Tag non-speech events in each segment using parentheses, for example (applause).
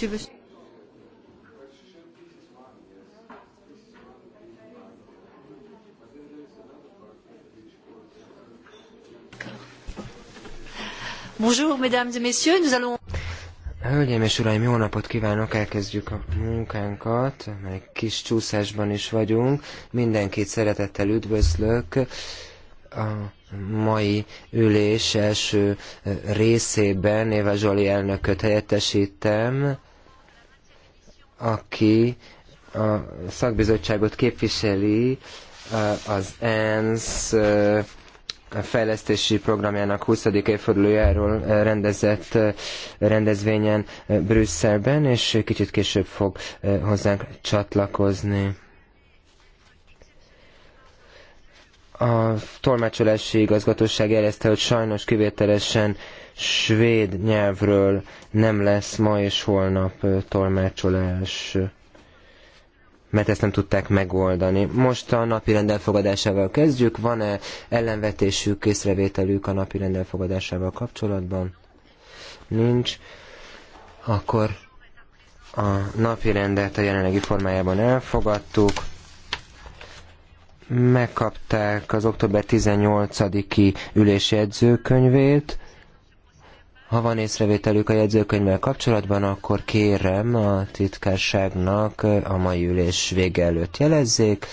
Tu Bonjour, mesdames et messieurs, nous allons... Hölgyeim és uraim, jó napot kívánok, elkezdjük a munkánkat, mert kis csúszásban is vagyunk. Mindenkit szeretettel üdvözlök. A mai ülés első részében Éva Zsoli elnököt helyettesítem aki a szakbizottságot képviseli eh, az ENSZ eh, fejlesztési programjának 20. évfordulójáról eh, rendezett rendezvényen Brüsszelben, és kicsit később fog hozzánk csatlakozni. A tolmácsolási igazgatóság jelezte, hogy sajnos kivételesen svéd nyelvről nem lesz ma és holnap tolmácsolás, mert ezt nem tudták megoldani. Most a napi rendelfogadásával kezdjük. Van-e ellenvetésük, észrevételük a napi rendelfogadásával kapcsolatban? Nincs. Akkor a napi rendet a jelenlegi formájában elfogadtuk megkapták az október 18-i ülési jegyzőkönyvét. Ha van észrevételük a jegyzőkönyvvel kapcsolatban, akkor kérem a titkárságnak a mai ülés vége előtt jelezzék.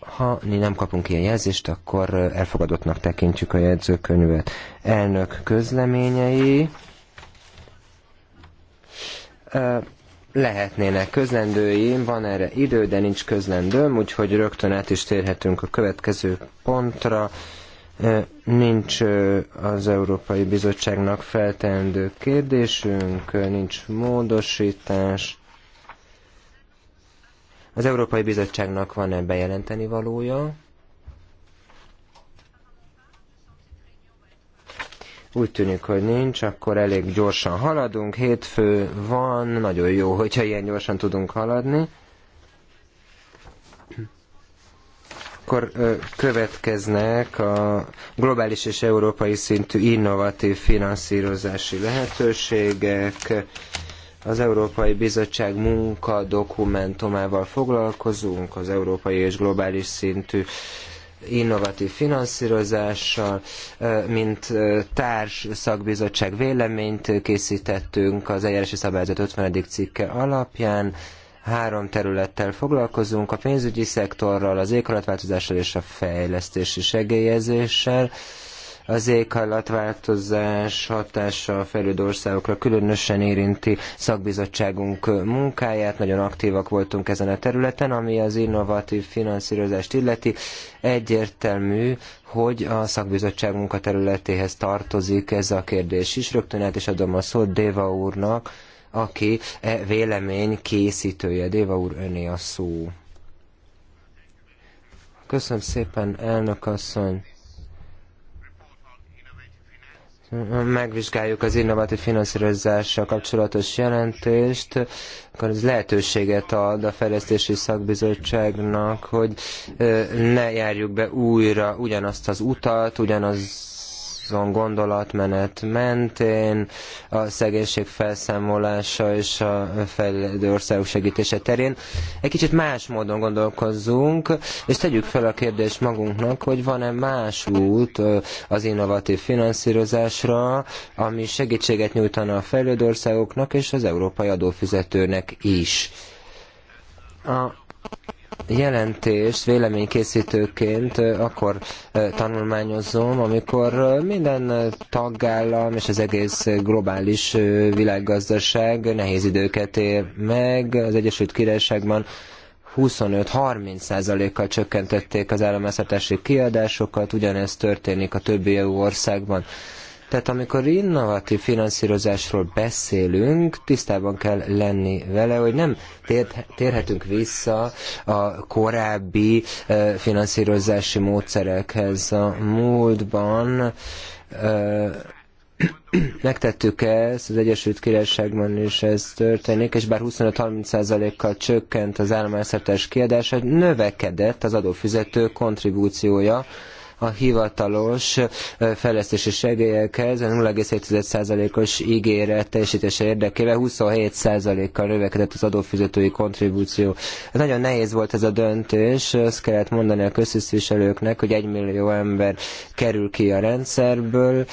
Ha nem kapunk ilyen jelzést, akkor elfogadottnak tekintjük a jegyzőkönyvet. Elnök közleményei lehetnének közlendői, van erre idő, de nincs közlendőm, úgyhogy rögtön át is térhetünk a következő pontra. Nincs az Európai Bizottságnak feltendő kérdésünk, nincs módosítás. Az Európai Bizottságnak van-e bejelenteni valója? Úgy tűnik, hogy nincs, akkor elég gyorsan haladunk. Hétfő van, nagyon jó, hogyha ilyen gyorsan tudunk haladni. Akkor következnek a globális és európai szintű innovatív finanszírozási lehetőségek az Európai Bizottság munka dokumentumával foglalkozunk, az európai és globális szintű innovatív finanszírozással, mint társ szakbizottság véleményt készítettünk az eljárási szabályzat 50. cikke alapján, három területtel foglalkozunk, a pénzügyi szektorral, az éghajlatváltozással és a fejlesztési segélyezéssel. Az éghajlatváltozás hatása a fejlődő országokra különösen érinti szakbizottságunk munkáját. Nagyon aktívak voltunk ezen a területen, ami az innovatív finanszírozást illeti. Egyértelmű, hogy a szakbizottság munkaterületéhez tartozik ez a kérdés is. Rögtön át is adom a szót Déva úrnak, aki e vélemény készítője. Déva úr, öné a szó. Köszönöm szépen, elnök asszony megvizsgáljuk az innovatív finanszírozással kapcsolatos jelentést, akkor ez lehetőséget ad a fejlesztési szakbizottságnak, hogy ne járjuk be újra ugyanazt az utat, ugyanaz azon gondolatmenet mentén a szegénység felszámolása és a fejlődő országok segítése terén. Egy kicsit más módon gondolkozzunk, és tegyük fel a kérdést magunknak, hogy van-e más út az innovatív finanszírozásra, ami segítséget nyújtana a fejlődő országoknak és az európai adófizetőnek is. A jelentést véleménykészítőként akkor tanulmányozom, amikor minden tagállam és az egész globális világgazdaság nehéz időket ér meg. Az Egyesült Királyságban 25-30%-kal csökkentették az államháztartási kiadásokat, ugyanezt történik a többi EU országban. Tehát amikor innovatív finanszírozásról beszélünk, tisztában kell lenni vele, hogy nem térhetünk vissza a korábbi finanszírozási módszerekhez a múltban (clears throat) megtettük ezt, az Egyesült Királyságban is ez történik, és bár 25-30%-kal csökkent az államháztartás kiadása, növekedett az adófizető kontribúciója a hivatalos fejlesztési segélyekhez a 0,7%-os ígéret teljesítése érdekében 27%-kal növekedett az adófizetői kontribúció. Ez nagyon nehéz volt ez a döntés, azt kellett mondani a köztisztviselőknek, hogy egy millió ember kerül ki a rendszerből,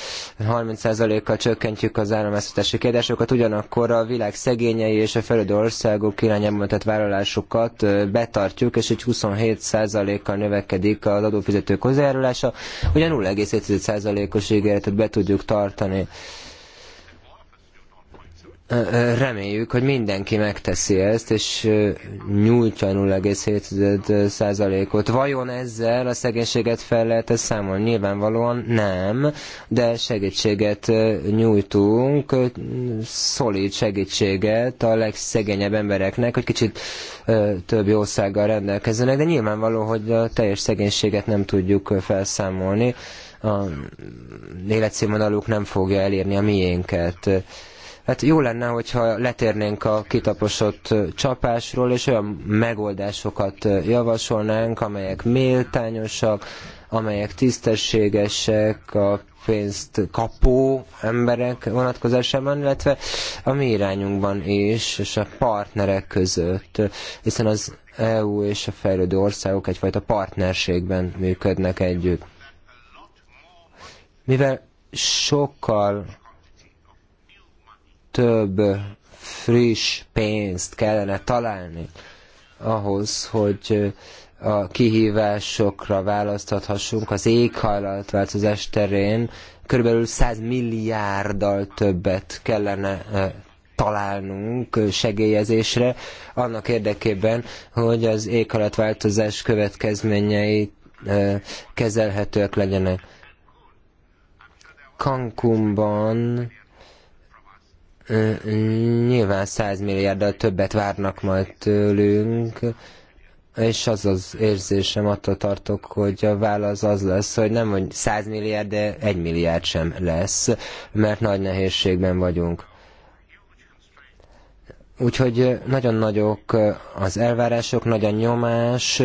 30%-kal csökkentjük az államháztatási kérdésokat, ugyanakkor a világ szegényei és a fejlődő országok irányában tett vállalásokat betartjuk, és egy 27%-kal növekedik az adófizetők hozzájárulása, hatása, hogy a 0,7%-os ígéretet be tudjuk tartani. Reméljük, hogy mindenki megteszi ezt, és nyújtja 0,7%-ot. Vajon ezzel a szegénységet fel lehet -e számolni? Nyilvánvalóan nem, de segítséget nyújtunk, szolid segítséget a legszegényebb embereknek, hogy kicsit több országgal rendelkezzenek, de nyilvánvaló, hogy a teljes szegénységet nem tudjuk felszámolni. A életszínvonaluk nem fogja elérni a miénket Hát jó lenne, hogyha letérnénk a kitaposott csapásról, és olyan megoldásokat javasolnánk, amelyek méltányosak, amelyek tisztességesek a pénzt kapó emberek vonatkozásában, illetve a mi irányunkban is, és a partnerek között, hiszen az EU és a fejlődő országok egyfajta partnerségben működnek együtt. Mivel sokkal több friss pénzt kellene találni ahhoz, hogy a kihívásokra választathassunk az éghajlatváltozás terén, körülbelül 100 milliárddal többet kellene találnunk segélyezésre, annak érdekében, hogy az éghajlatváltozás következményei kezelhetőek legyenek. Cancúnban nyilván 100 milliárddal többet várnak majd tőlünk, és az az érzésem, attól tartok, hogy a válasz az lesz, hogy nem hogy 100 milliárd, de 1 milliárd sem lesz, mert nagy nehézségben vagyunk. Úgyhogy nagyon nagyok az elvárások, nagy a nyomás,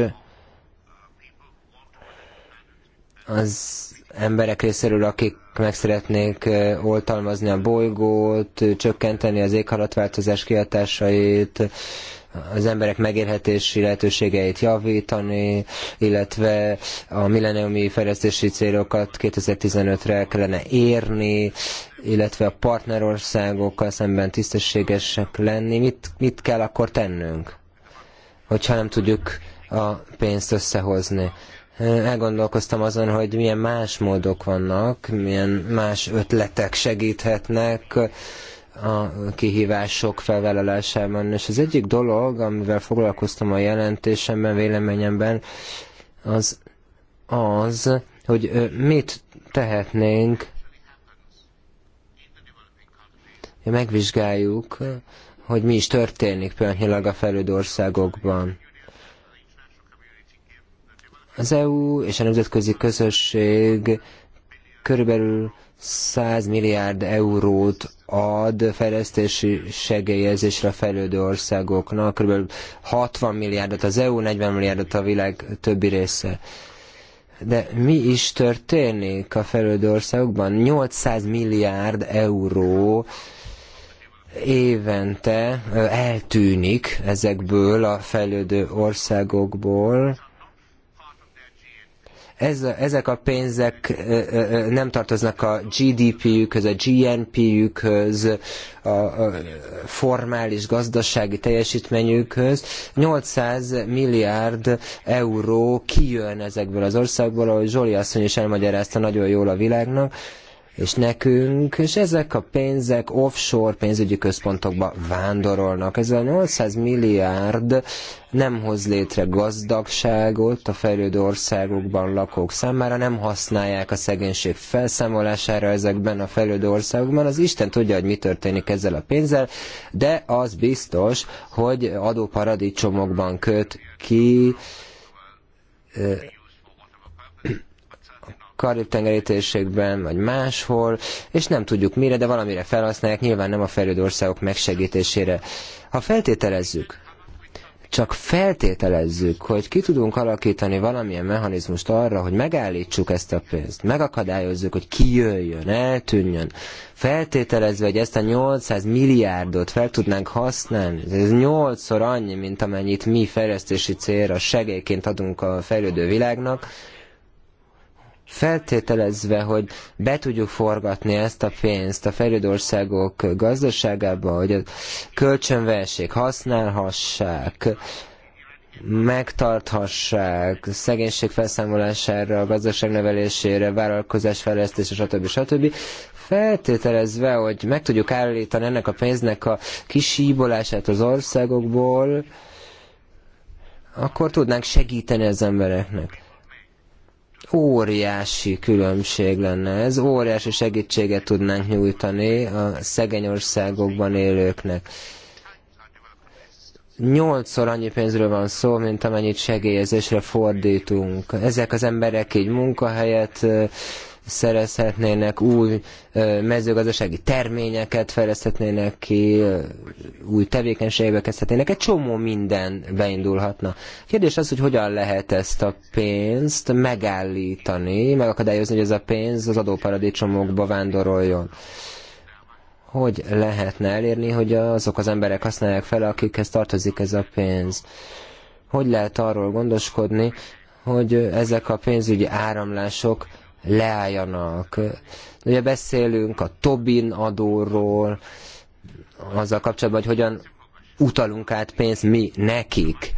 az emberek részéről, akik meg szeretnék oltalmazni a bolygót, csökkenteni az éghajlatváltozás kihatásait, az emberek megérhetési lehetőségeit javítani, illetve a milleniumi fejlesztési célokat 2015-re kellene érni, illetve a partnerországokkal szemben tisztességesek lenni. Mit, mit kell akkor tennünk, hogyha nem tudjuk a pénzt összehozni? elgondolkoztam azon, hogy milyen más módok vannak, milyen más ötletek segíthetnek a kihívások felvállalásában. És az egyik dolog, amivel foglalkoztam a jelentésemben, véleményemben, az az, hogy mit tehetnénk, megvizsgáljuk, hogy mi is történik például a fejlődő országokban. Az EU és a nemzetközi közösség körülbelül 100 milliárd eurót ad fejlesztési segélyezésre a fejlődő országoknak, kb. 60 milliárdot az EU, 40 milliárdot a világ többi része. De mi is történik a fejlődő országokban? 800 milliárd euró évente eltűnik ezekből a fejlődő országokból, ez, ezek a pénzek nem tartoznak a GDP-jükhöz, a GNP-jükhöz, a formális gazdasági teljesítményükhöz. 800 milliárd euró kijön ezekből az országból, ahogy Zsoli asszony is elmagyarázta nagyon jól a világnak és nekünk, és ezek a pénzek offshore pénzügyi központokba vándorolnak. Ez a 800 milliárd nem hoz létre gazdagságot a fejlődő országokban lakók számára, nem használják a szegénység felszámolására ezekben a fejlődő országokban. Az Isten tudja, hogy mi történik ezzel a pénzzel, de az biztos, hogy adóparadicsomokban köt ki karib térségben, vagy máshol, és nem tudjuk mire, de valamire felhasználják, nyilván nem a fejlődő országok megsegítésére. Ha feltételezzük, csak feltételezzük, hogy ki tudunk alakítani valamilyen mechanizmust arra, hogy megállítsuk ezt a pénzt, megakadályozzuk, hogy kijöjjön, eltűnjön. Feltételezve, hogy ezt a 800 milliárdot fel tudnánk használni, ez 8 annyi, mint amennyit mi fejlesztési célra segélyként adunk a fejlődő világnak, feltételezve, hogy be tudjuk forgatni ezt a pénzt a fejlődő országok gazdaságába, hogy a kölcsönvessék, használhassák, megtarthassák szegénység felszámolására, gazdaság növelésére, vállalkozás fejlesztésre, stb. stb. Feltételezve, hogy meg tudjuk állítani ennek a pénznek a kisíbolását az országokból, akkor tudnánk segíteni az embereknek óriási különbség lenne ez, óriási segítséget tudnánk nyújtani a szegény országokban élőknek. Nyolcszor annyi pénzről van szó, mint amennyit segélyezésre fordítunk. Ezek az emberek így munkahelyet szerezhetnének, új mezőgazdasági terményeket fejleszthetnének ki, új tevékenységbe kezdhetnének, egy csomó minden beindulhatna. Kérdés az, hogy hogyan lehet ezt a pénzt megállítani, megakadályozni, hogy ez a pénz az adóparadicsomokba vándoroljon hogy lehetne elérni, hogy azok az emberek használják fel, akikhez tartozik ez a pénz. Hogy lehet arról gondoskodni, hogy ezek a pénzügyi áramlások leálljanak. Ugye beszélünk a Tobin adóról, azzal kapcsolatban, hogy hogyan utalunk át pénzt mi nekik.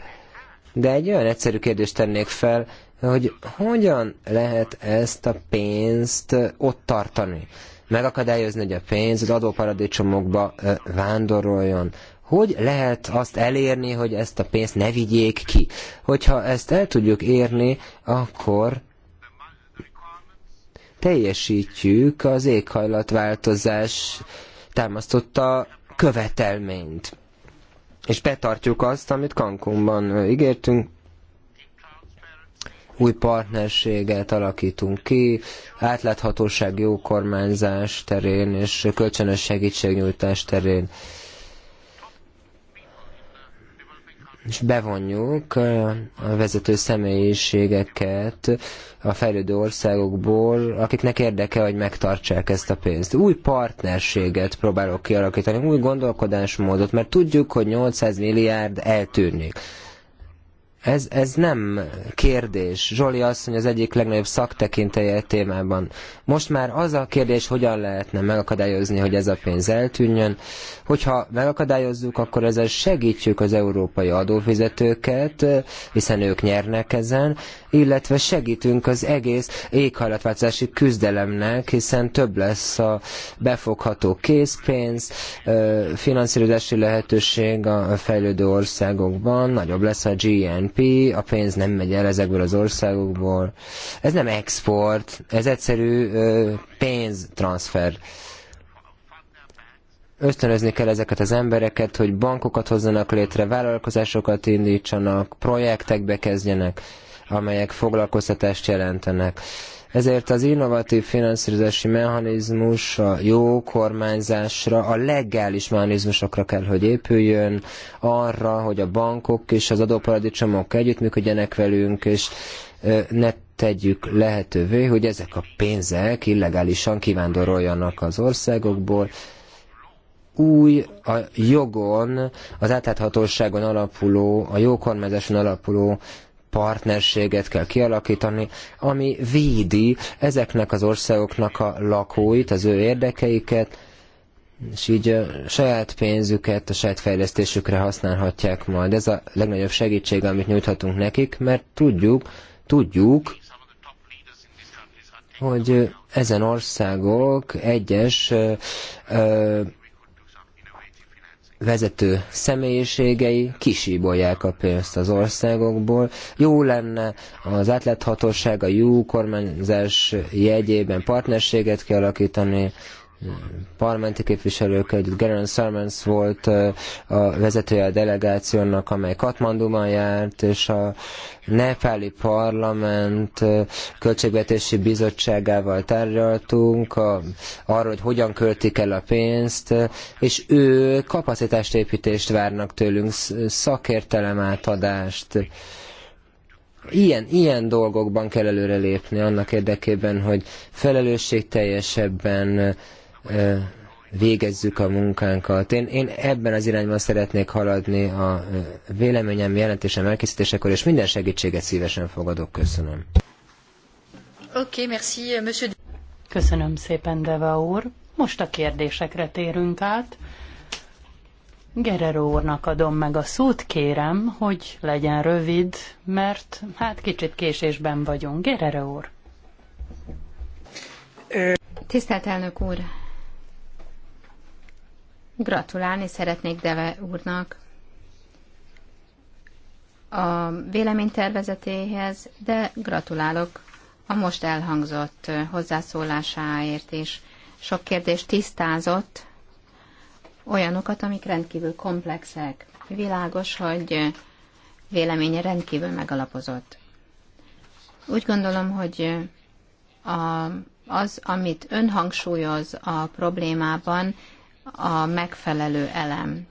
De egy olyan egyszerű kérdést tennék fel, hogy hogyan lehet ezt a pénzt ott tartani? Megakadályozni, hogy a pénz az adóparadicsomokba vándoroljon. Hogy lehet azt elérni, hogy ezt a pénzt ne vigyék ki? Hogyha ezt el tudjuk érni, akkor teljesítjük az éghajlatváltozás támasztotta követelményt. És betartjuk azt, amit Cancúnban ígértünk, új partnerséget alakítunk ki, átláthatóság, jó kormányzás terén és kölcsönös segítségnyújtás terén. és bevonjuk a vezető személyiségeket a fejlődő országokból, akiknek érdeke, hogy megtartsák ezt a pénzt. Új partnerséget próbálok kialakítani, új gondolkodásmódot, mert tudjuk, hogy 800 milliárd eltűnik. Ez, ez nem kérdés. Zsoli asszony az egyik legnagyobb szaktekintelje témában. Most már az a kérdés, hogyan lehetne megakadályozni, hogy ez a pénz eltűnjön. Hogyha megakadályozzuk, akkor ezzel segítjük az európai adófizetőket, hiszen ők nyernek ezen, illetve segítünk az egész éghajlatváltozási küzdelemnek, hiszen több lesz a befogható készpénz, finanszírozási lehetőség a fejlődő országokban, nagyobb lesz a GNP, GDP, a pénz nem megy el ezekből az országokból. Ez nem export, ez egyszerű pénztranszfer. Ösztönözni kell ezeket az embereket, hogy bankokat hozzanak létre, vállalkozásokat indítsanak, projektekbe kezdjenek, amelyek foglalkoztatást jelentenek ezért az innovatív finanszírozási mechanizmus a jó kormányzásra, a legális mechanizmusokra kell, hogy épüljön, arra, hogy a bankok és az adóparadicsomok együttműködjenek velünk, és ne tegyük lehetővé, hogy ezek a pénzek illegálisan kivándoroljanak az országokból, új a jogon, az átláthatóságon alapuló, a jó kormányzáson alapuló partnerséget kell kialakítani, ami védi ezeknek az országoknak a lakóit, az ő érdekeiket, és így a saját pénzüket a saját fejlesztésükre használhatják majd. Ez a legnagyobb segítség, amit nyújthatunk nekik, mert tudjuk, tudjuk, hogy ezen országok egyes ö, ö, vezető személyiségei kisíbolják a pénzt az országokból. Jó lenne az átláthatóság, a jó kormányzás jegyében partnerséget kialakítani, parlamenti képviselők együtt. Garen Sarmans volt a vezetője a delegációnak, amely Katmanduban járt, és a nepáli parlament költségvetési bizottságával tárgyaltunk a, arról, hogy hogyan költik el a pénzt, és ő kapacitást építést várnak tőlünk, szakértelem átadást ilyen, ilyen dolgokban kell előrelépni annak érdekében, hogy felelősségteljesebben végezzük a munkánkat. Én, én ebben az irányban szeretnék haladni a véleményem, jelentésem elkészítésekor, és minden segítséget szívesen fogadok. Köszönöm. Oké, okay, merci, euh, monsieur. Köszönöm szépen, Deva úr. Most a kérdésekre térünk át. Gerero úrnak adom meg a szót, kérem, hogy legyen rövid, mert hát kicsit késésben vagyunk. Gerero úr. Tisztelt elnök úr, Gratulálni szeretnék Deve úrnak a véleménytervezetéhez, de gratulálok a most elhangzott hozzászólásáért is. Sok kérdést tisztázott, olyanokat, amik rendkívül komplexek. Világos, hogy véleménye rendkívül megalapozott. Úgy gondolom, hogy az, amit ön hangsúlyoz a problémában, a megfelelő elem.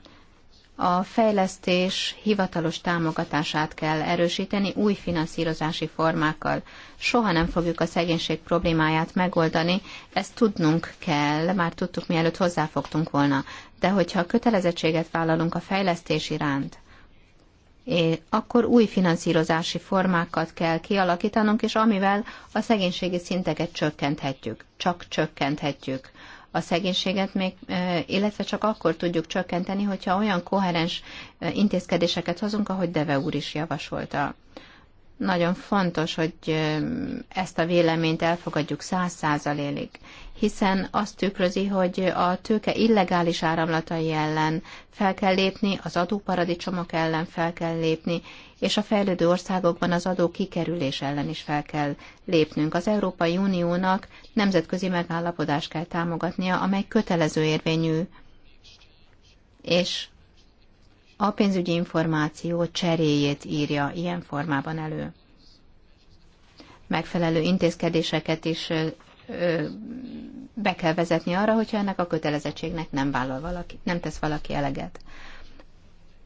A fejlesztés hivatalos támogatását kell erősíteni új finanszírozási formákkal. Soha nem fogjuk a szegénység problémáját megoldani, ezt tudnunk kell, már tudtuk mielőtt hozzáfogtunk volna. De hogyha kötelezettséget vállalunk a fejlesztés iránt, akkor új finanszírozási formákat kell kialakítanunk, és amivel a szegénységi szinteket csökkenthetjük. Csak csökkenthetjük a szegénységet még, illetve csak akkor tudjuk csökkenteni, hogyha olyan koherens intézkedéseket hozunk, ahogy Deve úr is javasolta. Nagyon fontos, hogy ezt a véleményt elfogadjuk száz százalélig, hiszen azt tükrözi, hogy a tőke illegális áramlatai ellen fel kell lépni, az adóparadicsomok ellen fel kell lépni, és a fejlődő országokban az adó kikerülés ellen is fel kell lépnünk. Az Európai Uniónak nemzetközi megállapodást kell támogatnia, amely kötelező érvényű, és a pénzügyi információ cseréjét írja ilyen formában elő. Megfelelő intézkedéseket is be kell vezetni arra, hogyha ennek a kötelezettségnek nem vállal valaki, nem tesz valaki eleget.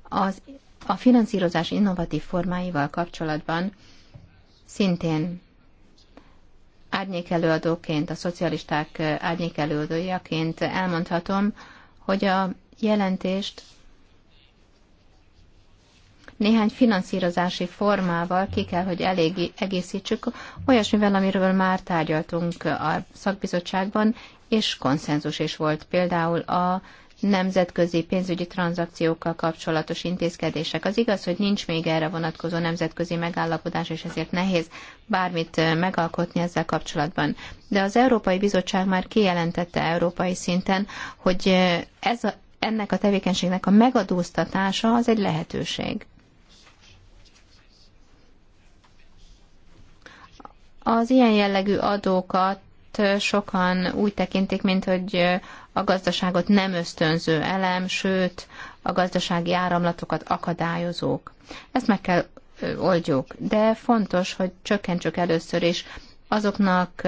Az a finanszírozás innovatív formáival kapcsolatban szintén árnyékelőadóként, a szocialisták árnyékelőadójaként elmondhatom, hogy a jelentést néhány finanszírozási formával ki kell, hogy elég egészítsük, olyasmivel, amiről már tárgyaltunk a szakbizottságban, és konszenzus is volt például a nemzetközi pénzügyi tranzakciókkal kapcsolatos intézkedések. Az igaz, hogy nincs még erre vonatkozó nemzetközi megállapodás, és ezért nehéz bármit megalkotni ezzel kapcsolatban. De az Európai Bizottság már kijelentette európai szinten, hogy ez a, ennek a tevékenységnek a megadóztatása az egy lehetőség. Az ilyen jellegű adókat sokan úgy tekintik, mint hogy a gazdaságot nem ösztönző elem, sőt a gazdasági áramlatokat akadályozók. Ezt meg kell oldjuk, de fontos, hogy csökkentsük először is azoknak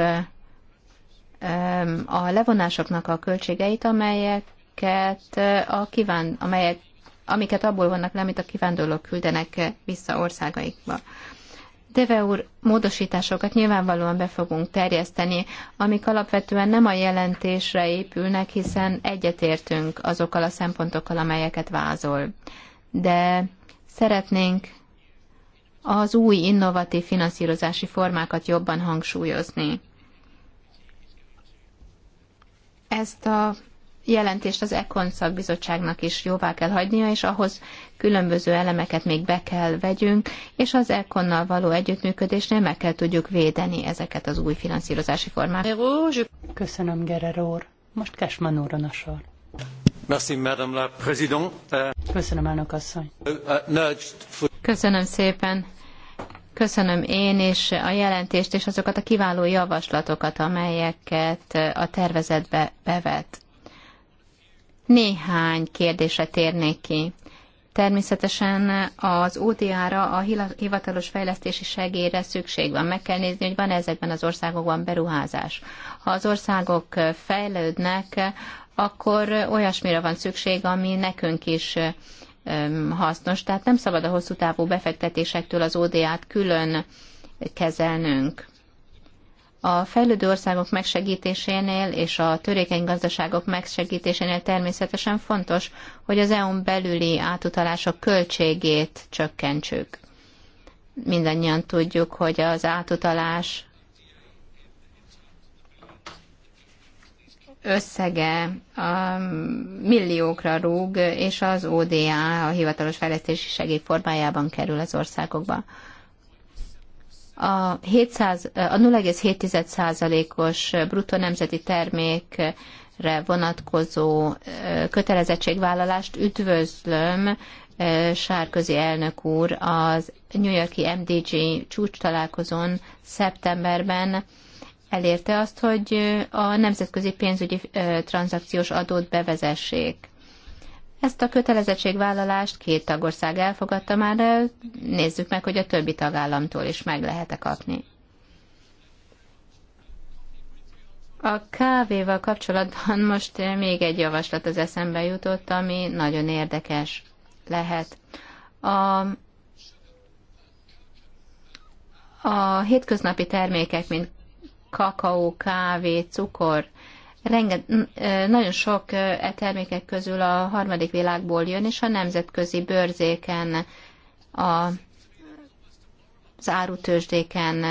a levonásoknak a költségeit, amelyeket a kíván, amelyek, amiket abból vannak le, amit a kivándorlók küldenek vissza országaikba. Deve úr, módosításokat nyilvánvalóan be fogunk terjeszteni, amik alapvetően nem a jelentésre épülnek, hiszen egyetértünk azokkal a szempontokkal, amelyeket vázol. De szeretnénk az új innovatív finanszírozási formákat jobban hangsúlyozni. Ezt a jelentést az ECON szakbizottságnak is jóvá kell hagynia, és ahhoz különböző elemeket még be kell vegyünk, és az Econnal való együttműködésnél meg kell tudjuk védeni ezeket az új finanszírozási formákat. Köszönöm, Gerer úr. Most Kesman úron a sor. Merci, Madame la Présidente. Köszönöm, elnök asszony. Uh, uh, Köszönöm szépen. Köszönöm én is a jelentést és azokat a kiváló javaslatokat, amelyeket a tervezetbe bevet néhány kérdésre térnék ki. Természetesen az ODA-ra, a hivatalos fejlesztési segélyre szükség van. Meg kell nézni, hogy van -e ezekben az országokban beruházás. Ha az országok fejlődnek, akkor olyasmire van szükség, ami nekünk is hasznos. Tehát nem szabad a hosszú távú befektetésektől az ODA-t külön kezelnünk. A fejlődő országok megsegítésénél és a törékeny gazdaságok megsegítésénél természetesen fontos, hogy az EU-n belüli átutalások költségét csökkentsük. Mindannyian tudjuk, hogy az átutalás összege a um, milliókra rúg, és az ODA a hivatalos fejlesztési segély formájában kerül az országokba a, 700, a 0,7%-os bruttó nemzeti termékre vonatkozó kötelezettségvállalást üdvözlöm, Sárközi elnök úr az New Yorki MDG csúcs találkozón szeptemberben elérte azt, hogy a nemzetközi pénzügyi tranzakciós adót bevezessék. Ezt a kötelezettségvállalást két tagország elfogadta már, de nézzük meg, hogy a többi tagállamtól is meg lehet-e kapni. A kávéval kapcsolatban (laughs) most még egy javaslat az eszembe jutott, ami nagyon érdekes lehet. A, a hétköznapi termékek, mint kakaó, kávé, cukor, Renge, nagyon sok e termékek közül a harmadik világból jön, és a nemzetközi bőrzéken, a, az árutősdéken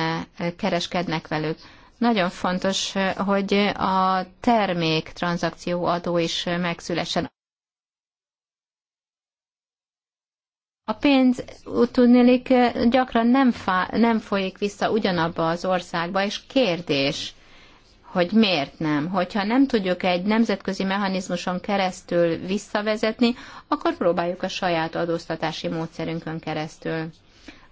kereskednek velük. Nagyon fontos, hogy a termék tranzakció adó is megszülessen. A pénz tudnélik gyakran nem, fá, nem folyik vissza ugyanabba az országba, és kérdés, hogy miért nem. Hogyha nem tudjuk egy nemzetközi mechanizmuson keresztül visszavezetni, akkor próbáljuk a saját adóztatási módszerünkön keresztül.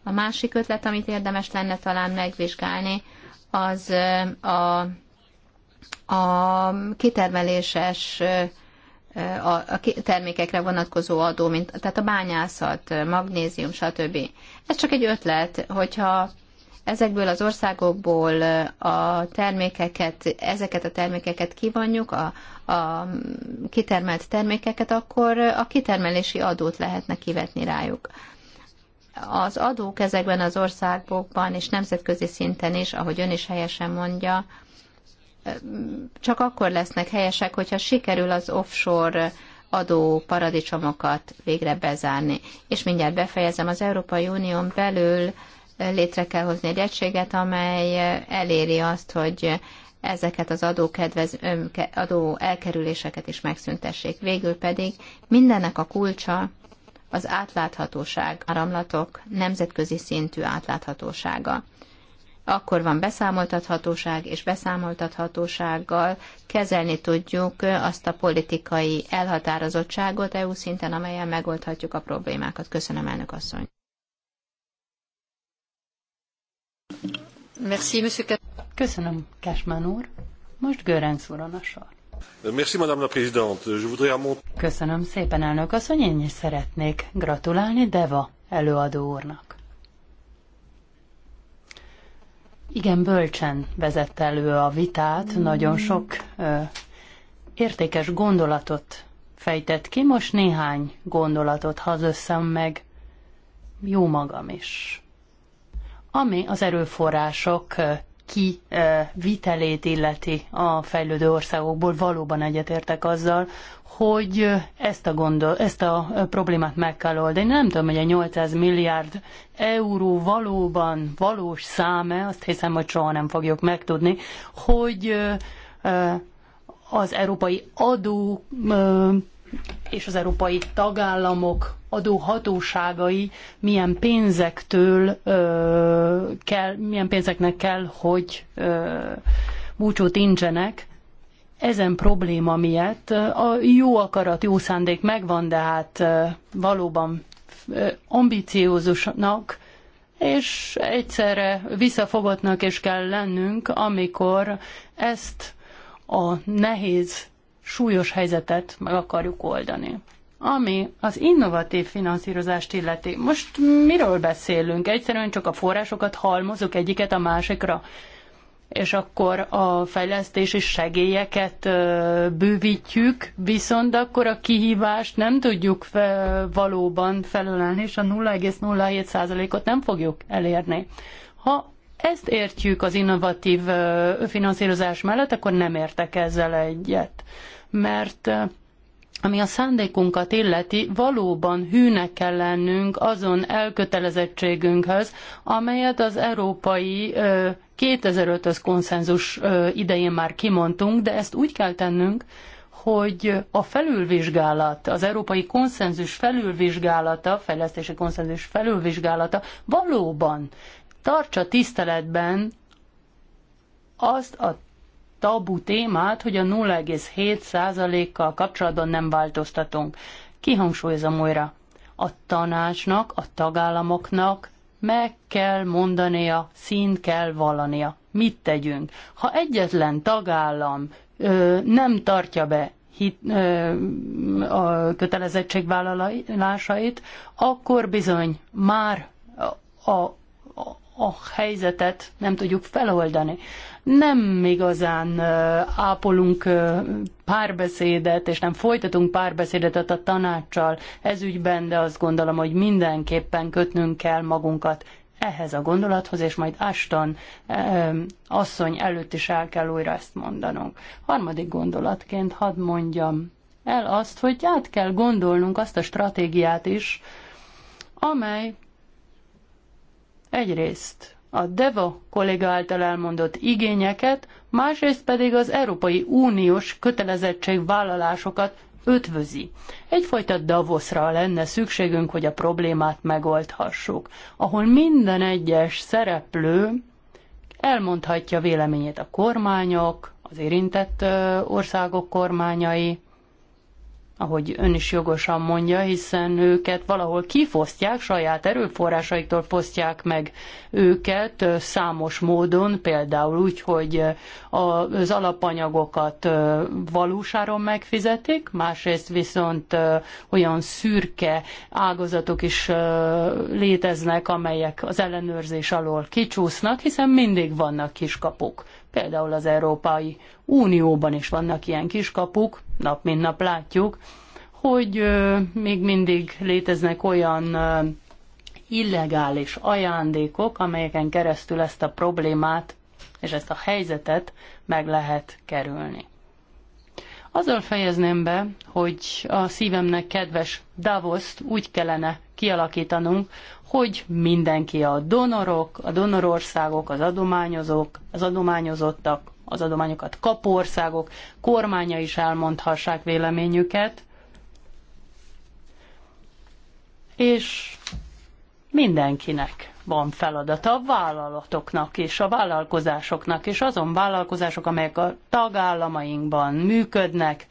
A másik ötlet, amit érdemes lenne talán megvizsgálni, az a, a kitermeléses a, a termékekre vonatkozó adó, mint, tehát a bányászat, magnézium, stb. Ez csak egy ötlet, hogyha ezekből az országokból a termékeket, ezeket a termékeket kivonjuk, a, a kitermelt termékeket, akkor a kitermelési adót lehetne kivetni rájuk. Az adók ezekben az országokban és nemzetközi szinten is, ahogy ön is helyesen mondja, csak akkor lesznek helyesek, hogyha sikerül az offshore adó paradicsomokat végre bezárni. És mindjárt befejezem, az Európai Unión belül létre kell hozni egy egységet, amely eléri azt, hogy ezeket az kedvez, adó elkerüléseket is megszüntessék. Végül pedig mindennek a kulcsa az átláthatóság, áramlatok nemzetközi szintű átláthatósága. Akkor van beszámoltathatóság, és beszámoltathatósággal kezelni tudjuk azt a politikai elhatározottságot EU szinten, amelyen megoldhatjuk a problémákat. Köszönöm, elnök asszony! Merci, monsieur Köszönöm, Cashman úr. Most Görenc úr a sor. Merci, madame la présidente. Je voudrais mon... Köszönöm szépen, elnök asszony, én is szeretnék gratulálni Deva előadó úrnak. Igen, bölcsen vezette elő a vitát, nagyon sok ö, értékes gondolatot fejtett ki, most néhány gondolatot hadd meg jó magam is ami az erőforrások kivitelét illeti a fejlődő országokból. Valóban egyetértek azzal, hogy ezt a, gondol, ezt a problémát meg kell oldani. Nem tudom, hogy a 800 milliárd euró valóban valós száme, azt hiszem, hogy soha nem fogjuk megtudni, hogy az európai adó és az európai tagállamok adóhatóságai milyen pénzektől ö, kell, milyen pénzeknek kell, hogy ö, búcsút intsenek. Ezen probléma miatt a jó akarat, jó szándék megvan, de hát ö, valóban ö, ambiciózusnak és egyszerre visszafogottnak is kell lennünk, amikor ezt a nehéz súlyos helyzetet meg akarjuk oldani. Ami az innovatív finanszírozást illeti, most miről beszélünk? Egyszerűen csak a forrásokat halmozok egyiket a másikra, és akkor a fejlesztési segélyeket bővítjük, viszont akkor a kihívást nem tudjuk valóban felölelni, és a 0,07%-ot nem fogjuk elérni. Ha ezt értjük az innovatív finanszírozás mellett, akkor nem értek ezzel egyet. Mert ami a szándékunkat illeti, valóban hűnek kell lennünk azon elkötelezettségünkhöz, amelyet az európai 2005-ös konszenzus idején már kimondtunk, de ezt úgy kell tennünk, hogy a felülvizsgálat, az európai konszenzus felülvizsgálata, fejlesztési konszenzus felülvizsgálata valóban tartsa tiszteletben azt a tabu témát, hogy a 0,7%-kal kapcsolatban nem változtatunk. Kihangsúlyozom újra. A tanácsnak, a tagállamoknak meg kell mondania, színt kell vallania. Mit tegyünk? Ha egyetlen tagállam ö, nem tartja be hit, ö, a kötelezettségvállalásait, akkor bizony már a a helyzetet nem tudjuk feloldani. Nem igazán ápolunk párbeszédet, és nem folytatunk párbeszédet a tanácssal ezügyben, de azt gondolom, hogy mindenképpen kötnünk kell magunkat ehhez a gondolathoz, és majd Aston asszony előtt is el kell újra ezt mondanunk. Harmadik gondolatként hadd mondjam el azt, hogy át kell gondolnunk azt a stratégiát is, amely Egyrészt a DEVA kolléga által elmondott igényeket, másrészt pedig az Európai Uniós kötelezettségvállalásokat ötvözi. Egyfajta Davosra lenne szükségünk, hogy a problémát megoldhassuk, ahol minden egyes szereplő elmondhatja véleményét a kormányok, az érintett országok kormányai, ahogy ön is jogosan mondja, hiszen őket valahol kifosztják, saját erőforrásaiktól fosztják meg őket számos módon, például úgy, hogy az alapanyagokat valósáron megfizetik, másrészt viszont olyan szürke ágazatok is léteznek, amelyek az ellenőrzés alól kicsúsznak, hiszen mindig vannak kiskapuk Például az Európai Unióban is vannak ilyen kiskapuk, nap mint nap látjuk, hogy ö, még mindig léteznek olyan ö, illegális ajándékok, amelyeken keresztül ezt a problémát és ezt a helyzetet meg lehet kerülni. Azzal fejezném be, hogy a szívemnek kedves Davoszt úgy kellene kialakítanunk, hogy mindenki a donorok, a donorországok, az adományozók, az adományozottak, az adományokat kapó országok kormánya is elmondhassák véleményüket, és mindenkinek van feladata a vállalatoknak és a vállalkozásoknak, és azon vállalkozások, amelyek a tagállamainkban működnek,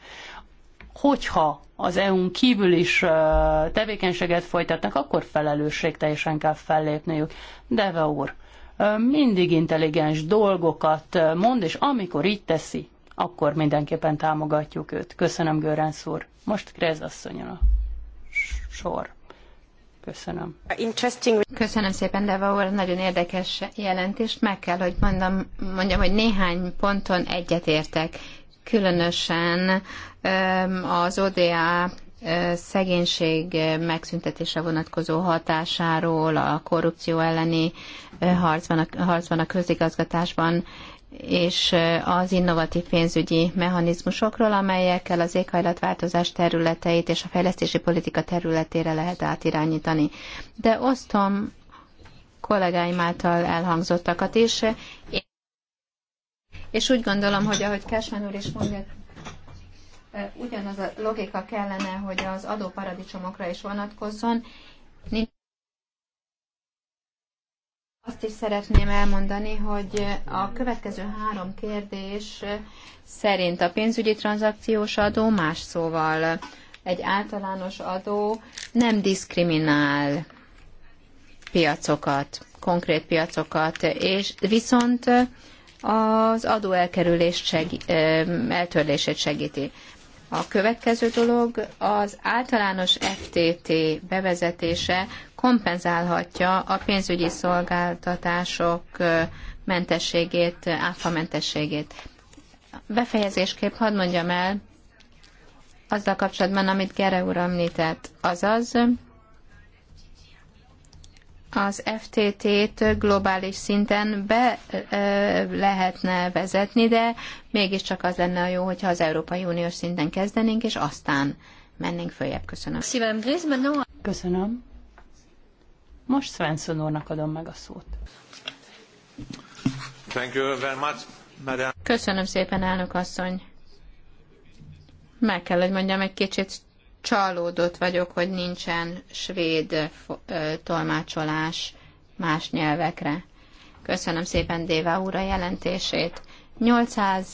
hogyha az EU-n kívül is tevékenységet folytatnak, akkor felelősségteljesen kell fellépniük. Deve úr, mindig intelligens dolgokat mond, és amikor így teszi, akkor mindenképpen támogatjuk őt. Köszönöm, Görenc úr. Most Krez asszonyon a sor. Köszönöm. Interesting. Köszönöm szépen, Deva úr, nagyon érdekes jelentést. Meg kell, hogy mondjam, hogy néhány ponton egyetértek, különösen az ODA szegénység megszüntetése vonatkozó hatásáról, a korrupció elleni harcban, a, harcban a közigazgatásban, és az innovatív pénzügyi mechanizmusokról, amelyekkel az éghajlatváltozás területeit és a fejlesztési politika területére lehet átirányítani. De osztom kollégáim által elhangzottakat is. Én és úgy gondolom, hogy ahogy Kesmen úr is mondja, ugyanaz a logika kellene, hogy az adóparadicsomokra is vonatkozzon. Azt is szeretném elmondani, hogy a következő három kérdés szerint a pénzügyi tranzakciós adó más szóval egy általános adó nem diszkriminál piacokat, konkrét piacokat, és viszont az adóelkerülést segí- eltörlését segíti. A következő dolog az általános FTT bevezetése kompenzálhatja a pénzügyi szolgáltatások mentességét, áfa mentességét. Befejezésképp hadd mondjam el azzal kapcsolatban, amit Gere úr említett, azaz, az FTT-t globális szinten be lehetne vezetni, de mégiscsak az lenne a jó, hogyha az Európai Uniós szinten kezdenénk, és aztán mennénk följebb. Köszönöm. Köszönöm. Most Svensson úrnak adom meg a szót. Thank you very much, Köszönöm szépen, elnök asszony. Meg kell, hogy mondjam, egy kicsit csalódott vagyok, hogy nincsen svéd eh, eh, tolmácsolás más nyelvekre. Köszönöm szépen Déva úr a jelentését. 800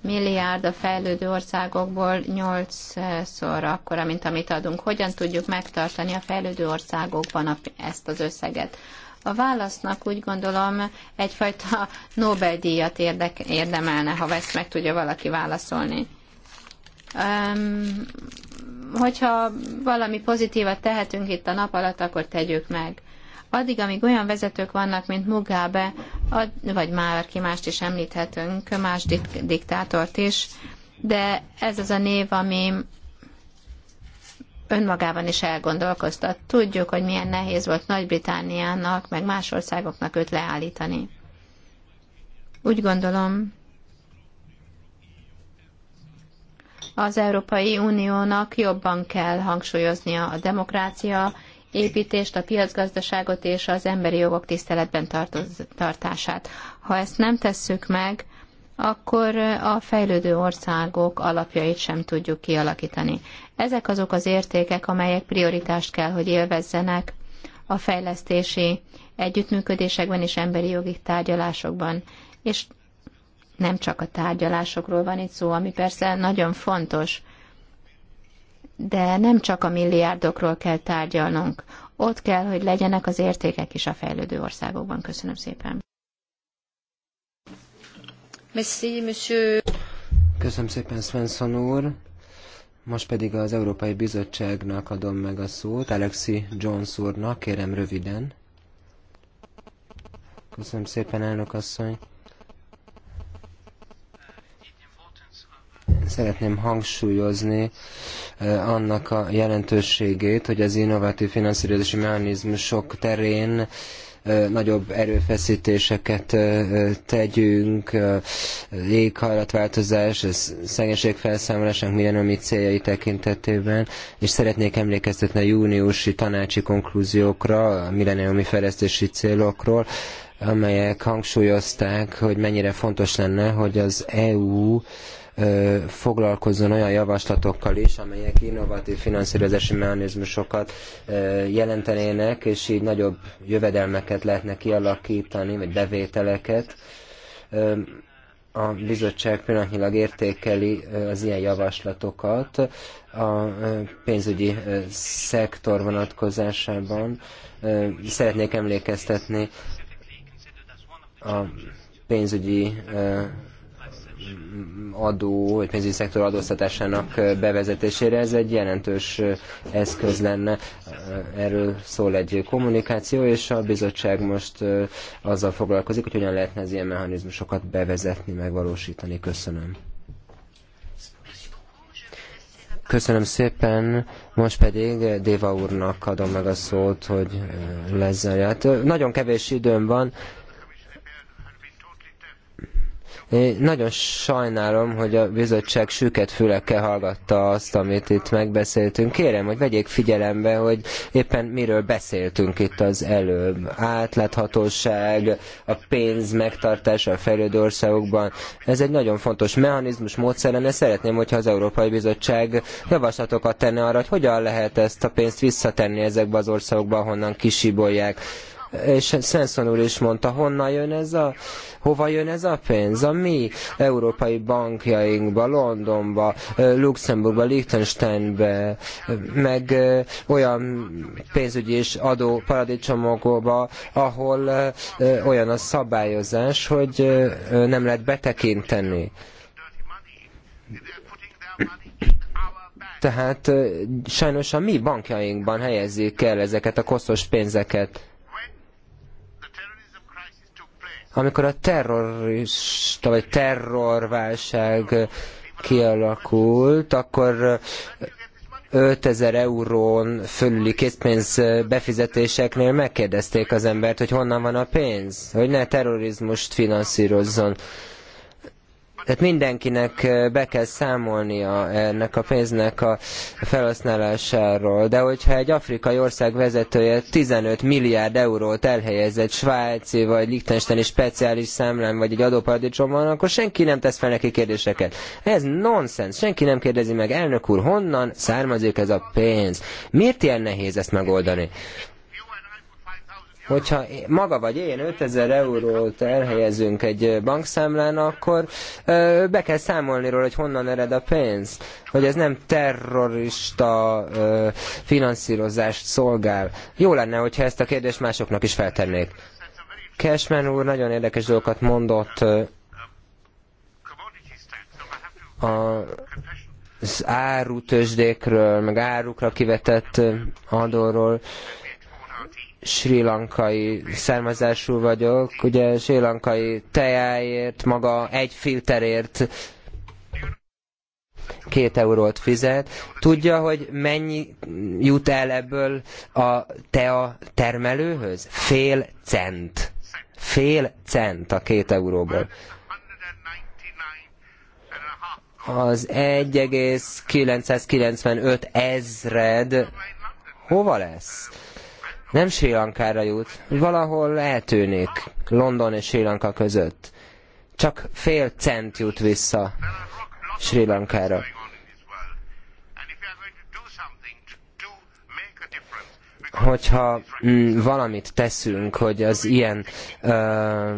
milliárd a fejlődő országokból 8-szor akkora, mint amit adunk. Hogyan tudjuk megtartani a fejlődő országokban ezt az összeget? A válasznak úgy gondolom egyfajta (laughs) Nobel-díjat érdemelne, ha ezt meg tudja valaki válaszolni hogyha valami pozitívat tehetünk itt a nap alatt, akkor tegyük meg. Addig, amíg olyan vezetők vannak, mint Mugabe, vagy már ki mást is említhetünk, más dik- diktátort is, de ez az a név, ami önmagában is elgondolkoztat. Tudjuk, hogy milyen nehéz volt Nagy-Britániának, meg más országoknak őt leállítani. Úgy gondolom, az Európai Uniónak jobban kell hangsúlyoznia a demokrácia építést, a piacgazdaságot és az emberi jogok tiszteletben tartását. Ha ezt nem tesszük meg, akkor a fejlődő országok alapjait sem tudjuk kialakítani. Ezek azok az értékek, amelyek prioritást kell, hogy élvezzenek a fejlesztési együttműködésekben és emberi jogi tárgyalásokban, és nem csak a tárgyalásokról van itt szó, ami persze nagyon fontos, de nem csak a milliárdokról kell tárgyalnunk. Ott kell, hogy legyenek az értékek is a fejlődő országokban. Köszönöm szépen. Merci, monsieur. Köszönöm szépen, Svensson úr. Most pedig az Európai Bizottságnak adom meg a szót, Alexi Jones úrnak, kérem röviden. Köszönöm szépen, elnök asszony. szeretném hangsúlyozni eh, annak a jelentőségét, hogy az innovatív finanszírozási mechanizmusok terén eh, nagyobb erőfeszítéseket eh, tegyünk, éghajlatváltozás, szegénység felszámolásának mi céljai tekintetében, és szeretnék emlékeztetni a júniusi tanácsi konklúziókra, a millenniumi fejlesztési célokról, amelyek hangsúlyozták, hogy mennyire fontos lenne, hogy az EU foglalkozzon olyan javaslatokkal is, amelyek innovatív finanszírozási mechanizmusokat jelentenének, és így nagyobb jövedelmeket lehetne kialakítani, vagy bevételeket. A bizottság pillanatnyilag értékeli az ilyen javaslatokat a pénzügyi szektor vonatkozásában. Szeretnék emlékeztetni a pénzügyi adó, vagy pénzügyi szektor adóztatásának bevezetésére. Ez egy jelentős eszköz lenne. Erről szól egy kommunikáció, és a bizottság most azzal foglalkozik, hogy hogyan lehetne az ilyen mechanizmusokat bevezetni, megvalósítani. Köszönöm. Köszönöm szépen, most pedig Déva úrnak adom meg a szót, hogy lezárját. Nagyon kevés időm van, nagyon sajnálom, hogy a bizottság süket fülekkel hallgatta azt, amit itt megbeszéltünk. Kérem, hogy vegyék figyelembe, hogy éppen miről beszéltünk itt az előbb. Átláthatóság, a pénz megtartása a fejlődő országokban. Ez egy nagyon fontos mechanizmus, módszer lenne. Szeretném, hogyha az Európai Bizottság javaslatokat tenne arra, hogy hogyan lehet ezt a pénzt visszatenni ezekbe az országokba, honnan kisibolják és Szenszon úr is mondta, honnan jön ez a, hova jön ez a pénz? A mi európai bankjainkba, Londonba, Luxemburgba, Liechtensteinbe, meg olyan pénzügyi és adó paradicsomokba, ahol olyan a szabályozás, hogy nem lehet betekinteni. Tehát sajnos a mi bankjainkban helyezzék el ezeket a koszos pénzeket. Amikor a terrorista vagy terrorválság kialakult, akkor 5000 eurón fölüli készpénz befizetéseknél megkérdezték az embert, hogy honnan van a pénz, hogy ne terrorizmust finanszírozzon. Tehát mindenkinek eh, be kell számolnia ennek a pénznek a felhasználásáról. De hogyha egy afrikai ország vezetője 15 milliárd eurót elhelyezett Svájci vagy Liechtensteini speciális számlán vagy egy adóparadicsomban, akkor senki nem tesz fel neki kérdéseket. Ez nonsens. Senki nem kérdezi meg, elnök úr, honnan származik ez a pénz? Miért ilyen nehéz ezt megoldani? hogyha maga vagy én 5000 eurót elhelyezünk egy bankszámlán, akkor be kell számolni róla, hogy honnan ered a pénz, hogy ez nem terrorista finanszírozást szolgál. Jó lenne, hogyha ezt a kérdést másoknak is feltennék. Cashman úr nagyon érdekes dolgokat mondott a az árutősdékről, meg árukra kivetett adóról sri lankai származású vagyok, ugye sri lankai tejáért, maga egy filterért két eurót fizet. Tudja, hogy mennyi jut el ebből a tea termelőhöz? Fél cent. Fél cent a két euróból az 1,995 ezred hova lesz? nem Sri Lankára jut, valahol eltűnik London és Sri Lanka között. Csak fél cent jut vissza Sri Lankára. hogyha mm, valamit teszünk, hogy az ilyen ö,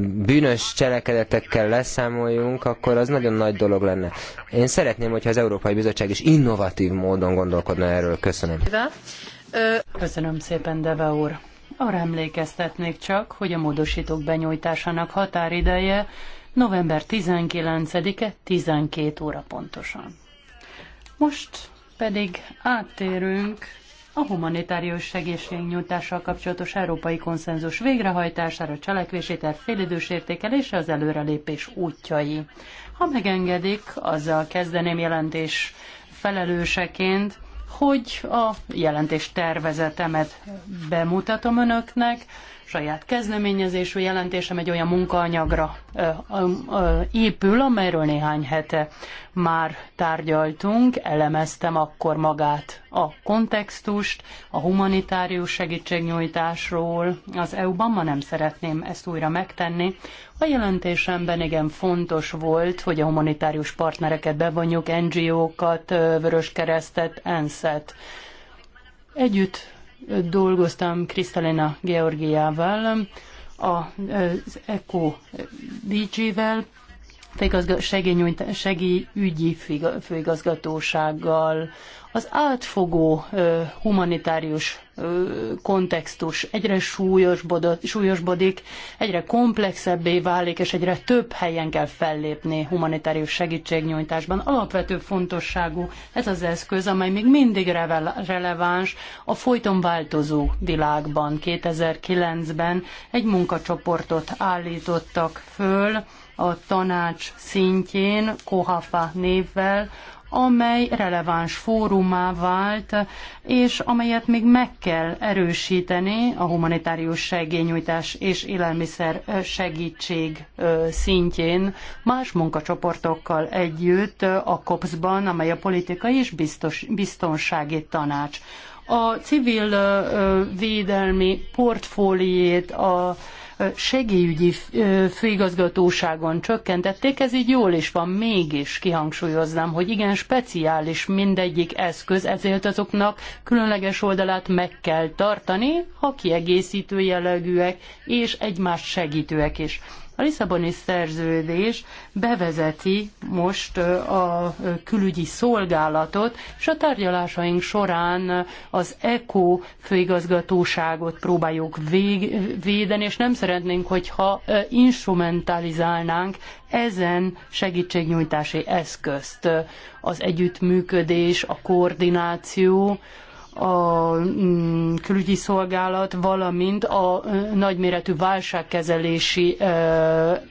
bűnös cselekedetekkel leszámoljunk, akkor az nagyon nagy dolog lenne. Én szeretném, hogyha az Európai Bizottság is innovatív módon gondolkodna erről. Köszönöm. Köszönöm szépen, Deve úr. Arra emlékeztetnék csak, hogy a módosítók benyújtásának határideje november 19-e 12 óra pontosan. Most pedig áttérünk a humanitárius segítségnyújtással kapcsolatos európai konszenzus végrehajtására, cselekvési terv félidős értékelése az előrelépés útjai. Ha megengedik, azzal kezdeném jelentés felelőseként, hogy a jelentés tervezetemet bemutatom önöknek, saját kezdeményezésű jelentésem egy olyan munkaanyagra ö, ö, ö, épül, amelyről néhány hete már tárgyaltunk, elemeztem akkor magát a kontextust, a humanitárius segítségnyújtásról az EU-ban, ma nem szeretném ezt újra megtenni. A jelentésemben igen fontos volt, hogy a humanitárius partnereket bevonjuk, NGO-kat, Vöröskeresztet, ENSZ-et. Együtt dolgoztam Kristalina Georgiával, az ECO DJ-vel, segélyügyi főigazgatósággal, az átfogó humanitárius kontextus egyre súlyosbodik, egyre komplexebbé válik, és egyre több helyen kell fellépni humanitárius segítségnyújtásban. Alapvető fontosságú ez az eszköz, amely még mindig releváns a folyton változó világban. 2009-ben egy munkacsoportot állítottak föl, a tanács szintjén, Kohafa névvel, amely releváns fórumá vált, és amelyet még meg kell erősíteni a humanitárius segélynyújtás és élelmiszer segítség szintjén más munkacsoportokkal együtt a COPS-ban, amely a politikai és biztos, biztonsági tanács. A civil védelmi portfóliét a segélyügyi főigazgatóságon csökkentették, ez így jól is van, mégis kihangsúlyoznám, hogy igen speciális mindegyik eszköz, ezért azoknak különleges oldalát meg kell tartani, ha kiegészítő jellegűek és egymást segítőek is. A Lisszaboni szerződés bevezeti most a külügyi szolgálatot, és a tárgyalásaink során az ECO főigazgatóságot próbáljuk vég- védeni, és nem szeretnénk, hogyha instrumentalizálnánk ezen segítségnyújtási eszközt. Az együttműködés, a koordináció, a mm, külügyi szolgálat, valamint a nagyméretű válságkezelési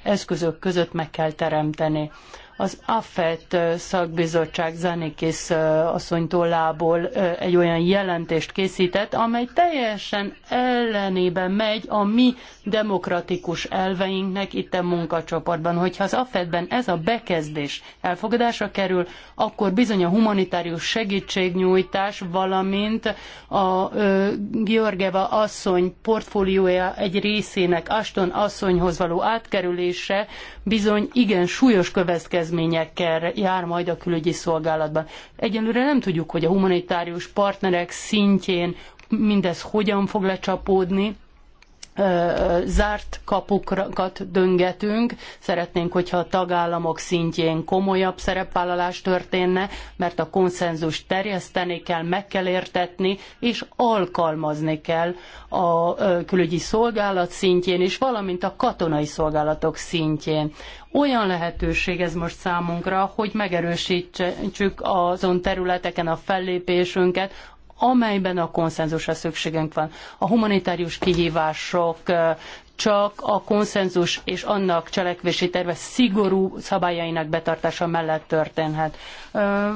eszközök között meg kell teremteni az AFET szakbizottság Zanikis asszony tollából egy olyan jelentést készített, amely teljesen ellenében megy a mi demokratikus elveinknek itt a munkacsoportban. Hogyha az AFET-ben ez a bekezdés elfogadásra kerül, akkor bizony a humanitárius segítségnyújtás, valamint a Georgeva asszony portfóliója egy részének Aston asszonyhoz való átkerülése bizony igen súlyos következményekkel következményekkel jár majd a külügyi szolgálatban. Egyelőre nem tudjuk, hogy a humanitárius partnerek szintjén mindez hogyan fog lecsapódni, zárt kapukat döngetünk. Szeretnénk, hogyha a tagállamok szintjén komolyabb szerepvállalás történne, mert a konszenzust terjeszteni kell, meg kell értetni, és alkalmazni kell a külügyi szolgálat szintjén is, valamint a katonai szolgálatok szintjén. Olyan lehetőség ez most számunkra, hogy megerősítsük azon területeken a fellépésünket, amelyben a konszenzusra szükségünk van. A humanitárius kihívások csak a konszenzus és annak cselekvési terve szigorú szabályainak betartása mellett történhet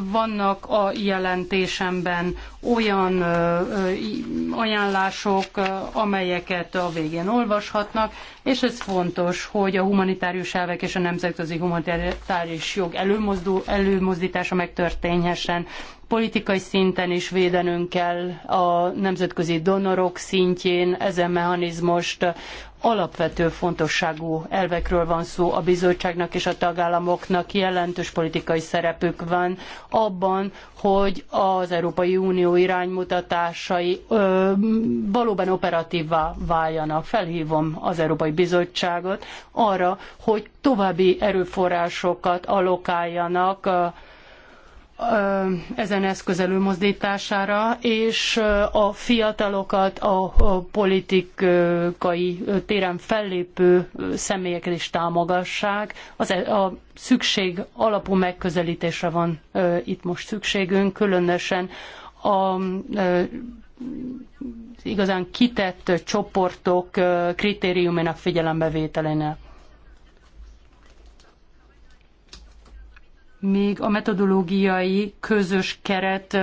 vannak a jelentésemben olyan ajánlások, amelyeket a végén olvashatnak, és ez fontos, hogy a humanitárius elvek és a nemzetközi humanitárius jog előmozdul, előmozdítása megtörténhessen. Politikai szinten is védenünk kell a nemzetközi donorok szintjén ezen mechanizmust, alapvető fontosságú elvekről van szó a bizottságnak és a tagállamoknak jelentős politikai szerepük van részben abban, hogy az Európai Unió iránymutatásai ö, valóban operatívvá váljanak. Felhívom az Európai Bizottságot arra, hogy további erőforrásokat allokáljanak ezen eszköz előmozdítására, és a fiatalokat a politikai téren fellépő személyeket is támogassák. Az, e, a szükség alapú megközelítésre van itt most szükségünk, különösen a igazán kitett csoportok kritériumának figyelembevételének. még a metodológiai közös keret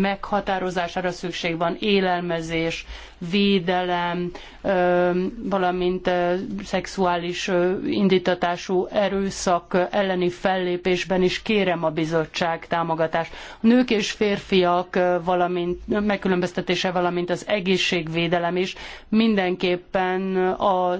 meghatározására szükség van, élelmezés, védelem, valamint szexuális indítatású erőszak elleni fellépésben is kérem a bizottság támogatást. A nők és férfiak valamint, megkülönböztetése, valamint az egészségvédelem is mindenképpen az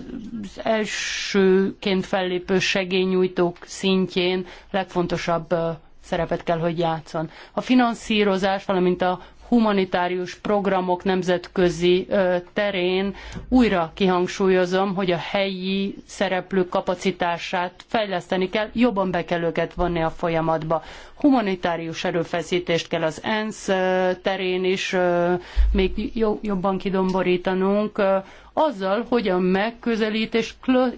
elsőként fellépő segélynyújtók szintjén legfontosabb fontosabb szerepet kell, hogy játszon. A finanszírozás, valamint a humanitárius programok nemzetközi terén újra kihangsúlyozom, hogy a helyi szereplők kapacitását fejleszteni kell, jobban be kell őket vonni a folyamatba. Humanitárius erőfeszítést kell az ENSZ terén is még jobban kidomborítanunk, azzal, hogy a megközelítés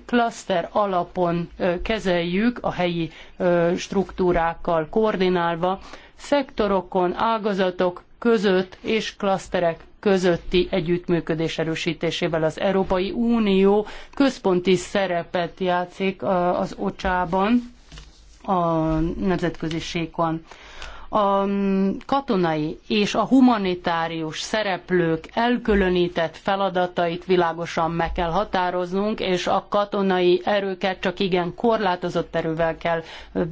klaszter alapon kezeljük a helyi struktúrákkal koordinálva, szektorokon, ágazatok között és klaszterek közötti együttműködés erősítésével az Európai Unió központi szerepet játszik az OCSA-ban, a nemzetközi sékon a mm, katonai és a humanitárius szereplők elkülönített feladatait világosan meg kell határoznunk, és a katonai erőket csak igen korlátozott erővel kell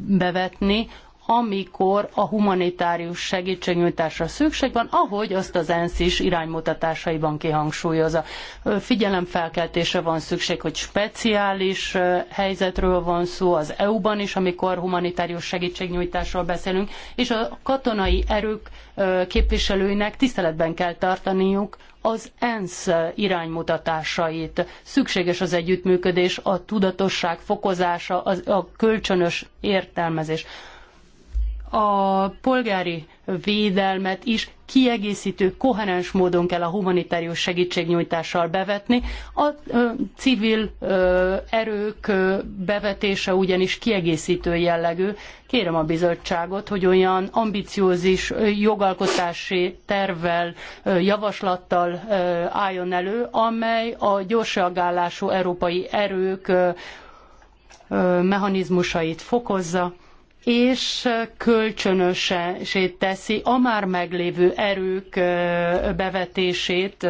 bevetni, amikor a humanitárius segítségnyújtásra szükség van, ahogy azt az ENSZ is iránymutatásaiban kihangsúlyozza. Figyelemfelkeltésre van szükség, hogy speciális helyzetről van szó az EU-ban is, amikor humanitárius segítségnyújtásról beszélünk, és a katonai erők képviselőinek tiszteletben kell tartaniuk az ENSZ iránymutatásait. Szükséges az együttműködés, a tudatosság fokozása, a kölcsönös értelmezés a polgári védelmet is kiegészítő, koherens módon kell a humanitárius segítségnyújtással bevetni. A ö, civil ö, erők ö, bevetése ugyanis kiegészítő jellegű. Kérem a bizottságot, hogy olyan ambiciózis jogalkotási tervvel, javaslattal álljon elő, amely a gyorsreagálású európai erők mechanizmusait fokozza és kölcsönösé teszi a már meglévő erők bevetését,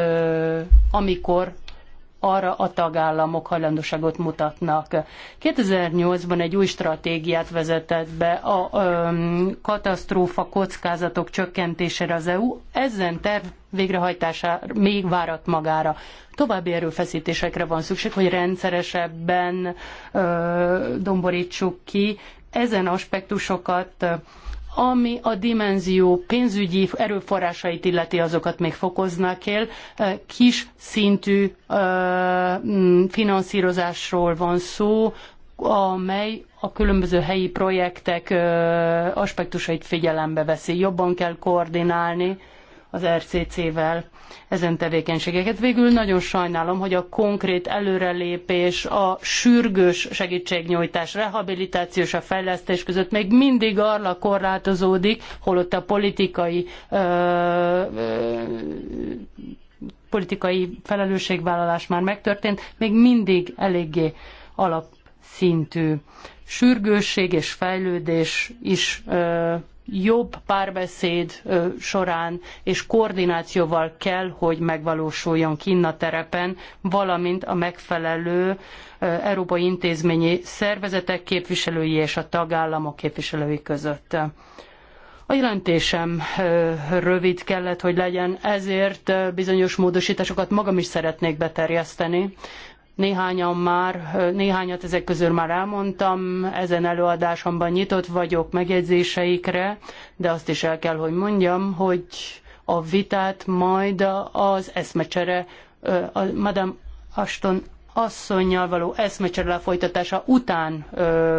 amikor arra a tagállamok hajlandóságot mutatnak. 2008-ban egy új stratégiát vezetett be a katasztrófa kockázatok csökkentésére az EU. Ezen terv végrehajtása még várat magára. További erőfeszítésekre van szükség, hogy rendszeresebben ö, domborítsuk ki ezen aspektusokat, ami a dimenzió pénzügyi erőforrásait illeti, azokat még fokoznak el. Kis szintű finanszírozásról van szó, amely a különböző helyi projektek aspektusait figyelembe veszi. Jobban kell koordinálni az RCC-vel ezen tevékenységeket. Végül nagyon sajnálom, hogy a konkrét előrelépés, a sürgős segítségnyújtás, rehabilitáció és a fejlesztés között még mindig arra korlátozódik, holott a politikai ö, ö, politikai felelősségvállalás már megtörtént, még mindig eléggé alapszintű sürgősség és fejlődés is jobb párbeszéd során és koordinációval kell, hogy megvalósuljon kinn a terepen, valamint a megfelelő európai intézményi szervezetek képviselői és a tagállamok képviselői között. A jelentésem rövid kellett, hogy legyen, ezért bizonyos módosításokat magam is szeretnék beterjeszteni, Néhányan már, néhányat ezek közül már elmondtam, ezen előadásomban nyitott vagyok megjegyzéseikre, de azt is el kell, hogy mondjam, hogy a vitát majd az eszmecsere, a Madame Ashton asszonynal való eszmecsere lefolytatása után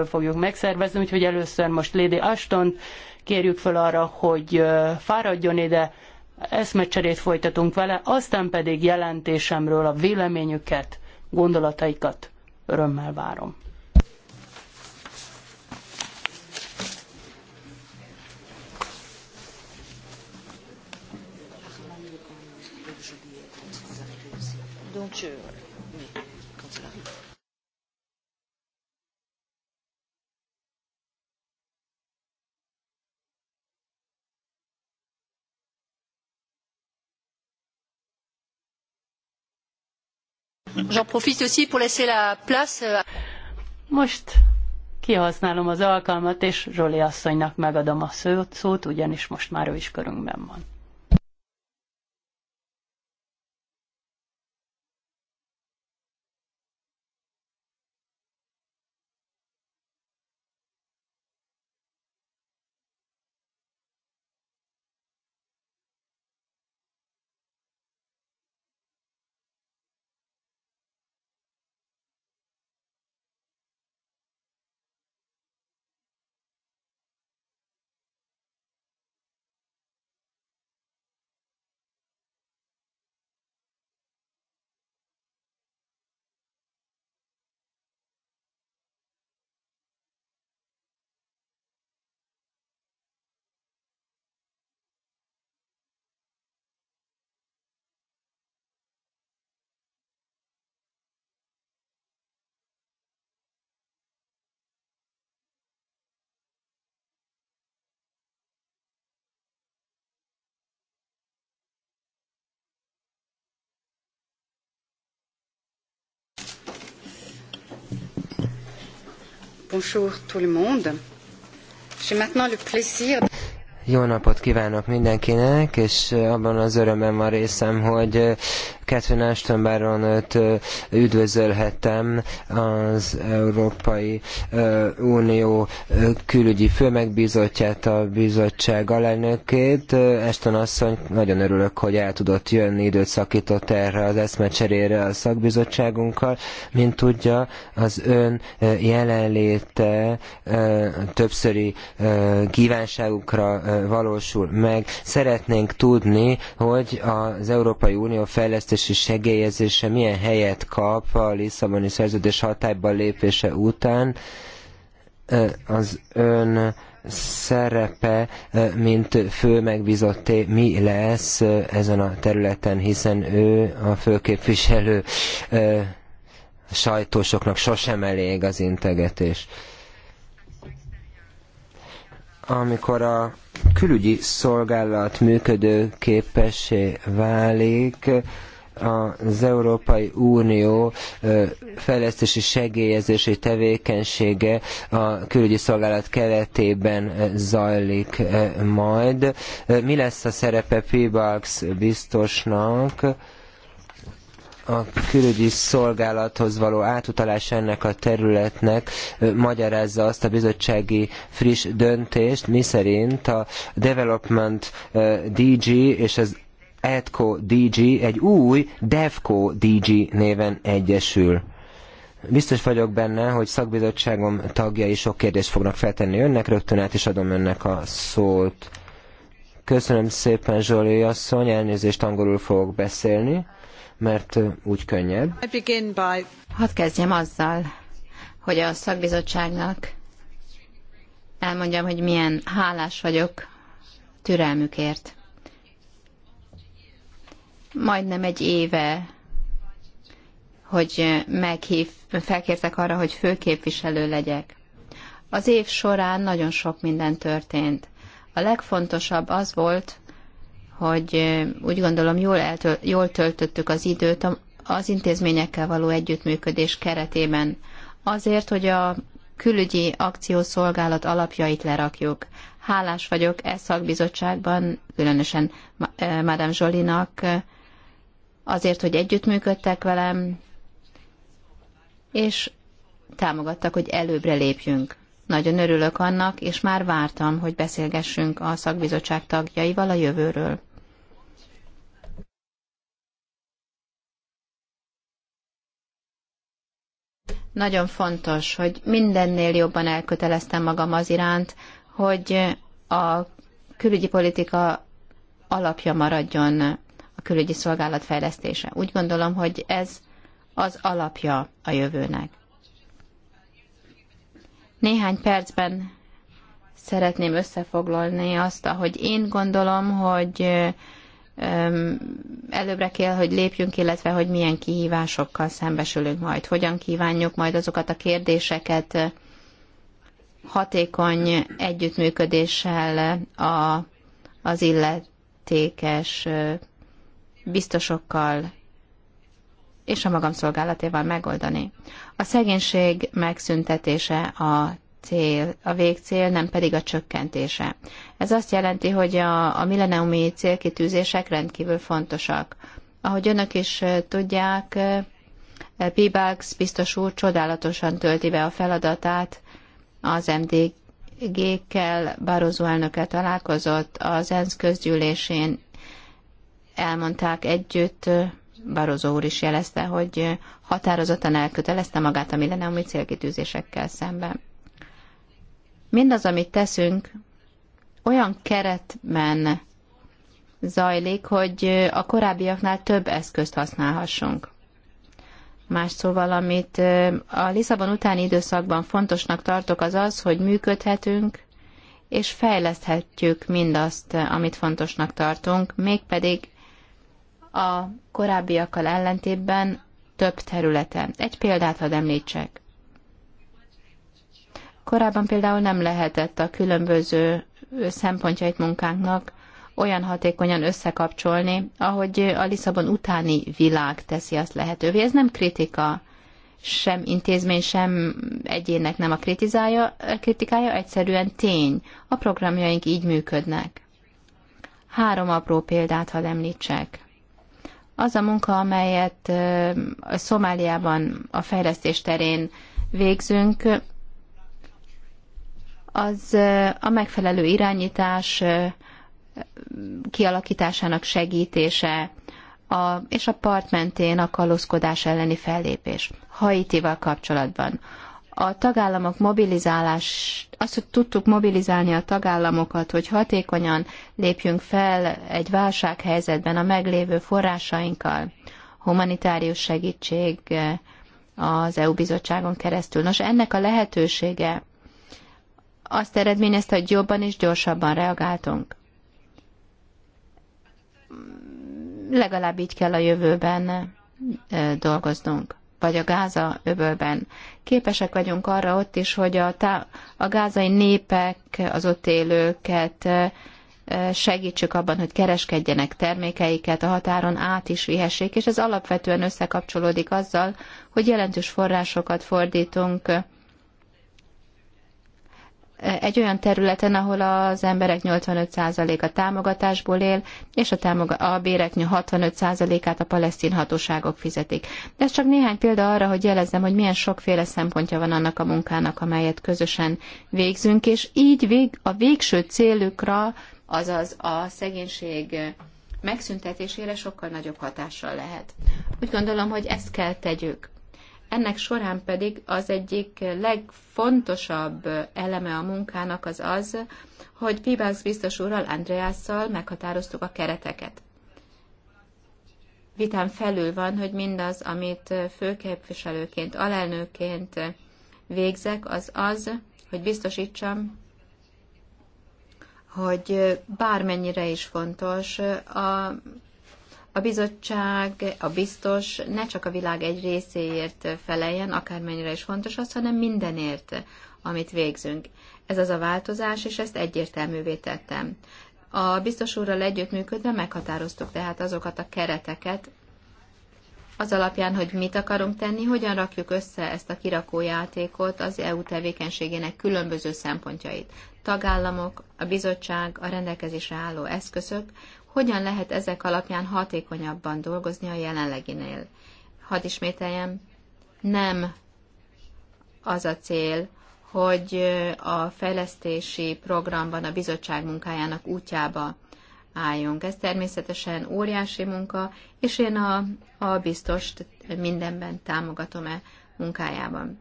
fogjuk megszervezni, úgyhogy először most Lady Ashton kérjük föl arra, hogy fáradjon ide, eszmecserét folytatunk vele, aztán pedig jelentésemről a véleményüket gondolataikat. Örömmel várom. J'en profite aussi pour laisser la place. Euh, most kihasználom az alkalmat, és Zsoli asszonynak megadom a szót, ugyanis most már ő is körünkben van. Jó napot kívánok mindenkinek, és abban az örömem a részem, hogy Catherine Ashton Baronet üdvözölhetem az Európai Unió külügyi főmegbizotját, a bizottság alelnökét. Ashton asszony, nagyon örülök, hogy el tudott jönni, időt szakított erre az eszmecserére a szakbizottságunkkal. Mint tudja, az ön jelenléte többszöri kívánságukra valósul meg. Szeretnénk tudni, hogy az Európai Unió fejlesztés fejlesztési segélyezése milyen helyet kap a Lisszaboni szerződés hatályba lépése után az ön szerepe, mint fő megbizotté mi lesz ezen a területen, hiszen ő a főképviselő a sajtósoknak sosem elég az integetés. Amikor a külügyi szolgálat működő képessé válik, az Európai Unió fejlesztési segélyezési tevékenysége a külügyi szolgálat keretében zajlik majd. Mi lesz a szerepe Pibalks biztosnak? a külügyi szolgálathoz való átutalás ennek a területnek magyarázza azt a bizottsági friss döntést, miszerint a Development DG és az EDCO DG egy új DEVCO DG néven egyesül. Biztos vagyok benne, hogy szakbizottságom tagjai sok kérdést fognak feltenni önnek, rögtön át is adom önnek a szót. Köszönöm szépen, Zsoli asszony, elnézést angolul fogok beszélni, mert úgy könnyebb. Hadd kezdjem azzal, hogy a szakbizottságnak elmondjam, hogy milyen hálás vagyok türelmükért majdnem egy éve, hogy meghív, felkértek arra, hogy főképviselő legyek. Az év során nagyon sok minden történt. A legfontosabb az volt, hogy úgy gondolom jól, eltöl, jól töltöttük az időt az intézményekkel való együttműködés keretében. Azért, hogy a külügyi akciószolgálat alapjait lerakjuk. Hálás vagyok e szakbizottságban, különösen Madame Zsolinak, azért, hogy együttműködtek velem, és támogattak, hogy előbbre lépjünk. Nagyon örülök annak, és már vártam, hogy beszélgessünk a szakbizottság tagjaival a jövőről. Nagyon fontos, hogy mindennél jobban elköteleztem magam az iránt, hogy a külügyi politika alapja maradjon külügyi szolgálat fejlesztése. Úgy gondolom, hogy ez az alapja a jövőnek. Néhány percben szeretném összefoglalni azt, ahogy én gondolom, hogy előbbre kell, hogy lépjünk, illetve hogy milyen kihívásokkal szembesülünk majd, hogyan kívánjuk majd azokat a kérdéseket hatékony együttműködéssel a, az illetékes biztosokkal és a magam szolgálatéval megoldani. A szegénység megszüntetése a cél, a végcél, nem pedig a csökkentése. Ez azt jelenti, hogy a, a milleniumi célkitűzések rendkívül fontosak. Ahogy önök is tudják, Pibax biztos úr csodálatosan tölti be a feladatát, az MDG-kkel Barozó elnöke találkozott az ENSZ közgyűlésén elmondták együtt, Barozó úr is jelezte, hogy határozottan elkötelezte magát a millenniumi célkitűzésekkel szemben. Mindaz, amit teszünk, olyan keretben zajlik, hogy a korábbiaknál több eszközt használhassunk. Más szóval, amit a Lisszabon utáni időszakban fontosnak tartok, az az, hogy működhetünk, és fejleszthetjük mindazt, amit fontosnak tartunk, mégpedig a korábbiakkal ellentétben több területen. Egy példát hadd említsek. Korábban például nem lehetett a különböző szempontjait munkánknak olyan hatékonyan összekapcsolni, ahogy a Lisszabon utáni világ teszi azt lehetővé. Ez nem kritika, sem intézmény, sem egyének nem a kritizája, kritikája, egyszerűen tény. A programjaink így működnek. Három apró példát hadd említsek. Az a munka, amelyet a Szomáliában a fejlesztés terén végzünk, az a megfelelő irányítás kialakításának segítése, a, és a part mentén a kalózkodás elleni fellépés. Haitival kapcsolatban a tagállamok mobilizálás, azt, hogy tudtuk mobilizálni a tagállamokat, hogy hatékonyan lépjünk fel egy válsághelyzetben a meglévő forrásainkkal, humanitárius segítség eh, az EU bizottságon keresztül. Nos, ennek a lehetősége azt eredményezte, hogy jobban és gyorsabban reagáltunk. Legalább így kell a jövőben eh, dolgoznunk, vagy a Gáza öbölben képesek vagyunk arra ott is, hogy a, tá- a gázai népek, az ott élőket segítsük abban, hogy kereskedjenek termékeiket, a határon át is vihessék, és ez alapvetően összekapcsolódik azzal, hogy jelentős forrásokat fordítunk egy olyan területen, ahol az emberek 85%-a támogatásból él, és a, támoga- a bérek 65%-át a palesztin hatóságok fizetik. De ez csak néhány példa arra, hogy jelezzem, hogy milyen sokféle szempontja van annak a munkának, amelyet közösen végzünk, és így vég- a végső célükra, azaz a szegénység megszüntetésére sokkal nagyobb hatással lehet. Úgy gondolom, hogy ezt kell tegyük. Ennek során pedig az egyik legfontosabb eleme a munkának az az, hogy Pibax biztos úrral, Andreasszal meghatároztuk a kereteket. Vitán felül van, hogy mindaz, amit főképviselőként, alelnőként végzek, az az, hogy biztosítsam, hogy bármennyire is fontos a a bizottság, a biztos ne csak a világ egy részéért feleljen, akármennyire is fontos az, hanem mindenért, amit végzünk. Ez az a változás, és ezt egyértelművé tettem. A biztos úrral együttműködve meghatároztuk tehát azokat a kereteket, az alapján, hogy mit akarunk tenni, hogyan rakjuk össze ezt a kirakójátékot az EU tevékenységének különböző szempontjait. Tagállamok, a bizottság, a rendelkezésre álló eszközök, hogyan lehet ezek alapján hatékonyabban dolgozni a jelenleginél. Hadd ismételjem, nem az a cél, hogy a fejlesztési programban a bizottság munkájának útjába álljunk. Ez természetesen óriási munka, és én a, a biztost mindenben támogatom-e munkájában.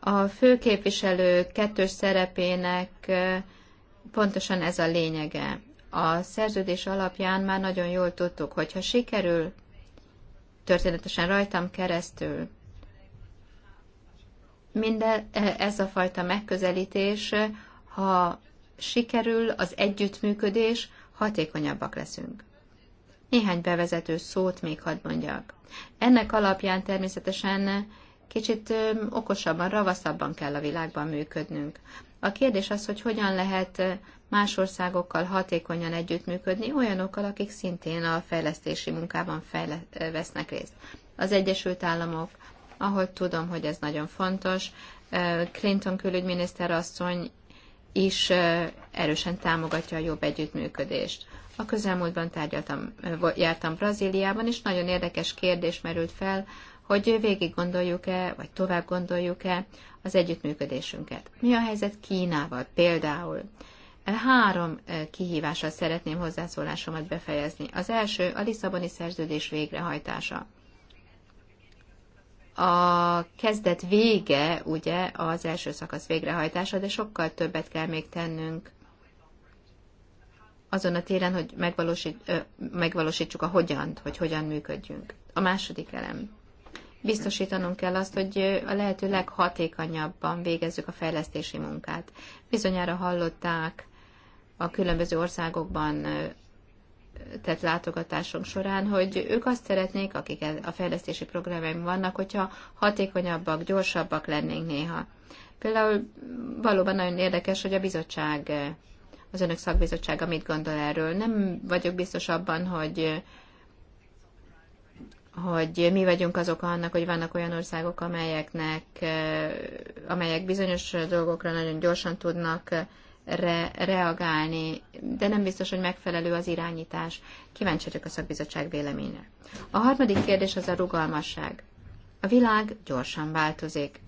A főképviselő kettős szerepének pontosan ez a lényege. A szerződés alapján már nagyon jól tudtuk, hogy ha sikerül, történetesen rajtam keresztül, minden ez a fajta megközelítés, ha sikerül az együttműködés, hatékonyabbak leszünk. Néhány bevezető szót még hadd mondjak. Ennek alapján természetesen kicsit okosabban, ravaszabban kell a világban működnünk. A kérdés az, hogy hogyan lehet más országokkal hatékonyan együttműködni, olyanokkal, akik szintén a fejlesztési munkában fejle- vesznek részt. Az Egyesült Államok, ahogy tudom, hogy ez nagyon fontos, Clinton külügyminiszter asszony is erősen támogatja a jobb együttműködést. A közelmúltban tárgyaltam, jártam Brazíliában, és nagyon érdekes kérdés merült fel hogy végig gondoljuk-e, vagy tovább gondoljuk-e az együttműködésünket. Mi a helyzet Kínával például? Eh, három eh, kihívással szeretném hozzászólásomat befejezni. Az első a Lisszaboni szerződés végrehajtása. A kezdet vége, ugye, az első szakasz végrehajtása, de sokkal többet kell még tennünk azon a téren, hogy megvalósít, eh, megvalósítsuk a hogyan, hogy hogyan működjünk. A második elem biztosítanunk kell azt, hogy a lehető leghatékonyabban végezzük a fejlesztési munkát. Bizonyára hallották a különböző országokban tett látogatásunk során, hogy ők azt szeretnék, akik e- a fejlesztési programjaim vannak, hogyha hatékonyabbak, gyorsabbak lennénk néha. Például valóban nagyon érdekes, hogy a bizottság, az önök szakbizottsága mit gondol erről. Nem vagyok biztos abban, hogy hogy mi vagyunk azok annak, hogy vannak olyan országok, amelyeknek, amelyek bizonyos dolgokra nagyon gyorsan tudnak re- reagálni, de nem biztos, hogy megfelelő az irányítás. Kíváncsi vagyok a szakbizottság véleményre. A harmadik kérdés az a rugalmasság. A világ gyorsan változik.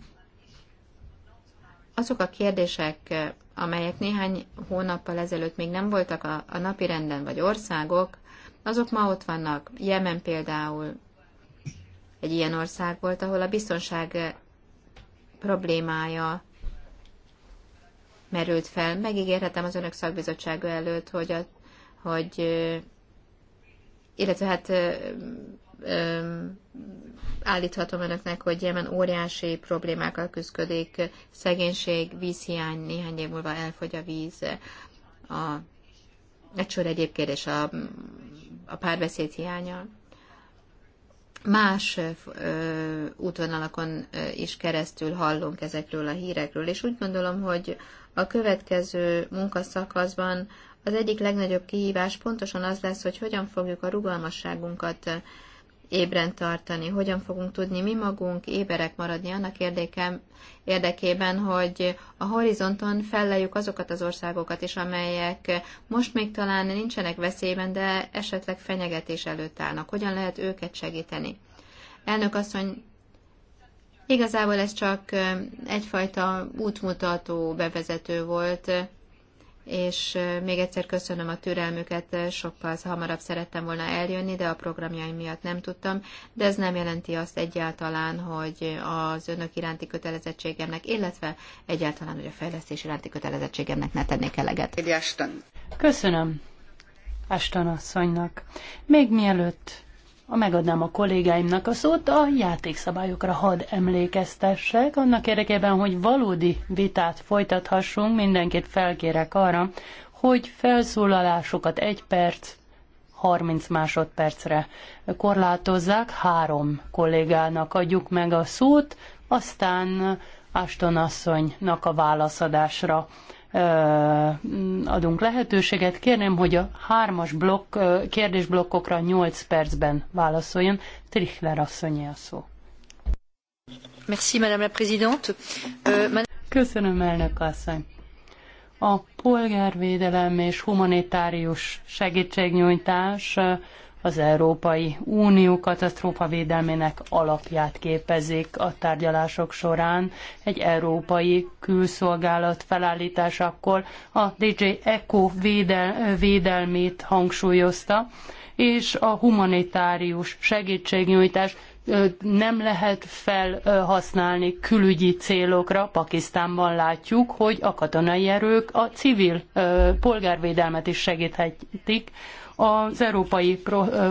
Azok a kérdések, amelyek néhány hónappal ezelőtt még nem voltak a, a napi renden vagy országok, azok ma ott vannak. Jemen például, egy ilyen ország volt, ahol a biztonság eh, problémája merült fel. Megígérhetem az önök szakbizottsága előtt, hogy, a, hogy eh, illetve hát eh, állíthatom önöknek, hogy Jemen óriási problémákkal küzdik, szegénység, vízhiány, néhány év múlva elfogy a víz. A, egy sor egyéb kérdés a, a párbeszéd hiánya más útvonalakon is keresztül hallunk ezekről a hírekről, és úgy gondolom, hogy a következő munkaszakaszban az egyik legnagyobb kihívás pontosan az lesz, hogy hogyan fogjuk a rugalmasságunkat ébren tartani, hogyan fogunk tudni mi magunk éberek maradni annak érdekem, érdekében, hogy a horizonton felleljük azokat az országokat is, amelyek most még talán nincsenek veszélyben, de esetleg fenyegetés előtt állnak. Hogyan lehet őket segíteni? Elnök asszony, igazából ez csak egyfajta útmutató bevezető volt és még egyszer köszönöm a türelmüket, sokkal hamarabb szerettem volna eljönni, de a programjaim miatt nem tudtam, de ez nem jelenti azt egyáltalán, hogy az önök iránti kötelezettségemnek, illetve egyáltalán, hogy a fejlesztés iránti kötelezettségemnek ne tennék eleget. Köszönöm Aston asszonynak. Még mielőtt ha megadnám a kollégáimnak a szót, a játékszabályokra Had emlékeztessek, annak érdekében, hogy valódi vitát folytathassunk, mindenkit felkérek arra, hogy felszólalásokat egy perc, 30 másodpercre korlátozzák, három kollégának adjuk meg a szót, aztán Ashton asszonynak a válaszadásra adunk lehetőséget. Kérném, hogy a hármas blokk, kérdésblokkokra 8 percben válaszoljon. Trichler asszonyé a szó. Merci, Madame la Présidente. Euh, Köszönöm, elnök asszony. A polgárvédelem és humanitárius segítségnyújtás az Európai Unió katasztrófavédelmének alapját képezik a tárgyalások során egy európai külszolgálat felállításakor a DJ Eco védel, védelmét hangsúlyozta, és a humanitárius segítségnyújtás nem lehet felhasználni külügyi célokra. Pakisztánban látjuk, hogy a katonai erők a civil polgárvédelmet is segíthetik az európai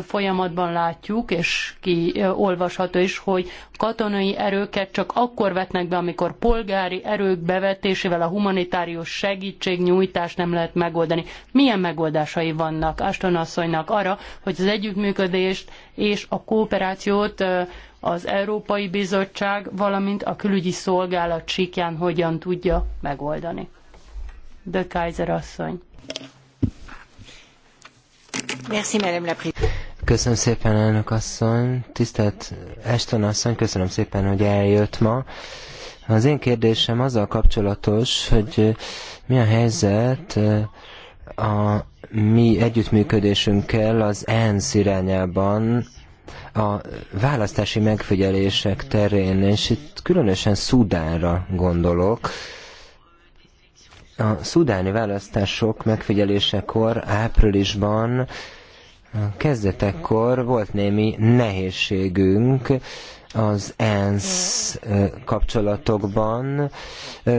folyamatban látjuk, és ki olvasható is, hogy katonai erőket csak akkor vetnek be, amikor polgári erők bevetésével a humanitárius segítségnyújtást nem lehet megoldani. Milyen megoldásai vannak Aston asszonynak arra, hogy az együttműködést és a kooperációt az Európai Bizottság, valamint a külügyi szolgálat síkján hogyan tudja megoldani. De Kaiser asszony. Merci, Madame la Köszönöm szépen, elnök asszony. Tisztelt Eston asszony, köszönöm szépen, hogy eljött ma. Az én kérdésem azzal kapcsolatos, hogy eh, mi a helyzet eh, a mi együttműködésünkkel az ENSZ irányában a választási megfigyelések terén, és itt különösen Szudánra gondolok. A szudáni választások megfigyelésekor áprilisban kezdetekkor volt némi nehézségünk az ENSZ kapcsolatokban,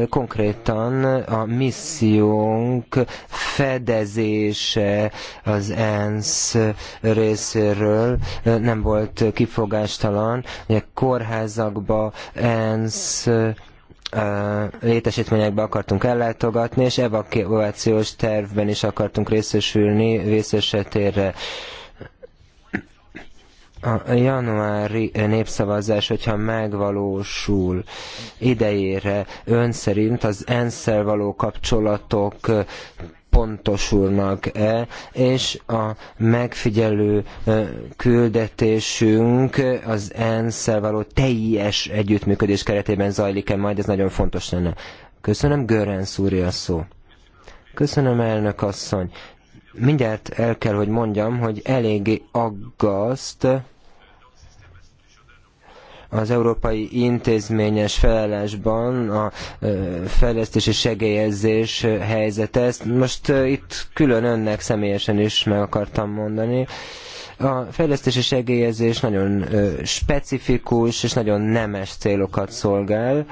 konkrétan a missziónk fedezése az ENSZ részéről nem volt kifogástalan, ugye kórházakba ENSZ létesítményekbe akartunk ellátogatni, és evakuációs tervben is akartunk részesülni vészesetérre. A januári népszavazás, hogyha megvalósul idejére, ön szerint az ENSZ-szel való kapcsolatok pontosulnak-e, és a megfigyelő küldetésünk az ensz való teljes együttműködés keretében zajlik-e majd, ez nagyon fontos lenne. Köszönöm, Görenc úr, a szó. Köszönöm, elnök asszony. Mindjárt el kell, hogy mondjam, hogy eléggé aggaszt az európai intézményes felelásban a fejlesztési segélyezés helyzete. Ezt most itt külön önnek személyesen is meg akartam mondani a fejlesztési segélyezés nagyon specifikus és nagyon nemes célokat szolgál.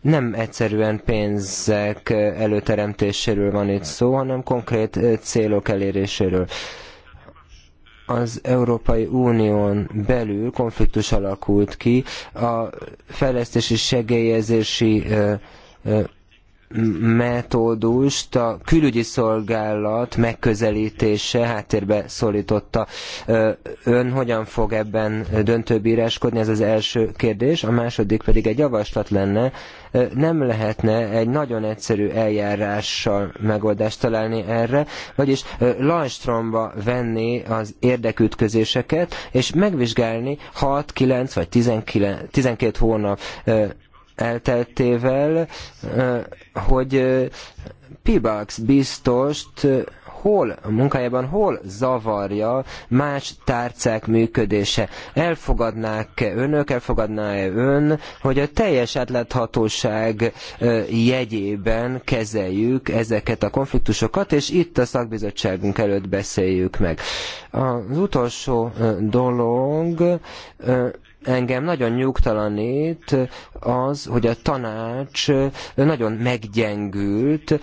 Nem egyszerűen pénzek előteremtéséről van itt szó, hanem konkrét célok eléréséről az Európai Unión belül konfliktus alakult ki a fejlesztési segélyezési metódust a külügyi szolgálat megközelítése háttérbe szorította. Ön hogyan fog ebben döntőbíráskodni? Ez az első kérdés. A második pedig egy javaslat lenne nem lehetne egy nagyon egyszerű eljárással megoldást találni erre, vagyis lajstromba venni az érdekütközéseket, és megvizsgálni 6, 9 vagy 19, 12 hónap elteltével, eh, hogy eh, Pibax biztost eh, hol a munkájában, hol zavarja más tárcák működése. Elfogadnák-e önök, elfogadná-e ön, hogy a teljes átláthatóság jegyében kezeljük ezeket a konfliktusokat, és itt a szakbizottságunk előtt beszéljük meg. Az utolsó dolog engem nagyon nyugtalanít az, hogy a tanács nagyon meggyengült,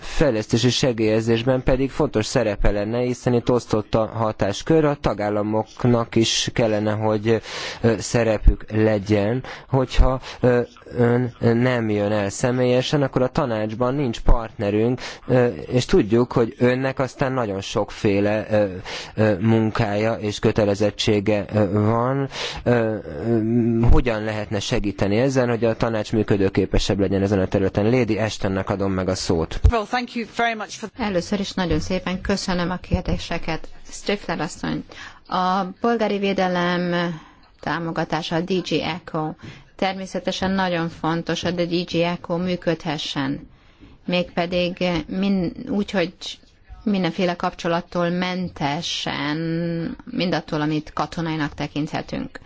fejlesztési segélyezésben pedig fontos szerepe lenne, hiszen itt osztott a hatáskör, a tagállamoknak is kellene, hogy szerepük legyen, hogyha ön nem jön el személyesen, akkor a tanácsban nincs partnerünk, és tudjuk, hogy önnek aztán nagyon sokféle munkája és kötelezettsége van. Hogyan lehetne segíteni ezen, hogy a tanács működőképesebb legyen ezen a területen? Lady Ashtonnek adom meg a szót. Well, Először is nagyon szépen köszönöm a kérdéseket. Stifler asszony, a polgári védelem támogatása a DG ECHO természetesen nagyon fontos, hogy a DG ECHO működhessen. Mégpedig min, úgy, hogy mindenféle kapcsolattól mentesen, mindattól, amit katonainak tekinthetünk.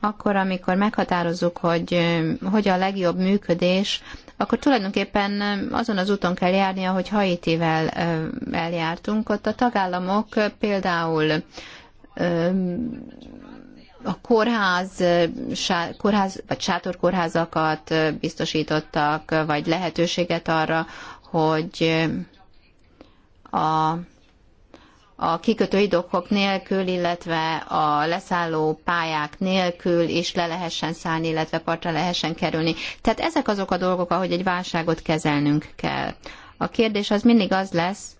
Akkor, amikor meghatározzuk, hogy hogy a legjobb működés akkor tulajdonképpen eh, azon az úton kell járnia, hogy Haitivel eh, eljártunk. Ott a tagállamok eh, például a kórház, kórház vagy sátorkórházakat biztosítottak, vagy lehetőséget arra, hogy a a kikötői dokkok nélkül, illetve a leszálló pályák nélkül is le lehessen szállni, illetve partra lehessen kerülni. Tehát ezek azok a dolgok, ahogy egy válságot kezelnünk kell. A kérdés az mindig az lesz,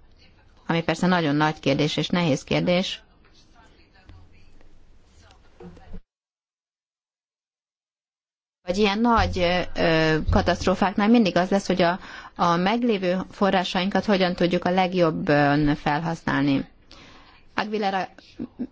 ami persze nagyon nagy kérdés és nehéz kérdés, vagy ilyen nagy ö, katasztrófáknál mindig az lesz, hogy a, a meglévő forrásainkat hogyan tudjuk a legjobban felhasználni. Aguilera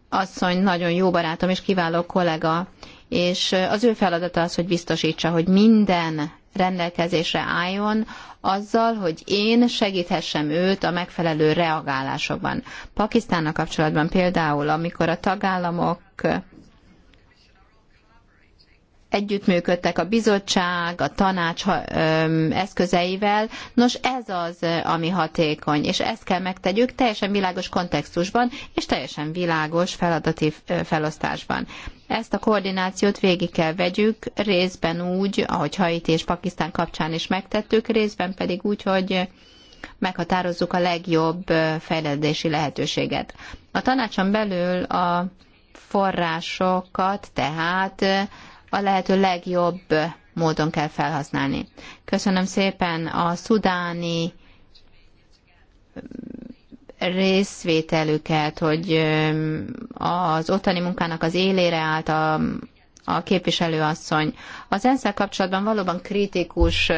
asszony nagyon jó barátom és kiváló kollega, és az ő feladata az, hogy biztosítsa, hogy minden rendelkezésre álljon, azzal, hogy én segíthessem őt a megfelelő reagálásokban. Pakisztánnal kapcsolatban például, amikor a tagállamok együttműködtek a bizottság, a tanács eszközeivel. Nos, ez az, ami hatékony, és ezt kell megtegyük teljesen világos kontextusban, és teljesen világos feladati felosztásban. Ezt a koordinációt végig kell vegyük, részben úgy, ahogy Haiti és Pakisztán kapcsán is megtettük, részben pedig úgy, hogy meghatározzuk a legjobb fejlesztési lehetőséget. A tanácson belül a forrásokat tehát a lehető legjobb módon kell felhasználni. Köszönöm szépen a szudáni részvételüket, hogy az ottani munkának az élére állt a, a képviselőasszony. Az ensz kapcsolatban valóban kritikus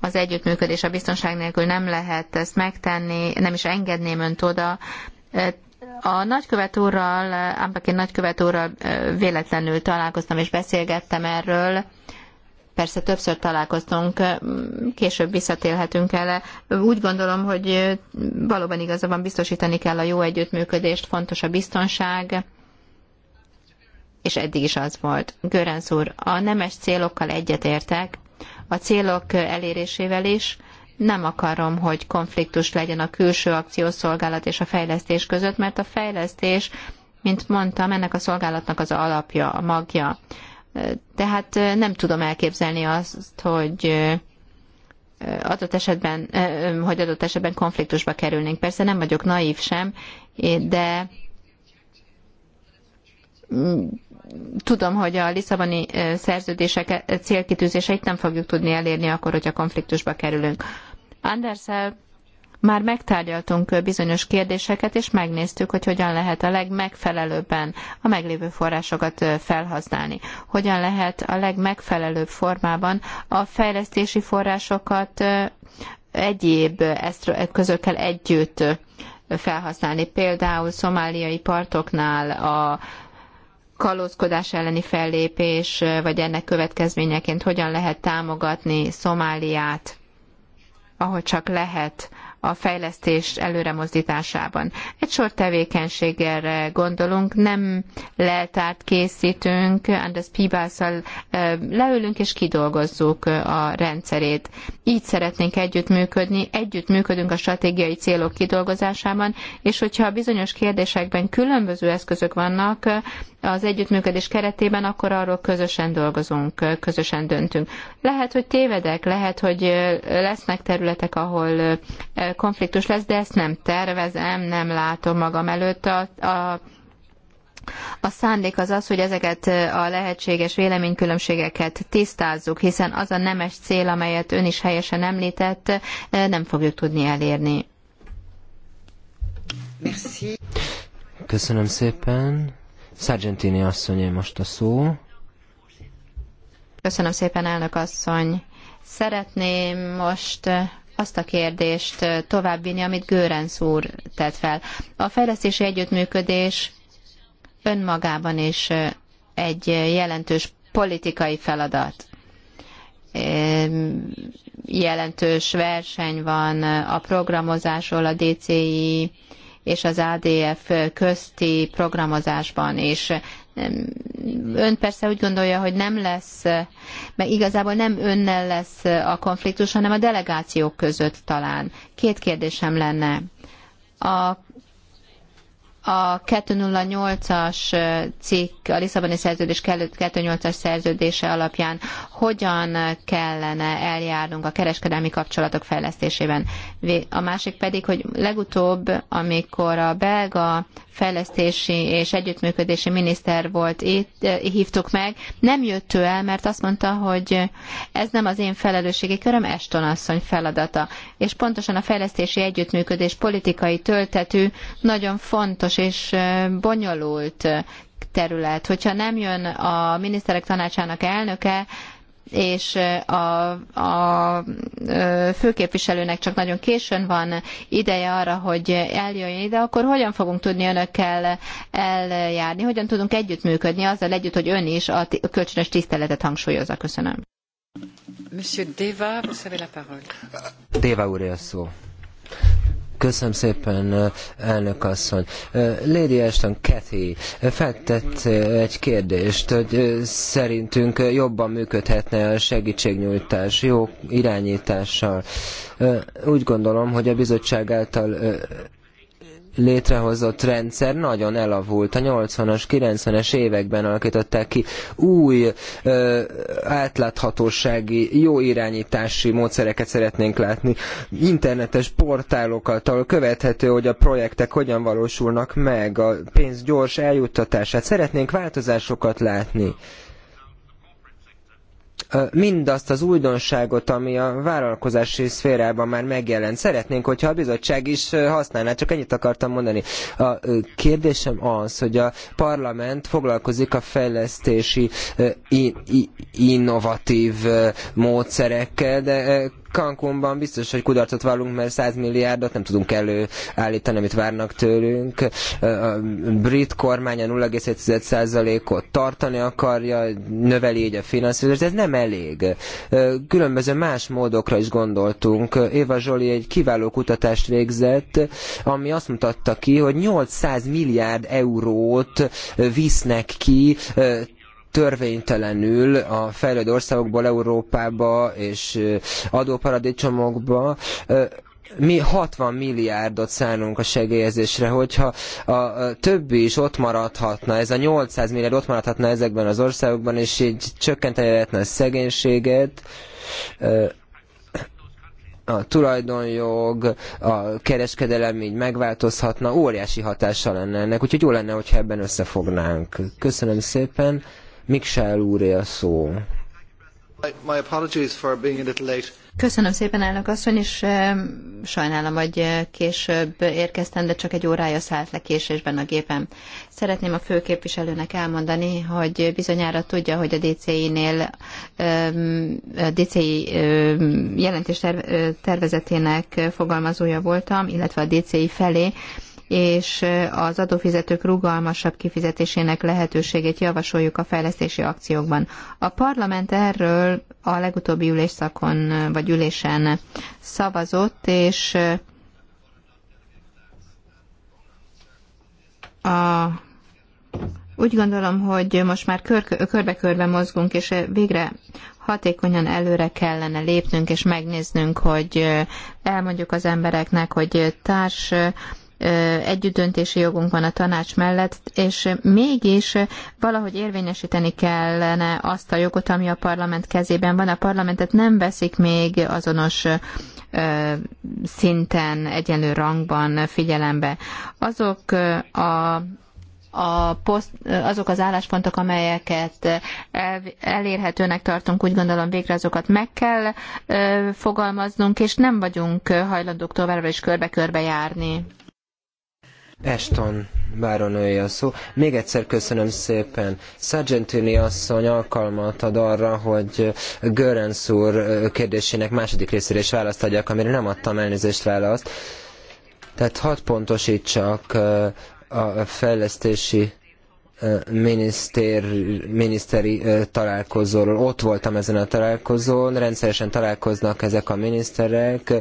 az együttműködés, a biztonság nélkül nem lehet ezt megtenni, nem is engedném önt oda. A nagykövet úrral, Ambakin nagykövet úrral véletlenül találkoztam és beszélgettem erről. Persze többször találkoztunk, később visszatélhetünk el. Úgy gondolom, hogy valóban igaza van, biztosítani kell a jó együttműködést, fontos a biztonság, és eddig is az volt. Görenc úr, a nemes célokkal egyetértek, a célok elérésével is, nem akarom, hogy konfliktus legyen a külső akciószolgálat és a fejlesztés között, mert a fejlesztés, mint mondtam, ennek a szolgálatnak az alapja, a magja. Tehát nem tudom elképzelni azt, hogy adott esetben, hogy adott esetben konfliktusba kerülnénk. Persze nem vagyok naív sem, de tudom, hogy a Lisszaboni szerződések célkitűzéseit nem fogjuk tudni elérni akkor, hogyha konfliktusba kerülünk. Anderszel már megtárgyaltunk bizonyos kérdéseket, és megnéztük, hogy hogyan lehet a legmegfelelőbben a meglévő forrásokat felhasználni. Hogyan lehet a legmegfelelőbb formában a fejlesztési forrásokat egyéb eszközökkel együtt felhasználni. Például szomáliai partoknál a kalózkodás elleni fellépés, vagy ennek következményeként hogyan lehet támogatni Szomáliát ahol csak lehet a fejlesztés előremozdításában. Egy sor tevékenységgel gondolunk, nem leltárt készítünk, Anders Pibászal leülünk és kidolgozzuk a rendszerét. Így szeretnénk együttműködni, együttműködünk a stratégiai célok kidolgozásában, és hogyha bizonyos kérdésekben különböző eszközök vannak, az együttműködés keretében, akkor arról közösen dolgozunk, közösen döntünk. Lehet, hogy tévedek, lehet, hogy lesznek területek, ahol konfliktus lesz, de ezt nem tervezem, nem látom magam előtt. A, a a szándék az az, hogy ezeket a lehetséges véleménykülönbségeket tisztázzuk, hiszen az a nemes cél, amelyet ön is helyesen említett, nem fogjuk tudni elérni. Merci. Köszönöm szépen. Sargentini asszonyé most a szó. Köszönöm szépen, elnök asszony. Szeretném most azt a kérdést továbbvinni, amit Görenc úr tett fel. A fejlesztési együttműködés önmagában is egy jelentős politikai feladat. Jelentős verseny van a programozásról, a DCI és az ADF közti programozásban is. Ön persze úgy gondolja, hogy nem lesz, meg igazából nem önnel lesz a konfliktus, hanem a delegációk között talán. Két kérdésem lenne. A a 208-as cikk, a Lisszaboni szerződés 208-as szerződése alapján hogyan kellene eljárnunk a kereskedelmi kapcsolatok fejlesztésében. A másik pedig, hogy legutóbb, amikor a belga fejlesztési és együttműködési miniszter volt itt, hívtuk meg, nem jött ő el, mert azt mondta, hogy ez nem az én felelősségi köröm, Eston asszony feladata. És pontosan a fejlesztési együttműködés politikai töltetű nagyon fontos fontos és bonyolult terület. Hogyha nem jön a miniszterek tanácsának elnöke, és a, a főképviselőnek csak nagyon későn van ideje arra, hogy eljöjjön ide, akkor hogyan fogunk tudni önökkel eljárni, hogyan tudunk együttműködni azzal együtt, hogy ön is a kölcsönös tiszteletet hangsúlyozza. Köszönöm. Monsieur Deva, vous avez la parole. Deva úr, a szó. Köszönöm szépen, elnök asszony. Lady Ashton, Kathy feltett egy kérdést, hogy szerintünk jobban működhetne a segítségnyújtás jó irányítással. Úgy gondolom, hogy a bizottság által létrehozott rendszer nagyon elavult. A 80-as, 90-es években alakították ki új ö, átláthatósági, jó irányítási módszereket szeretnénk látni. Internetes portálokat, ahol követhető, hogy a projektek hogyan valósulnak meg, a pénz gyors eljuttatását. Szeretnénk változásokat látni mindazt az újdonságot, ami a vállalkozási szférában már megjelent. Szeretnénk, hogyha a bizottság is használná, csak ennyit akartam mondani. A kérdésem az, hogy a parlament foglalkozik a fejlesztési innovatív módszerekkel, de Cancúnban biztos, hogy kudarcot vallunk, mert 100 milliárdot nem tudunk előállítani, amit várnak tőlünk. A brit kormánya 0,7%-ot tartani akarja, növeli így a finanszírozást, ez nem elég. Különböző más módokra is gondoltunk. Éva Zsoli egy kiváló kutatást végzett, ami azt mutatta ki, hogy 800 milliárd eurót visznek ki törvénytelenül a fejlődő országokból Európába és adóparadicsomokba mi 60 milliárdot szánunk a segélyezésre, hogyha a többi is ott maradhatna, ez a 800 milliárd ott maradhatna ezekben az országokban, és így csökkenteni lehetne a szegénységet, a tulajdonjog, a kereskedelem így megváltozhatna, óriási hatása lenne ennek, úgyhogy jó lenne, hogyha ebben összefognánk. Köszönöm szépen. Miksel úré a szó. Köszönöm szépen, elnök asszony, és sajnálom, hogy később érkeztem, de csak egy órája szállt le késésben a gépem. Szeretném a főképviselőnek elmondani, hogy bizonyára tudja, hogy a DCI-nél, a DCI jelentés tervezetének fogalmazója voltam, illetve a DCI felé, és az adófizetők rugalmasabb kifizetésének lehetőségét javasoljuk a fejlesztési akciókban. A parlament erről a legutóbbi ülésszakon vagy ülésen szavazott, és a úgy gondolom, hogy most már körbe-körbe mozgunk, és végre hatékonyan előre kellene lépnünk, és megnéznünk, hogy elmondjuk az embereknek, hogy társ együttdöntési jogunk van a tanács mellett, és mégis valahogy érvényesíteni kellene azt a jogot, ami a parlament kezében van. A parlamentet nem veszik még azonos szinten, egyenlő rangban figyelembe. Azok a a poszt, azok az álláspontok, amelyeket elérhetőnek tartunk, úgy gondolom végre azokat meg kell fogalmaznunk, és nem vagyunk hajlandók továbbra is körbe-körbe járni. Eston báronője a szó. Még egyszer köszönöm szépen. Sargentini asszony alkalmat ad arra, hogy Görens úr kérdésének második részére is választ adjak, amire nem adtam elnézést választ. Tehát hat pontosítsak eh, a fejlesztési eh, miniszteri eh, találkozóról. Ott voltam ezen a találkozón, rendszeresen találkoznak ezek a miniszterek.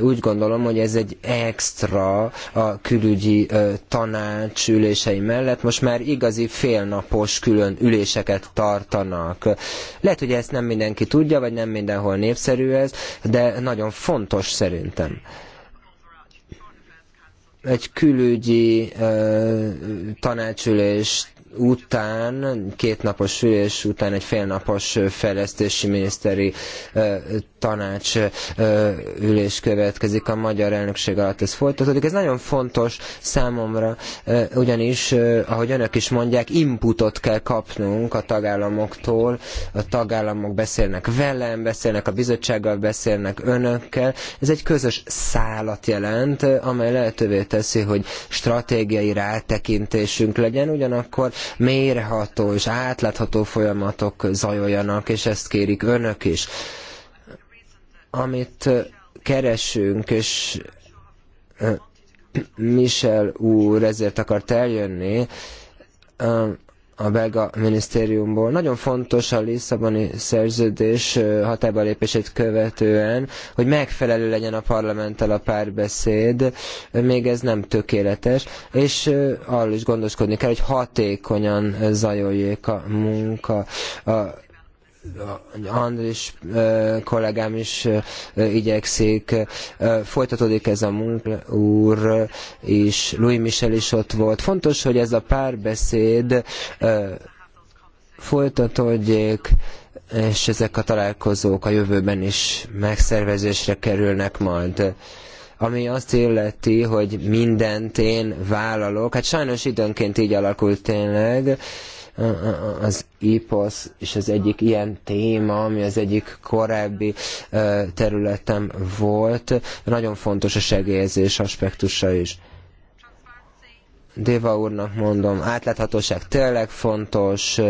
Úgy gondolom, hogy ez egy extra a külügyi tanács ülései mellett. Most már igazi félnapos külön üléseket tartanak. Lehet, hogy ezt nem mindenki tudja, vagy nem mindenhol népszerű ez, de nagyon fontos szerintem egy külügyi uh, tanácsülést után, két napos ülés után egy félnapos fejlesztési miniszteri tanács ülés következik a magyar elnökség alatt ez folytatódik. Ez nagyon fontos számomra, ugyanis, ahogy önök is mondják, inputot kell kapnunk a tagállamoktól, a tagállamok beszélnek velem, beszélnek a bizottsággal, beszélnek önökkel. Ez egy közös szállat jelent, amely lehetővé teszi, hogy stratégiai rátekintésünk legyen, ugyanakkor mérható és átlátható folyamatok zajoljanak, és ezt kérik önök is. Amit keresünk, és Michel úr ezért akart eljönni, a belga minisztériumból. Nagyon fontos a Lisszaboni szerződés hatályba lépését követően, hogy megfelelő legyen a parlamenttel a párbeszéd, még ez nem tökéletes, és arról is gondoskodni kell, hogy hatékonyan zajoljék a munka. A Andris kollégám is igyekszik. Folytatódik ez a munka, úr is, Louis Michel is ott volt. Fontos, hogy ez a párbeszéd folytatódjék, és ezek a találkozók a jövőben is megszervezésre kerülnek majd ami azt illeti, hogy mindent én vállalok. Hát sajnos időnként így alakult tényleg. Az IPOS és az egyik ilyen téma, ami az egyik korábbi területem volt, nagyon fontos a segélyezés aspektusa is. Déva úrnak mondom, átláthatóság tényleg fontos,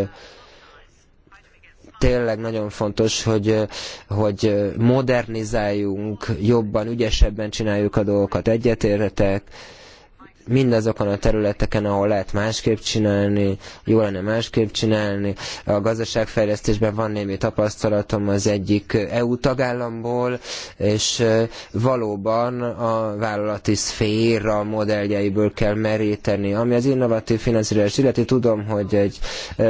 tényleg nagyon fontos, hogy, hogy modernizáljunk, jobban, ügyesebben csináljuk a dolgokat, egyetértek, mindazokon a területeken, ahol lehet másképp csinálni, jó lenne másképp csinálni. A gazdaságfejlesztésben van némi tapasztalatom az egyik EU tagállamból, és valóban a vállalati szféra modelljeiből kell meríteni. Ami az innovatív finanszírozás illeti, tudom, hogy egy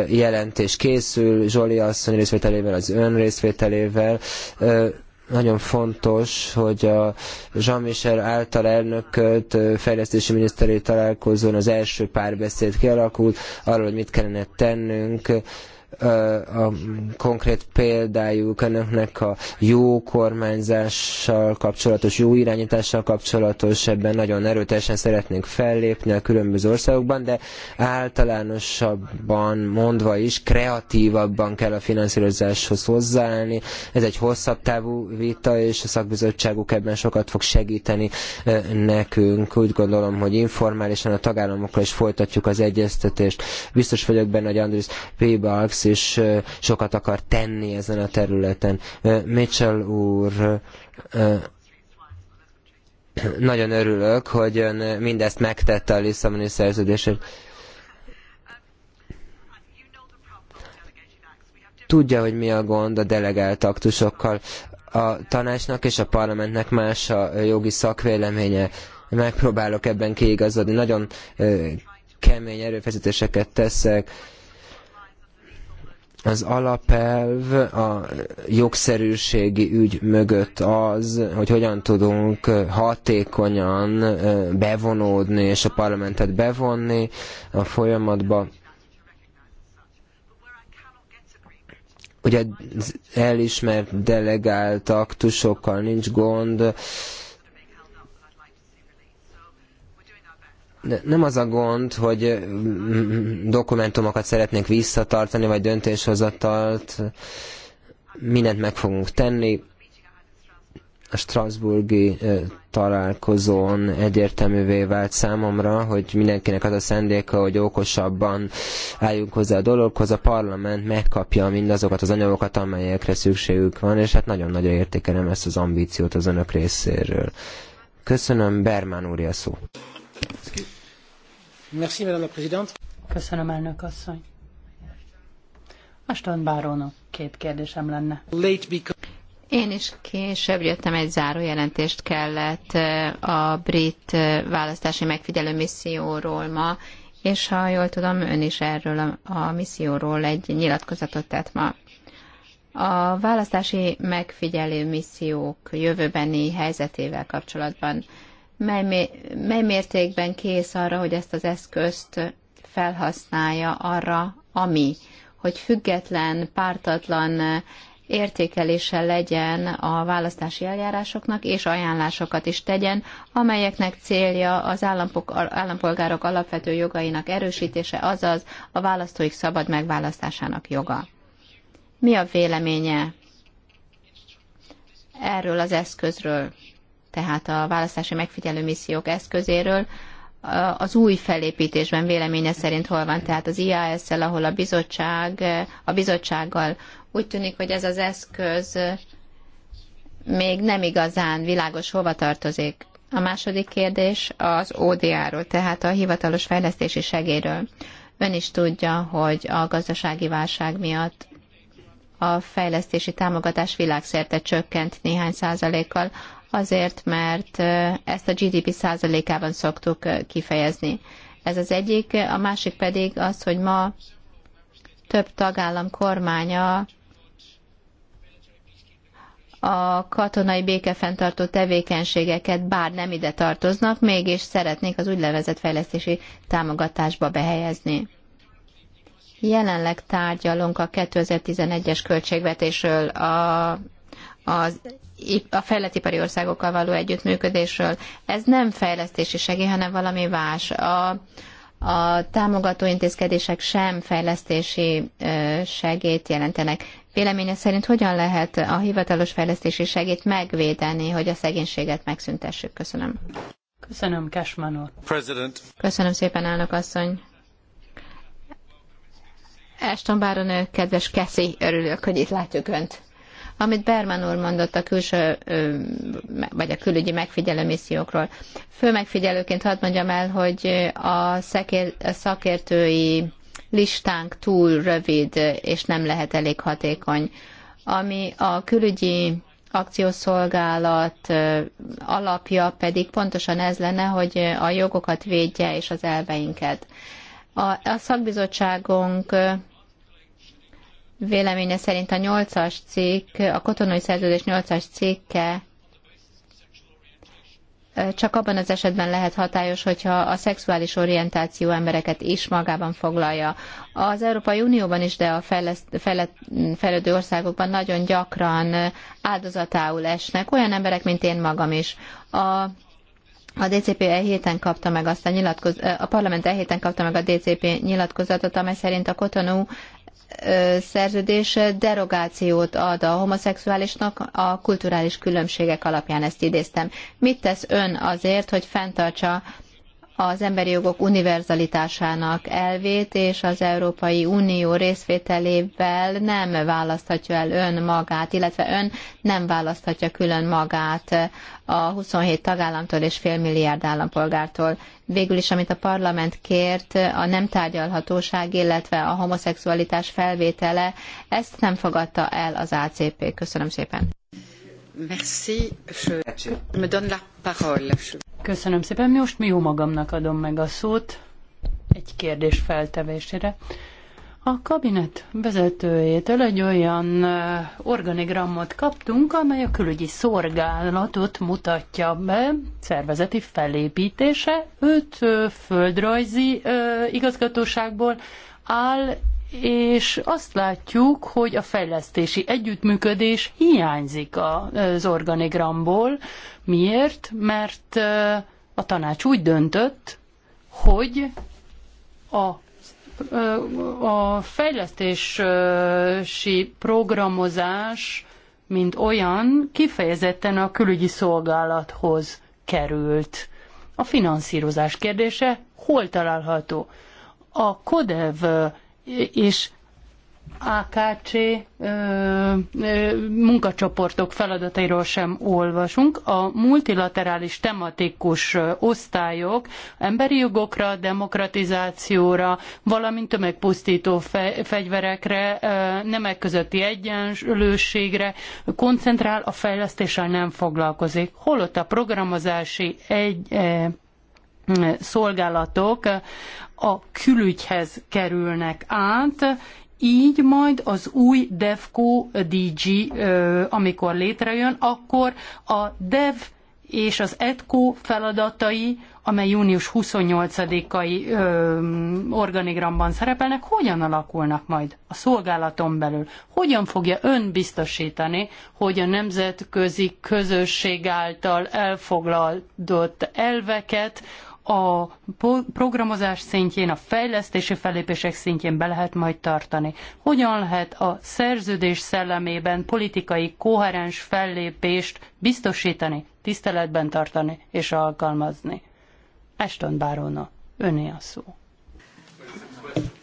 jelentés készül, Zsoli asszony részvételével, az ön részvételével, nagyon fontos, hogy a Jean-Michel által elnököt fejlesztési miniszteri találkozón az első párbeszéd kialakult arról, hogy mit kellene tennünk a konkrét példájuk önöknek a jó kormányzással kapcsolatos, jó irányítással kapcsolatos, ebben nagyon erőteljesen szeretnénk fellépni a különböző országokban, de általánosabban mondva is kreatívabban kell a finanszírozáshoz hozzáállni. Ez egy hosszabb távú vita, és a szakbizottságuk ebben sokat fog segíteni nekünk. Úgy gondolom, hogy informálisan a tagállamokkal is folytatjuk az egyeztetést. Biztos vagyok benne, hogy Andris P is sokat akar tenni ezen a területen. Mitchell úr, nagyon örülök, hogy ön mindezt megtette a Lisszaboni szerződésért. Tudja, hogy mi a gond a delegált aktusokkal. A tanácsnak és a parlamentnek más a jogi szakvéleménye. Megpróbálok ebben kiigazodni. Nagyon kemény erőfeszítéseket teszek az alapelv a jogszerűségi ügy mögött az, hogy hogyan tudunk hatékonyan bevonódni és a parlamentet bevonni a folyamatba. Ugye elismert delegált aktusokkal nincs gond, De nem az a gond, hogy dokumentumokat szeretnénk visszatartani, vagy döntéshozatalt, mindent meg fogunk tenni. A Strasburgi találkozón egyértelművé vált számomra, hogy mindenkinek az a szendéka, hogy okosabban álljunk hozzá a dologhoz, a parlament megkapja mindazokat az anyagokat, amelyekre szükségük van, és hát nagyon nagy értékelem ezt az ambíciót az önök részéről. Köszönöm, Bermán úr, a szó. Merci, Madame la Présidente. Köszönöm, elnök asszony. Aston Barónok, két kérdésem lenne. Late because... Én is később jöttem, egy zárójelentést kellett a brit választási megfigyelő misszióról ma, és ha jól tudom, ön is erről a, misszióról egy nyilatkozatot tett ma. A választási megfigyelő missziók jövőbeni helyzetével kapcsolatban mely, mely mértékben kész arra, hogy ezt az eszközt felhasználja arra, ami, hogy független, pártatlan értékelése legyen a választási eljárásoknak, és ajánlásokat is tegyen, amelyeknek célja az állampolgárok alapvető jogainak erősítése, azaz a választóik szabad megválasztásának joga. Mi a véleménye erről az eszközről? tehát a választási megfigyelő missziók eszközéről, az új felépítésben véleménye szerint hol van, tehát az IAS-szel, ahol a bizottság, a bizottsággal úgy tűnik, hogy ez az eszköz még nem igazán világos hova tartozik. A második kérdés az ODA-ról, tehát a hivatalos fejlesztési segéről. Ön is tudja, hogy a gazdasági válság miatt a fejlesztési támogatás világszerte csökkent néhány százalékkal, azért, mert ezt a GDP százalékában szoktuk kifejezni. Ez az egyik, a másik pedig az, hogy ma több tagállam kormánya a katonai békefenntartó tevékenységeket, bár nem ide tartoznak, mégis szeretnék az úgynevezett fejlesztési támogatásba behelyezni. Jelenleg tárgyalunk a 2011-es költségvetésről a, az a fejlettipari országokkal való együttműködésről. Ez nem fejlesztési segély, hanem valami más. A, a támogató intézkedések sem fejlesztési segélyt jelentenek. Véleménye szerint hogyan lehet a hivatalos fejlesztési segélyt megvédeni, hogy a szegénységet megszüntessük? Köszönöm. Köszönöm, Cashman President. Köszönöm szépen, elnök asszony. Eston Báronő, kedves Keszi, örülök, hogy itt látjuk Önt. Amit Berman úr mondott a külső, vagy a külügyi megfigyelő missziókról. Fő megfigyelőként hadd mondjam el, hogy a, a szakértői listánk túl rövid, és nem lehet elég hatékony. Ami a külügyi akciószolgálat alapja pedig pontosan ez lenne, hogy a jogokat védje és az elveinket. A, a szakbizottságunk véleménye szerint a 8-as cikk, a kotonai szerződés 8-as cikke csak abban az esetben lehet hatályos, hogyha a szexuális orientáció embereket is magában foglalja. Az Európai Unióban is, de a fejlődő országokban nagyon gyakran áldozatául esnek olyan emberek, mint én magam is. A a DCP e héten kapta meg azt a nyilatkoz... a parlament e héten kapta meg a DCP nyilatkozatot, amely szerint a Kotonú szerződés derogációt ad a homoszexuálisnak a kulturális különbségek alapján, ezt idéztem. Mit tesz ön azért, hogy fenntartsa az emberi jogok univerzalitásának elvét, és az Európai Unió részvételével nem választhatja el ön magát, illetve ön nem választhatja külön magát a 27 tagállamtól és félmilliárd állampolgártól. Végül is, amit a parlament kért, a nem tárgyalhatóság, illetve a homoszexualitás felvétele, ezt nem fogadta el az ACP. Köszönöm szépen. Köszönöm szépen. Most mi jó magamnak adom meg a szót egy kérdés feltevésére. A kabinet vezetőjétől egy olyan eh, organigramot kaptunk, amely a külügyi szolgálatot mutatja be, szervezeti felépítése, öt eh, földrajzi eh, igazgatóságból áll, és azt látjuk, hogy a fejlesztési együttműködés hiányzik az organigramból. Miért? Mert a tanács úgy döntött, hogy a a fejlesztési programozás, mint olyan, kifejezetten a külügyi szolgálathoz került. A finanszírozás kérdése hol található? A CODEV és AKC ö, ö, munkacsoportok feladatairól sem olvasunk. A multilaterális tematikus osztályok emberi jogokra, demokratizációra, valamint tömegpusztító fe, fegyverekre, ö, nemek közötti egyenlőségre koncentrál, a fejlesztéssel nem foglalkozik. Holott a programozási egy, szolgálatok a külügyhez kerülnek át, így majd az új DEVCO DG, amikor létrejön, akkor a DEV és az EDCO feladatai, amely június 28-ai organigramban szerepelnek, hogyan alakulnak majd a szolgálaton belül? Hogyan fogja ön biztosítani, hogy a nemzetközi közösség által elfoglaltott elveket, a programozás szintjén, a fejlesztési fellépések szintjén be lehet majd tartani. Hogyan lehet a szerződés szellemében politikai koherens fellépést biztosítani, tiszteletben tartani és alkalmazni? Eston Bárona, öné a szó.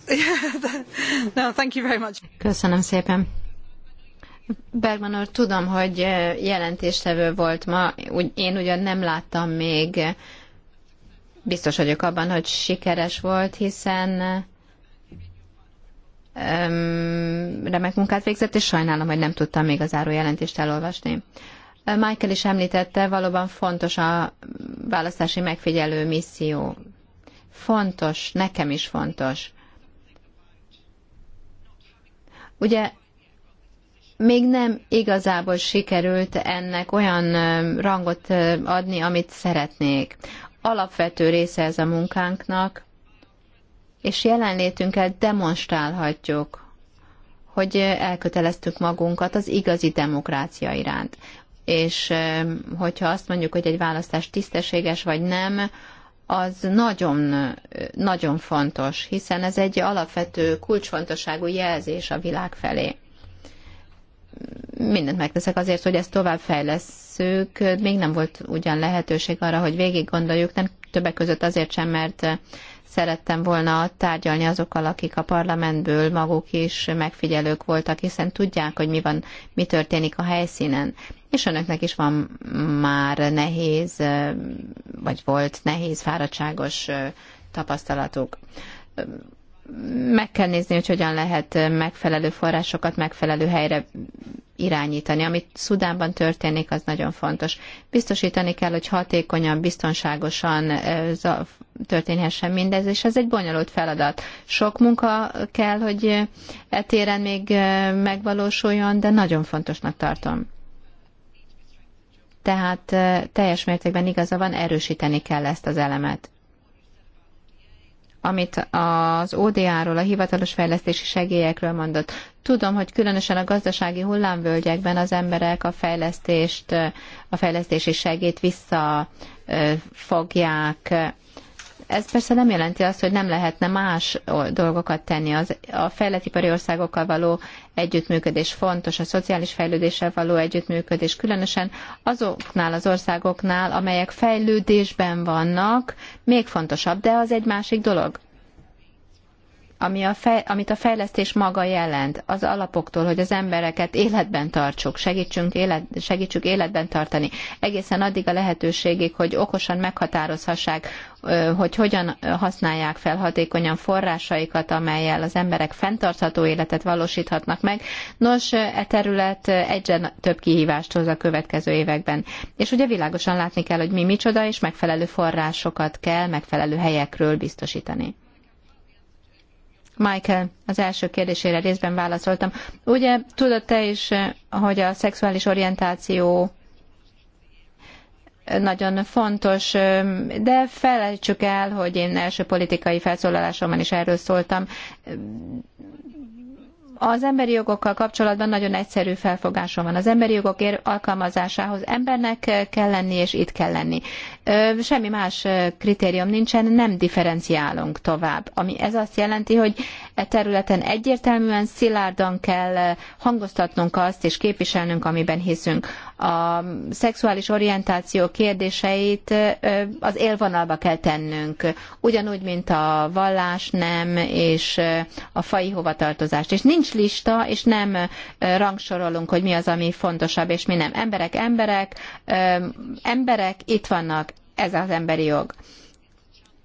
(laughs) no, thank you very much. Köszönöm szépen. Bergman úr, tudom, hogy eh, jelentéstevő volt ma, én ugyan nem láttam még Biztos vagyok abban, hogy sikeres volt, hiszen remek munkát végzett, és sajnálom, hogy nem tudtam még az árójelentést elolvasni. Michael is említette, valóban fontos a választási megfigyelő misszió. Fontos, nekem is fontos. Ugye még nem igazából sikerült ennek olyan rangot adni, amit szeretnék alapvető része ez a munkánknak, és jelenlétünket demonstrálhatjuk, hogy elköteleztük magunkat az igazi demokrácia iránt. És hogyha azt mondjuk, hogy egy választás tisztességes vagy nem, az nagyon, nagyon fontos, hiszen ez egy alapvető kulcsfontosságú jelzés a világ felé mindent megteszek azért, hogy ezt tovább fejlesszük. Még nem volt ugyan lehetőség arra, hogy végig gondoljuk, nem többek között azért sem, mert szerettem volna tárgyalni azokkal, akik a parlamentből maguk is megfigyelők voltak, hiszen tudják, hogy mi van, mi történik a helyszínen. És önöknek is van már nehéz, vagy volt nehéz, fáradtságos tapasztalatuk meg kell nézni, hogy hogyan lehet megfelelő forrásokat megfelelő helyre irányítani. Amit Szudánban történik, az nagyon fontos. Biztosítani kell, hogy hatékonyan, biztonságosan történhessen mindez, és ez egy bonyolult feladat. Sok munka kell, hogy etéren még megvalósuljon, de nagyon fontosnak tartom. Tehát teljes mértékben igaza van, erősíteni kell ezt az elemet amit az ODA-ról, a hivatalos fejlesztési segélyekről mondott. Tudom, hogy különösen a gazdasági hullámvölgyekben az emberek a fejlesztést, a fejlesztési segét visszafogják, ez persze nem jelenti azt, hogy nem lehetne más dolgokat tenni. Az, a fejletipari országokkal való együttműködés fontos, a szociális fejlődéssel való együttműködés, különösen azoknál az országoknál, amelyek fejlődésben vannak, még fontosabb, de az egy másik dolog ami a fej, amit a fejlesztés maga jelent, az alapoktól, hogy az embereket életben tartsuk, segítsünk élet, segítsük életben tartani, egészen addig a lehetőségig, hogy okosan meghatározhassák, hogy hogyan használják fel hatékonyan forrásaikat, amelyel az emberek fenntartható életet valósíthatnak meg. Nos, e terület egyre több kihívást hoz a következő években. És ugye világosan látni kell, hogy mi micsoda, és megfelelő forrásokat kell megfelelő helyekről biztosítani. Michael, az első kérdésére részben válaszoltam. Ugye tudod te is, hogy a szexuális orientáció nagyon fontos, de felejtsük el, hogy én első politikai felszólalásomban is erről szóltam. Az emberi jogokkal kapcsolatban nagyon egyszerű felfogásom van. Az emberi jogok alkalmazásához embernek kell lenni, és itt kell lenni. Semmi más kritérium nincsen, nem differenciálunk tovább. Ami ez azt jelenti, hogy e területen egyértelműen szilárdan kell hangoztatnunk azt, és képviselnünk, amiben hiszünk a szexuális orientáció kérdéseit az élvonalba kell tennünk, ugyanúgy, mint a vallás, nem, és a fai hovatartozást. És nincs lista, és nem rangsorolunk, hogy mi az, ami fontosabb, és mi nem. Emberek, emberek, emberek itt vannak, ez az emberi jog.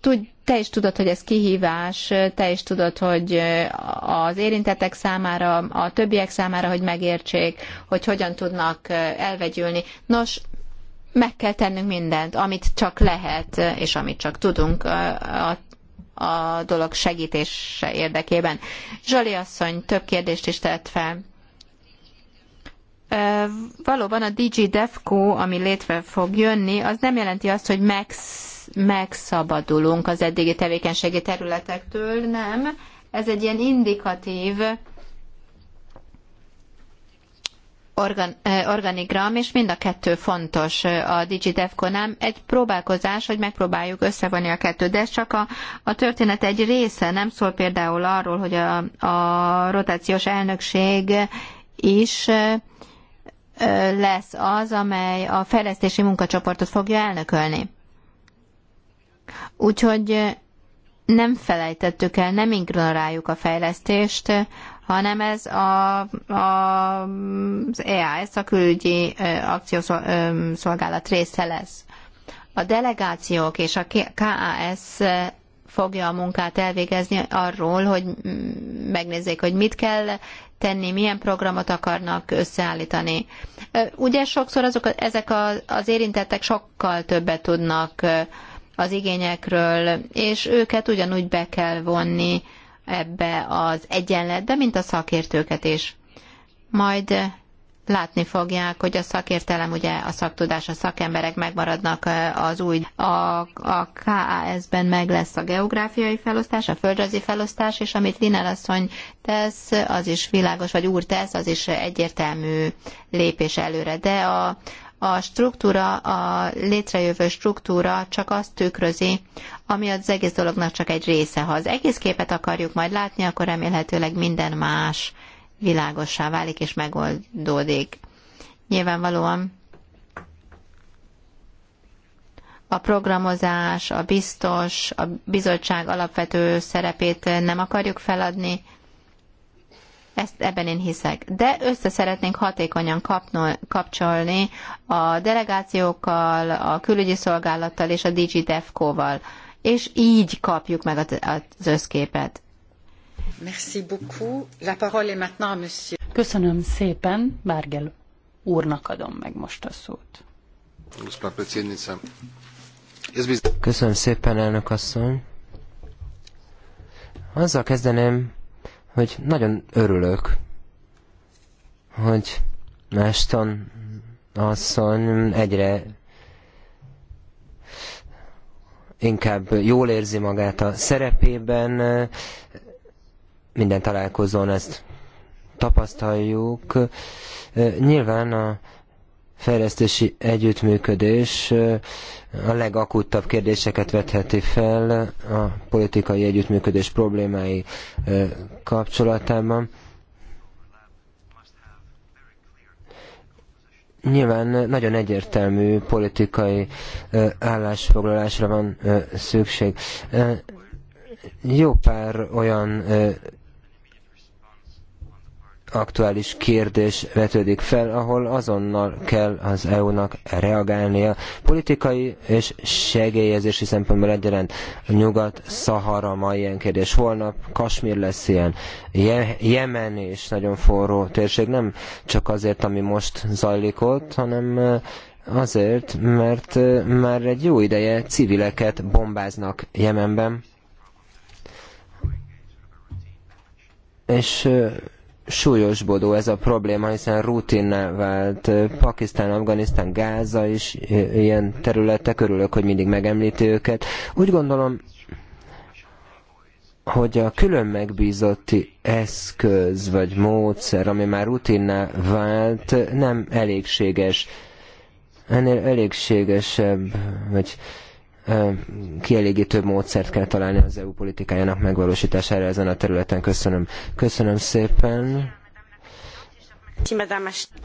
Tud, te is tudod, hogy ez kihívás, te is tudod, hogy az érintettek számára, a többiek számára, hogy megértsék, hogy hogyan tudnak elvegyülni. Nos, meg kell tennünk mindent, amit csak lehet, és amit csak tudunk a, a dolog segítése érdekében. Zsali asszony több kérdést is tett fel. Valóban a DG DEFCO, ami létre fog jönni, az nem jelenti azt, hogy megsz megszabadulunk az eddigi tevékenységi területektől, nem. Ez egy ilyen indikatív organ, organigram, és mind a kettő fontos a DigiDevCon. Nem egy próbálkozás, hogy megpróbáljuk összevonni a kettőt, de ez csak a, a történet egy része. Nem szól például arról, hogy a, a rotációs elnökség is lesz az, amely a fejlesztési munkacsoportot fogja elnökölni. Úgyhogy eh, nem felejtettük el, nem ignoráljuk a fejlesztést, eh, hanem ez a, a, az EAS, a külügyi eh, akciószolgálat része lesz. A delegációk és a KAS fogja a munkát elvégezni arról, hogy mm, megnézzék, hogy mit kell tenni, milyen programot akarnak összeállítani. Ugye sokszor azok, ezek az érintettek sokkal többet tudnak az igényekről, és őket ugyanúgy be kell vonni ebbe az egyenletbe, mint a szakértőket is. Majd látni fogják, hogy a szakértelem, ugye a szaktudás, a szakemberek megmaradnak az új, a, a KAS-ben meg lesz a geográfiai felosztás, a földrajzi felosztás, és amit Linel asszony tesz, az is világos, vagy úr tesz, az is egyértelmű lépés előre. De a, a struktúra, a létrejövő struktúra csak azt tükrözi, ami az egész dolognak csak egy része. Ha az egész képet akarjuk majd látni, akkor remélhetőleg minden más világossá válik és megoldódik. Nyilvánvalóan a programozás, a biztos, a bizottság alapvető szerepét nem akarjuk feladni, ezt ebben én hiszek. De össze szeretnénk hatékonyan kapnol, kapcsolni a delegációkkal, a külügyi szolgálattal és a DigiDefco-val. És így kapjuk meg az összképet. Merci beaucoup. La parole est maintenant à monsieur. Köszönöm szépen, Bárgel úrnak adom meg most a szót. Köszönöm szépen, elnök asszony. Azzal kezdeném, hogy nagyon örülök, hogy Máston asszony egyre inkább jól érzi magát a szerepében, minden találkozón ezt tapasztaljuk. Nyilván a fejlesztési együttműködés a legakuttabb kérdéseket vetheti fel a politikai együttműködés problémái kapcsolatában. Nyilván nagyon egyértelmű politikai állásfoglalásra van szükség. Jó pár olyan aktuális kérdés vetődik fel, ahol azonnal kell az EU-nak reagálnia. Politikai és segélyezési szempontból egyaránt Nyugat-Szahara ma ilyen kérdés. Holnap Kasmir lesz ilyen. Je- Jemen is nagyon forró térség, nem csak azért, ami most zajlik ott, hanem azért, mert már egy jó ideje civileket bombáznak Jemenben. és súlyosbodó ez a probléma, hiszen rutinná vált eh, Pakisztán, Afganisztán, Gáza is eh, ilyen területek, örülök, hogy mindig megemlíti őket. Úgy gondolom, hogy a külön megbízotti eszköz vagy módszer, ami már rutinná vált, nem elégséges. Ennél elégségesebb, vagy kielégítő módszert kell találni az EU politikájának megvalósítására ezen a területen. Köszönöm. Köszönöm szépen.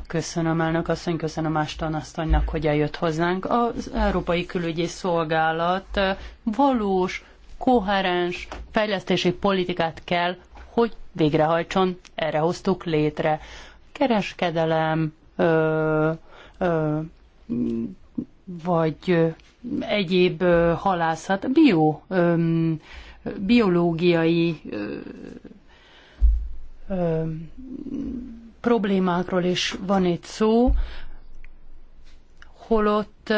Köszönöm elnök asszony, köszönöm Áston asszonynak, hogy eljött hozzánk. Az Európai Külügyi Szolgálat valós, koherens fejlesztési politikát kell, hogy végrehajtson. Erre hoztuk létre. Kereskedelem, ö, ö, vagy egyéb halászat, bio, biológiai problémákról is van itt szó, holott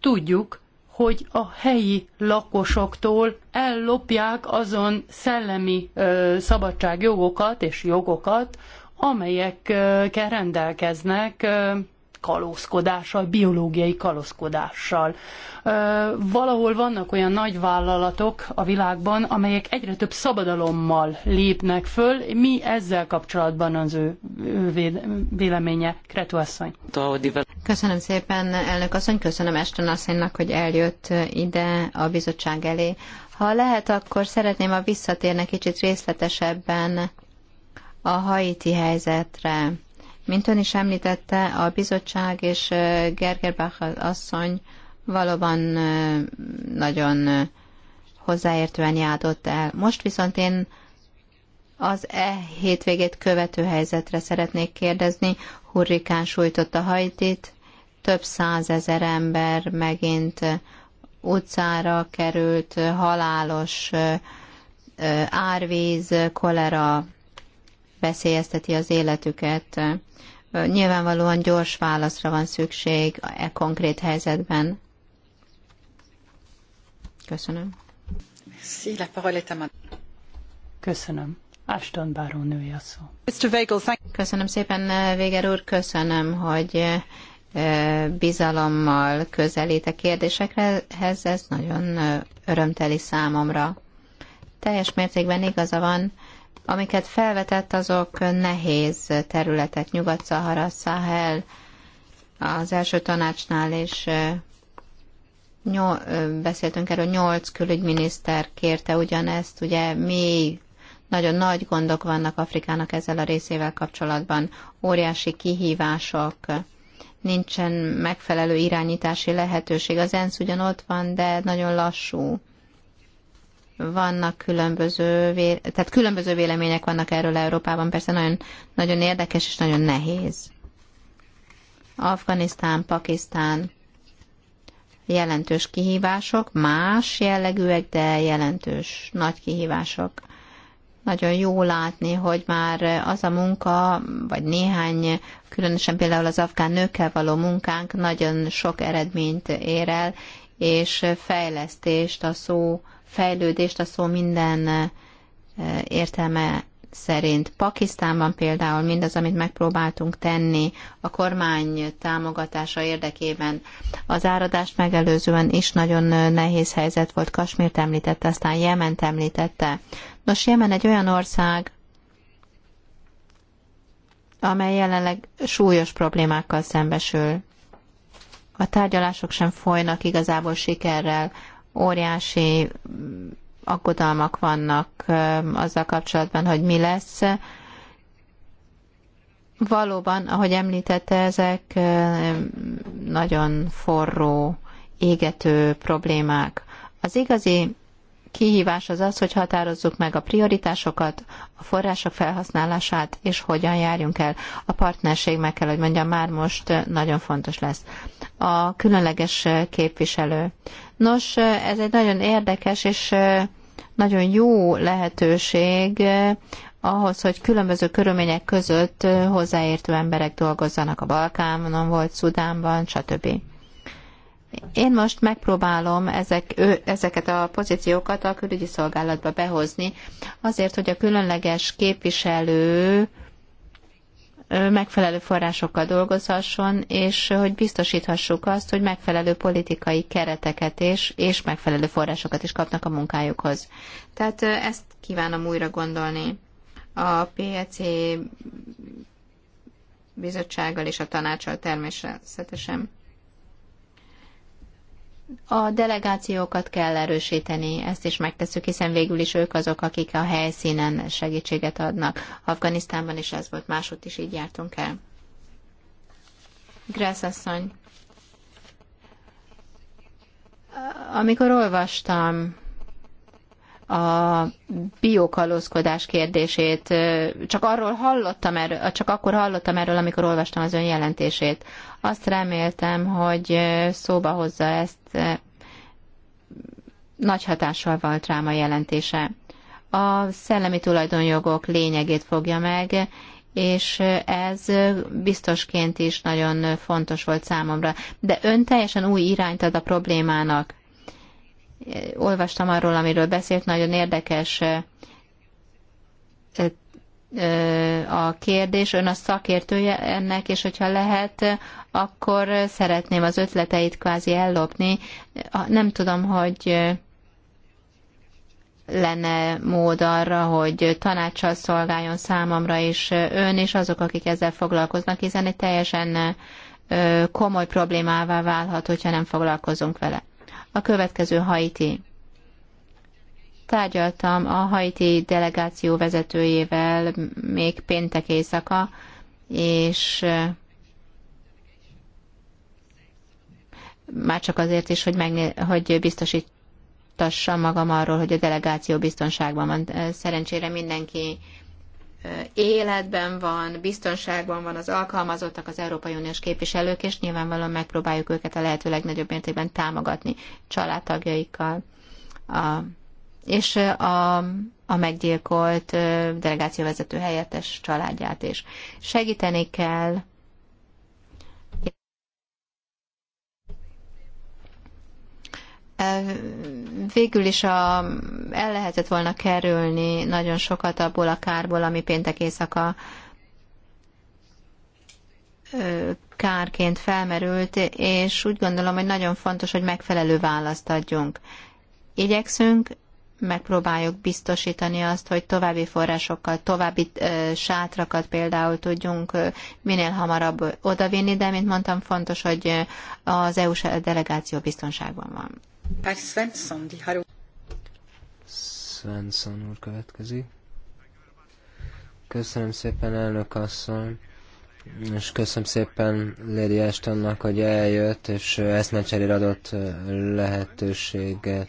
tudjuk, hogy a helyi lakosoktól ellopják azon szellemi ö, szabadságjogokat és jogokat, amelyekkel rendelkeznek kalózkodással, biológiai kalózkodással. Valahol vannak olyan nagy vállalatok a világban, amelyek egyre több szabadalommal lépnek föl. Mi ezzel kapcsolatban az ő véleménye, Kretu asszony? Köszönöm szépen, elnök asszony, köszönöm Eston asszonynak, hogy eljött ide a bizottság elé. Ha lehet, akkor szeretném, ha visszatérne kicsit részletesebben a haiti helyzetre mint ön is említette, a bizottság és Gergerbach asszony valóban nagyon hozzáértően jártott el. Most viszont én az e hétvégét követő helyzetre szeretnék kérdezni. Hurrikán sújtotta hajtit, több százezer ember megint utcára került, halálos árvíz, kolera veszélyezteti az életüket. Nyilvánvalóan gyors válaszra van szükség e konkrét helyzetben. Köszönöm. Köszönöm. Ashton Báró nője a szó. Mr. thank köszönöm szépen, Véger eh, úr, köszönöm, hogy eh, bizalommal közelít a kérdésekhez, ez nagyon eh, örömteli számomra. Teljes mértékben igaza van, Amiket felvetett, azok nehéz területek, Nyugat-Szahara, Szahel, az első tanácsnál is nyol, beszéltünk erről, nyolc külügyminiszter kérte ugyanezt, ugye még nagyon nagy gondok vannak Afrikának ezzel a részével kapcsolatban, óriási kihívások, nincsen megfelelő irányítási lehetőség. Az ENSZ ugyan ott van, de nagyon lassú vannak különböző, vé... tehát különböző vélemények vannak erről Európában, persze nagyon, nagyon érdekes és nagyon nehéz. Afganisztán, Pakisztán jelentős kihívások, más jellegűek, de jelentős nagy kihívások. Nagyon jó látni, hogy már az a munka, vagy néhány, különösen például az afgán nőkkel való munkánk nagyon sok eredményt ér el, és fejlesztést a szó fejlődést a szó minden értelme szerint. Pakisztánban például mindaz, amit megpróbáltunk tenni a kormány támogatása érdekében, az áradást megelőzően is nagyon nehéz helyzet volt. Kasmírt említette, aztán Jement említette. Nos, Jemen egy olyan ország, amely jelenleg súlyos problémákkal szembesül. A tárgyalások sem folynak igazából sikerrel óriási mm, aggodalmak vannak azzal kapcsolatban, hogy mi lesz. Valóban, ahogy említette, ezek nagyon forró, égető problémák. Az igazi kihívás az az, hogy határozzuk meg a prioritásokat, a források felhasználását, és hogyan járjunk el. A partnerség, meg kell, hogy mondjam, már most nagyon fontos lesz. A különleges képviselő. Nos, ez egy nagyon érdekes és nagyon jó lehetőség ahhoz, hogy különböző körülmények között hozzáértő emberek dolgozzanak a Balkánon, volt Szudánban, stb. Én most megpróbálom ezek, ő, ezeket a pozíciókat a külügyi szolgálatba behozni, azért, hogy a különleges képviselő megfelelő forrásokkal dolgozhasson, és hogy biztosíthassuk azt, hogy megfelelő politikai kereteket és, és megfelelő forrásokat is kapnak a munkájukhoz. Tehát ezt kívánom újra gondolni. A PEC bizottsággal és a tanácssal természetesen. A delegációkat kell erősíteni, ezt is megtesszük, hiszen végül is ők azok, akik a helyszínen segítséget adnak. Afganisztánban is ez volt, máshogy is így jártunk el. Grász asszony, amikor olvastam a biokalózkodás kérdését. Csak arról hallottam erről, csak akkor hallottam erről, amikor olvastam az ön jelentését. Azt reméltem, hogy szóba hozza ezt. Nagy hatással volt rám a jelentése. A szellemi tulajdonjogok lényegét fogja meg, és ez biztosként is nagyon fontos volt számomra. De ön teljesen új irányt ad a problémának olvastam arról, amiről beszélt, nagyon érdekes a kérdés, ön a szakértője ennek, és hogyha lehet, akkor szeretném az ötleteit kvázi ellopni. Nem tudom, hogy lenne mód arra, hogy tanácssal szolgáljon számomra is ön és azok, akik ezzel foglalkoznak, hiszen egy teljesen komoly problémává válhat, hogyha nem foglalkozunk vele a következő Haiti. Tárgyaltam a Haiti delegáció vezetőjével még péntek éjszaka, és már csak azért is, hogy, megné- hogy biztosítassam magam arról, hogy a delegáció biztonságban van. Szerencsére mindenki életben van, biztonságban van az alkalmazottak, az Európai Uniós képviselők, és nyilvánvalóan megpróbáljuk őket a lehető legnagyobb mértékben támogatni családtagjaikkal. A, és a, a meggyilkolt delegációvezető helyettes családját is. Segíteni kell végül is a, el lehetett volna kerülni nagyon sokat abból a kárból, ami péntek éjszaka kárként felmerült, és úgy gondolom, hogy nagyon fontos, hogy megfelelő választ adjunk. Igyekszünk, megpróbáljuk biztosítani azt, hogy további forrásokkal, további sátrakat például tudjunk minél hamarabb odavinni, de mint mondtam, fontos, hogy az EU delegáció biztonságban van. Svensson, die Haró. Svensson úr következik. Köszönöm szépen, elnök asszony. És köszönöm szépen Lady Ashtonnak, hogy eljött, és eszmecserére adott lehetőséget.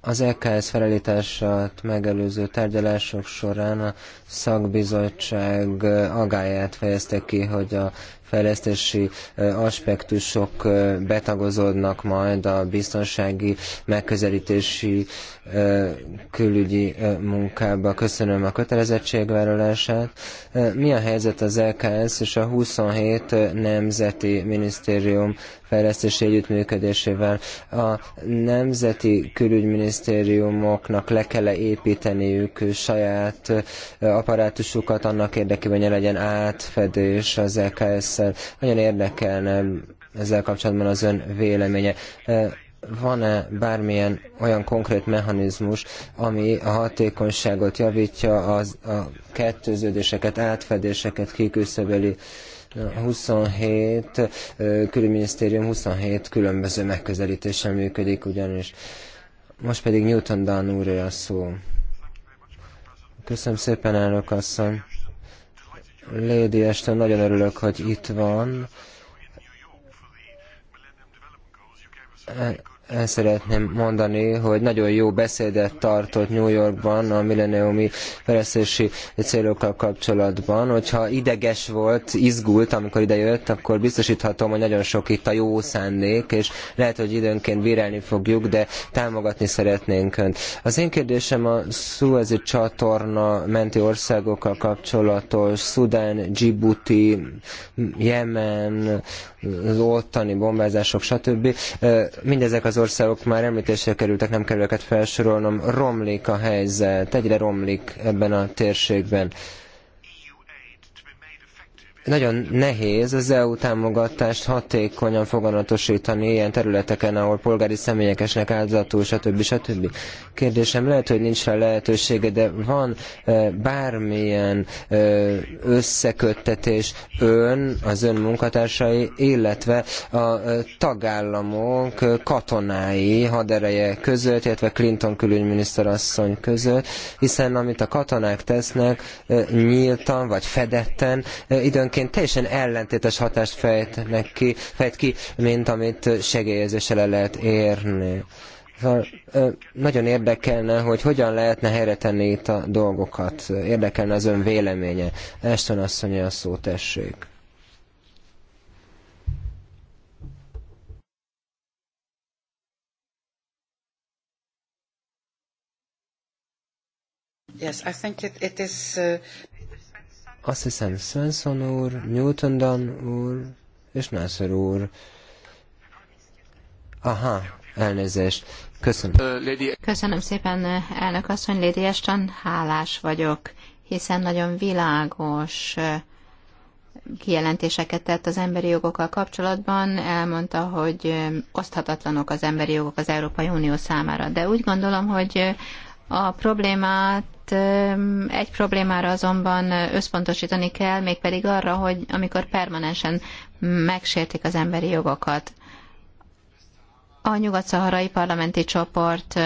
Az EKS felelítását megelőző tárgyalások során a szakbizottság agáját fejezte ki, hogy a fejlesztési aspektusok betagozódnak majd a biztonsági megközelítési külügyi munkába. Köszönöm a kötelezettségvállalását. Mi a helyzet az LKS és a 27 nemzeti minisztérium fejlesztési együttműködésével? A nemzeti külügyminisztériumoknak le kell -e építeniük saját apparátusukat annak érdekében, hogy ne legyen átfedés az LKS frontex Nagyon érdekelne ezzel kapcsolatban az ön véleménye e, van-e bármilyen olyan konkrét mechanizmus, ami a hatékonyságot javítja, az, a kettőződéseket, átfedéseket kiküszöböli. 27, e, külügyminisztérium 27 különböző megközelítéssel működik ugyanis. Most pedig Newton Dan úrja a szó. Köszönöm szépen, elnök asszony. Lady Ashton, nagyon örülök, hogy itt van el szeretném mondani, hogy nagyon jó beszédet tartott New Yorkban a milleniumi fejlesztési célokkal kapcsolatban. Hogyha ideges volt, izgult, amikor idejött, akkor biztosíthatom, hogy nagyon sok itt a jó szándék, és lehet, hogy időnként bírálni fogjuk, de támogatni szeretnénk Önt. Az én kérdésem a Suezi csatorna menti országokkal kapcsolatos, Szudán, Djibouti, Jemen, az ottani bombázások, stb. Mindezek az országok már említésre kerültek, nem kell őket felsorolnom, romlik a helyzet, egyre romlik ebben a térségben nagyon nehéz az EU támogatást hatékonyan foganatosítani ilyen területeken, ahol polgári személyek esnek áldozatul, stb. stb. Kérdésem lehet, hogy nincs rá lehetősége, de van e, bármilyen e, összeköttetés ön, az ön munkatársai, illetve a e, tagállamok katonái hadereje között, illetve Clinton külügyminiszter asszony között, hiszen amit a katonák tesznek, e, nyíltan vagy fedetten, e, időnként időnként teljesen ellentétes hatást fejt neki, fejt ki, mint amit segélyezéssel el lehet érni. Szóval, nagyon érdekelne, hogy hogyan lehetne helyre tenni itt a dolgokat. Érdekelne az ön véleménye. Eston asszony a szó, tessék. Yes, I think it, it is, uh... Azt hiszem Svensson úr, Newton Dan úr és Nasser úr. Aha, elnézést. Köszönöm. Köszönöm szépen, elnök asszony, Lady Ashton, hálás vagyok, hiszen nagyon világos kijelentéseket tett az emberi jogokkal kapcsolatban, elmondta, hogy oszthatatlanok az emberi jogok az Európai Unió számára. De úgy gondolom, hogy a problémát egy problémára azonban összpontosítani kell, mégpedig arra, hogy amikor permanensen megsértik az emberi jogokat. A nyugat-szaharai parlamenti csoport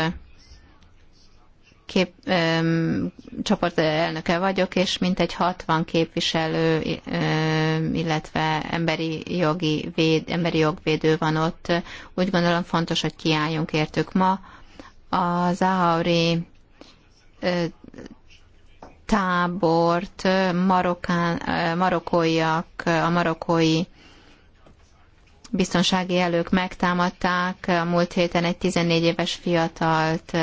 kép, öm, csoport elnöke vagyok, és mintegy 60 képviselő, öm, illetve emberi, jogi véd, emberi jogvédő van ott. Úgy gondolom fontos, hogy kiálljunk értük ma. Az Ahauri tábort marokán, Marokóiak a Marokói biztonsági elők megtámadták. A múlt héten egy 14 éves fiatalt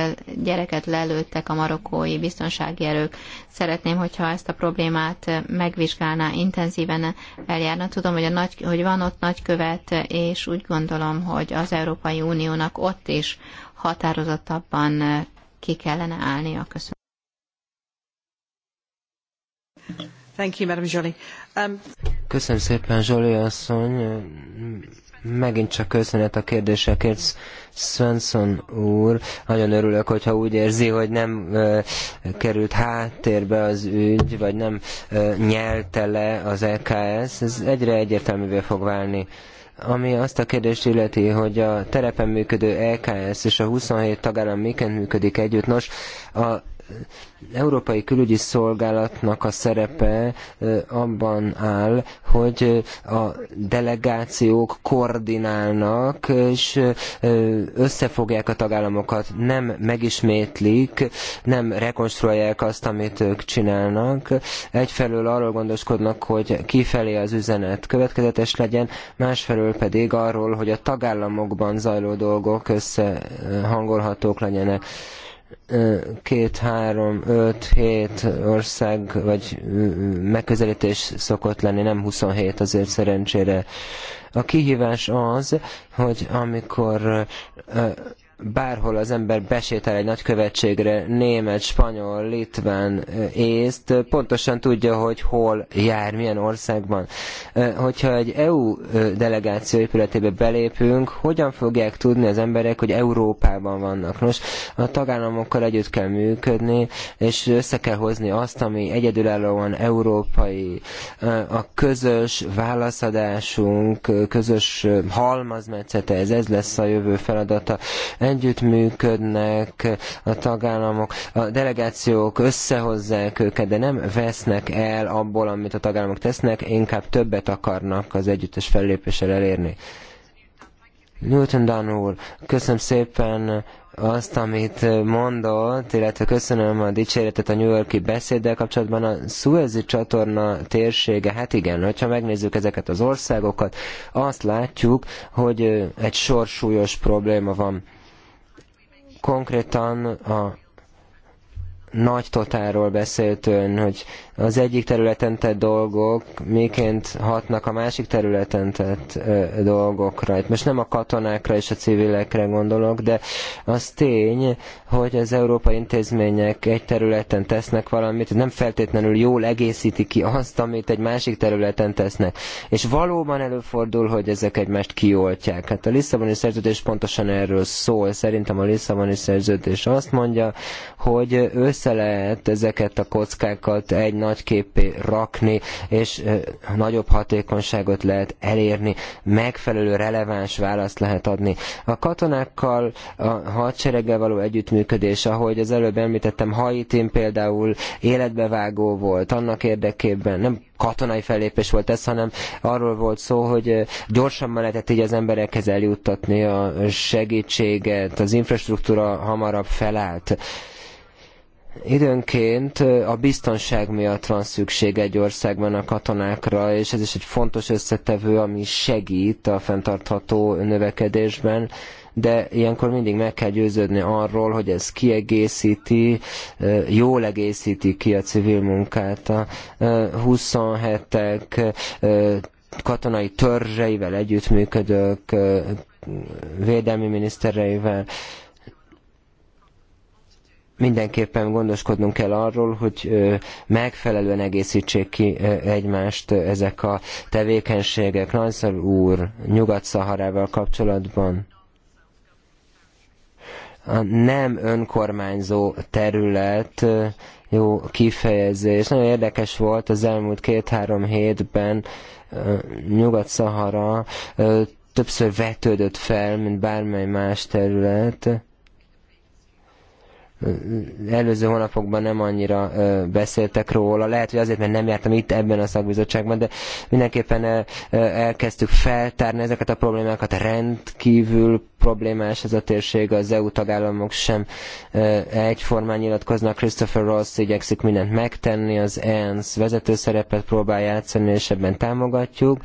gyereket lelőttek a Marokói biztonsági erők. Szeretném, hogyha ezt a problémát megvizsgálná, intenzíven eljárna. Tudom, hogy, a nagy, hogy van ott nagykövet, és úgy gondolom, hogy az Európai Uniónak ott is határozottabban ki kellene állnia. Köszönöm. Thank you, Madam Jolie. Um... Köszönöm szépen, Zsoli asszony. Megint csak köszönet a kérdésekért, Svensson úr. Nagyon örülök, hogyha úgy érzi, hogy nem ö, került háttérbe az ügy, vagy nem ö, nyelte le az LKS. E Ez egyre egyértelművé fog válni. Ö, ami azt a kérdést illeti, hogy a terepen működő EKS és a 27 tagállam miként működik együtt, nos, a Európai Külügyi Szolgálatnak a szerepe abban áll, hogy a delegációk koordinálnak, és összefogják a tagállamokat, nem megismétlik, nem rekonstruálják azt, amit ők csinálnak. Egyfelől arról gondoskodnak, hogy kifelé az üzenet következetes legyen, másfelől pedig arról, hogy a tagállamokban zajló dolgok összehangolhatók legyenek két, három, öt, hét ország, vagy megközelítés szokott lenni, nem 27 azért szerencsére. A kihívás az, hogy amikor bárhol az ember besétel egy nagykövetségre, német, spanyol, litván, eh, észt, eh, pontosan tudja, hogy hol jár, milyen országban. Eh, hogyha egy EU delegáció épületébe belépünk, hogyan fogják tudni az emberek, hogy Európában vannak? Nos, a tagállamokkal együtt kell működni, és össze kell hozni azt, ami egyedülállóan európai, a közös válaszadásunk, közös halmazmetszete, ez, ez lesz a jövő feladata. Egy együttműködnek a tagállamok, a delegációk összehozzák őket, de nem vesznek el abból, amit a tagállamok tesznek, inkább többet akarnak az együttes fellépéssel elérni. Newton Dan úr, köszönöm szépen azt, amit mondott, illetve köszönöm a dicséretet a New Yorki beszéddel kapcsolatban. A Suezi csatorna térsége, hát igen, hogyha megnézzük ezeket az országokat, azt látjuk, hogy egy sorsúlyos probléma van. Konkrétan a nagy totálról beszélt ön, hogy az egyik területen tett dolgok miként hatnak a másik területen tett ö, dolgokra. Itt most nem a katonákra és a civilekre gondolok, de az tény, hogy az európai intézmények egy területen tesznek valamit, nem feltétlenül jól egészíti ki azt, amit egy másik területen tesznek. És valóban előfordul, hogy ezek egymást kioltják. Hát a Lisszaboni szerződés pontosan erről szól. Szerintem a Lisszaboni szerződés azt mondja, hogy össze lehet ezeket a kockákat egy nagyképpé rakni, és nagyobb hatékonyságot lehet elérni, megfelelő releváns választ lehet adni. A katonákkal, a hadsereggel való együttműködés, ahogy az előbb említettem, Haitin például életbevágó volt, annak érdekében nem katonai fellépés volt ez, hanem arról volt szó, hogy gyorsabban lehetett így az emberekhez eljuttatni a segítséget, az infrastruktúra hamarabb felállt. Időnként a biztonság miatt van szükség egy országban a katonákra, és ez is egy fontos összetevő, ami segít a fenntartható növekedésben, de ilyenkor mindig meg kell győződni arról, hogy ez kiegészíti, jól egészíti ki a civil munkát. A 27-ek katonai törzseivel együttműködök, védelmi minisztereivel, mindenképpen gondoskodnunk kell arról, hogy megfelelően egészítsék ki egymást ezek a tevékenységek. Nanszal úr, Nyugat-Szaharával kapcsolatban a nem önkormányzó terület jó kifejezés. Nagyon érdekes volt az elmúlt két-három hétben Nyugat-Szahara többször vetődött fel, mint bármely más terület előző hónapokban nem annyira beszéltek róla. Lehet, hogy azért, mert nem jártam itt ebben a szakbizottságban, de mindenképpen el, elkezdtük feltárni ezeket a problémákat. Rendkívül problémás ez a térség, az EU tagállamok sem egyformán nyilatkoznak. Christopher Ross igyekszik mindent megtenni, az ENSZ vezető szerepet próbál játszani, és ebben támogatjuk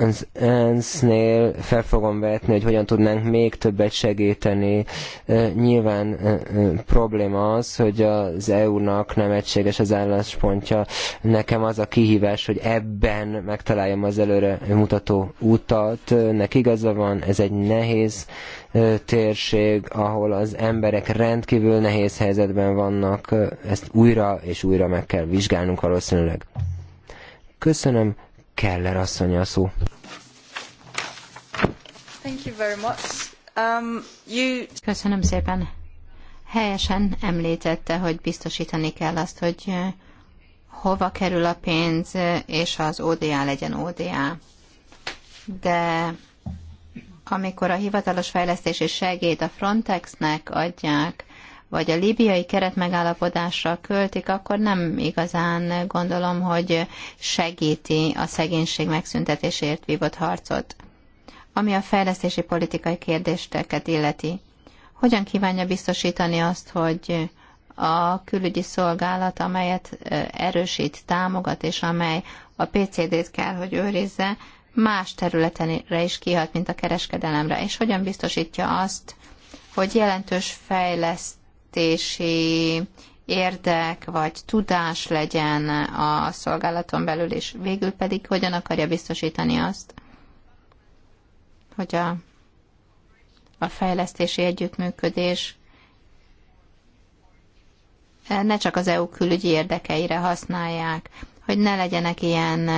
az ENSZ-nél fel fogom vetni, hogy hogyan tudnánk még többet segíteni. Nyilván probléma az, hogy az EU-nak nem egységes az álláspontja. Nekem az a kihívás, hogy ebben megtaláljam az előre mutató utat. Nek igaza van, ez egy nehéz térség, ahol az emberek rendkívül nehéz helyzetben vannak. Ezt újra és újra meg kell vizsgálnunk valószínűleg. Köszönöm Keller asszony a szó. Thank you very much. Um, you... Köszönöm szépen. Helyesen említette, hogy biztosítani kell azt, hogy uh, hova kerül a pénz, uh, és az ODA legyen ODA. De amikor a hivatalos fejlesztési segélyt a Frontexnek adják, vagy a libiai keretmegállapodásra költik, akkor nem igazán gondolom, hogy segíti a szegénység megszüntetéséért vívott harcot. Ami a fejlesztési politikai kérdéseket illeti, hogyan kívánja biztosítani azt, hogy a külügyi szolgálat, amelyet erősít, támogat, és amely a PCD-t kell, hogy őrizze, más területenre is kihat, mint a kereskedelemre, és hogyan biztosítja azt, hogy jelentős fejleszt befektetési érdek vagy tudás legyen a szolgálaton belül, és végül pedig hogyan akarja biztosítani azt, hogy a, a fejlesztési együttműködés ne csak az EU külügyi érdekeire használják, hogy ne legyenek ilyen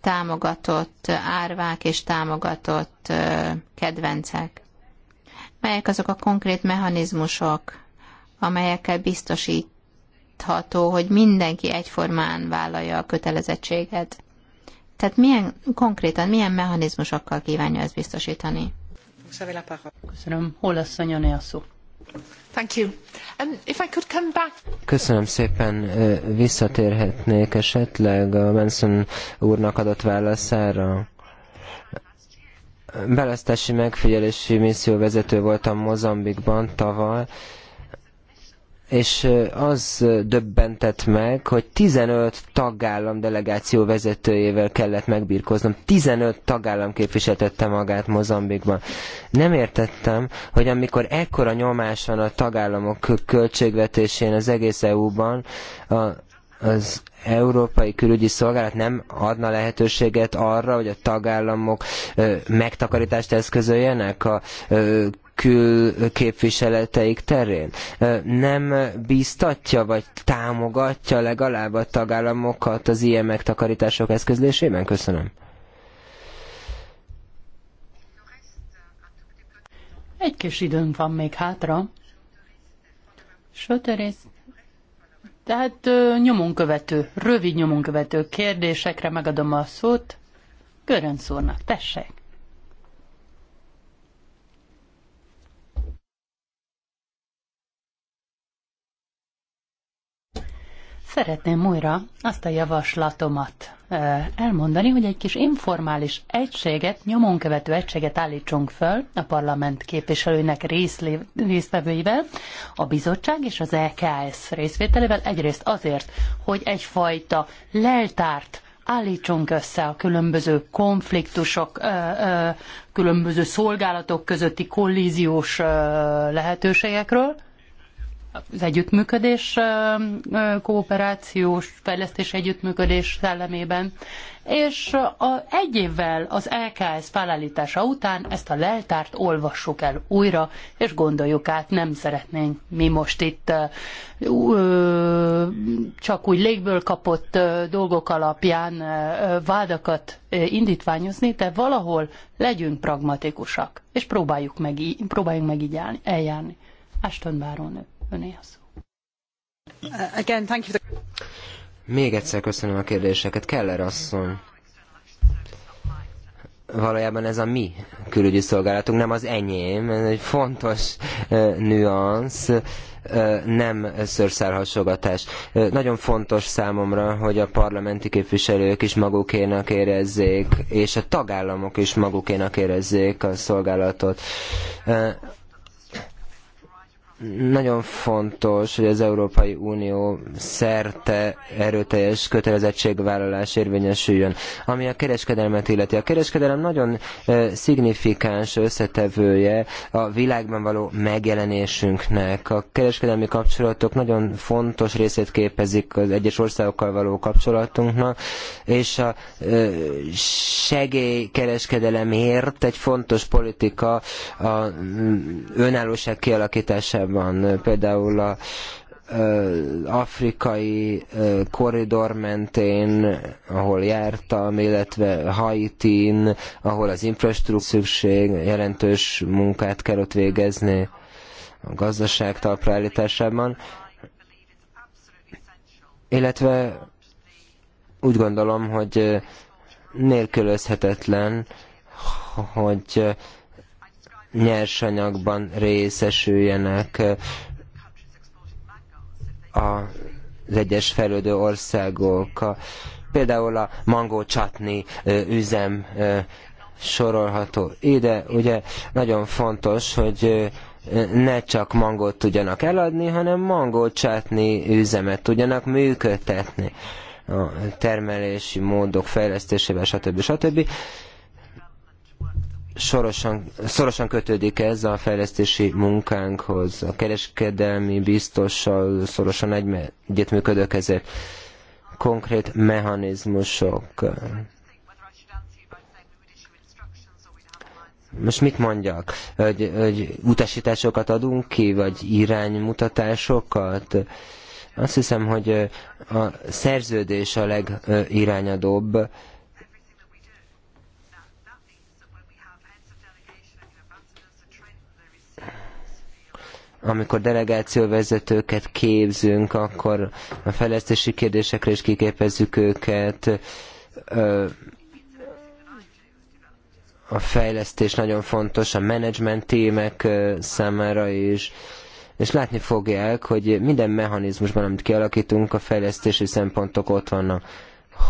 támogatott árvák és támogatott kedvencek. Melyek azok a konkrét mechanizmusok, amelyekkel biztosítható, hogy mindenki egyformán vállalja a kötelezettséget. Tehát milyen, konkrétan milyen mechanizmusokkal kívánja ezt biztosítani? Köszönöm. Hol lesz a a szó? Thank you. Um, if I could come back... Köszönöm szépen. Visszatérhetnék esetleg a Manson úrnak adott válaszára? Belesztesi megfigyelési misszió vezető voltam Mozambikban tavaly, és az döbbentett meg, hogy 15 tagállam delegáció vezetőjével kellett megbírkoznom. 15 tagállam képviseltette magát Mozambikban. Nem értettem, hogy amikor ekkora nyomás van a tagállamok költségvetésén az egész EU-ban, az Európai Külügyi Szolgálat nem adna lehetőséget arra, hogy a tagállamok megtakarítást eszközöljenek a külképviseleteik terén. Nem bíztatja vagy támogatja legalább a tagállamokat az ilyen megtakarítások eszközlésében? Köszönöm. Egy kis időnk van még hátra. Söterész. Tehát nyomon követő rövid nyomon követő kérdésekre megadom a szót. Görönc úrnak, tessék. Szeretném újra azt a javaslatomat elmondani, hogy egy kis informális egységet, nyomonkövető egységet állítsunk föl a parlament képviselőinek résztvevőivel, a bizottság és az EKS részvételével egyrészt azért, hogy egyfajta leltárt állítsunk össze a különböző konfliktusok, különböző szolgálatok közötti kollíziós lehetőségekről, az együttműködés, kooperációs, fejlesztés együttműködés szellemében, és a, egy évvel az LKS felállítása után ezt a leltárt olvassuk el újra, és gondoljuk át, nem szeretnénk mi most itt ö, csak úgy légből kapott ö, dolgok alapján ö, vádakat ö, indítványozni, de valahol legyünk pragmatikusak, és próbáljuk meg, próbáljunk meg így eljárni. Ashton Bárónő. Még egyszer köszönöm a kérdéseket. Keller asszony valójában ez a mi külügyi szolgálatunk, nem az enyém, ez egy fontos uh, nüansz, uh, nem szőrszálhasogatás. Uh, nagyon fontos számomra, hogy a parlamenti képviselők is magukénak érezzék, és a tagállamok is magukénak érezzék a szolgálatot nagyon fontos, hogy az Európai Unió szerte erőteljes kötelezettségvállalás érvényesüljön. Ami a kereskedelmet illeti. A kereskedelem nagyon szignifikáns összetevője a világban való megjelenésünknek. A kereskedelmi kapcsolatok nagyon fontos részét képezik az egyes országokkal való kapcsolatunknak, és a segélykereskedelemért egy fontos politika a önállóság kialakításában van például a afrikai korridor mentén, ahol jártam, illetve Haiti, ahol az infrastruktúra szükség, jelentős munkát kell ott végezni a gazdaság talpra állításában, illetve úgy gondolom, hogy nélkülözhetetlen, hogy nyersanyagban részesüljenek az egyes fejlődő országok. Például a mangó csatni üzem sorolható ide. Ugye nagyon fontos, hogy ne csak mangót tudjanak eladni, hanem mangó csatni üzemet tudjanak működtetni a termelési módok fejlesztésével, stb. stb. stb sorosan, szorosan kötődik ez a fejlesztési munkánkhoz. A kereskedelmi biztossal szorosan egy, együttműködök ezért. Konkrét mechanizmusok. Most mit mondjak? Hogy, hogy utasításokat adunk ki, vagy iránymutatásokat? Azt hiszem, hogy a szerződés a legirányadóbb amikor delegációvezetőket képzünk, akkor a fejlesztési kérdésekre is kiképezzük őket. A fejlesztés nagyon fontos a menedzsment témek számára is, és látni fogják, hogy minden mechanizmusban, amit kialakítunk, a fejlesztési szempontok ott vannak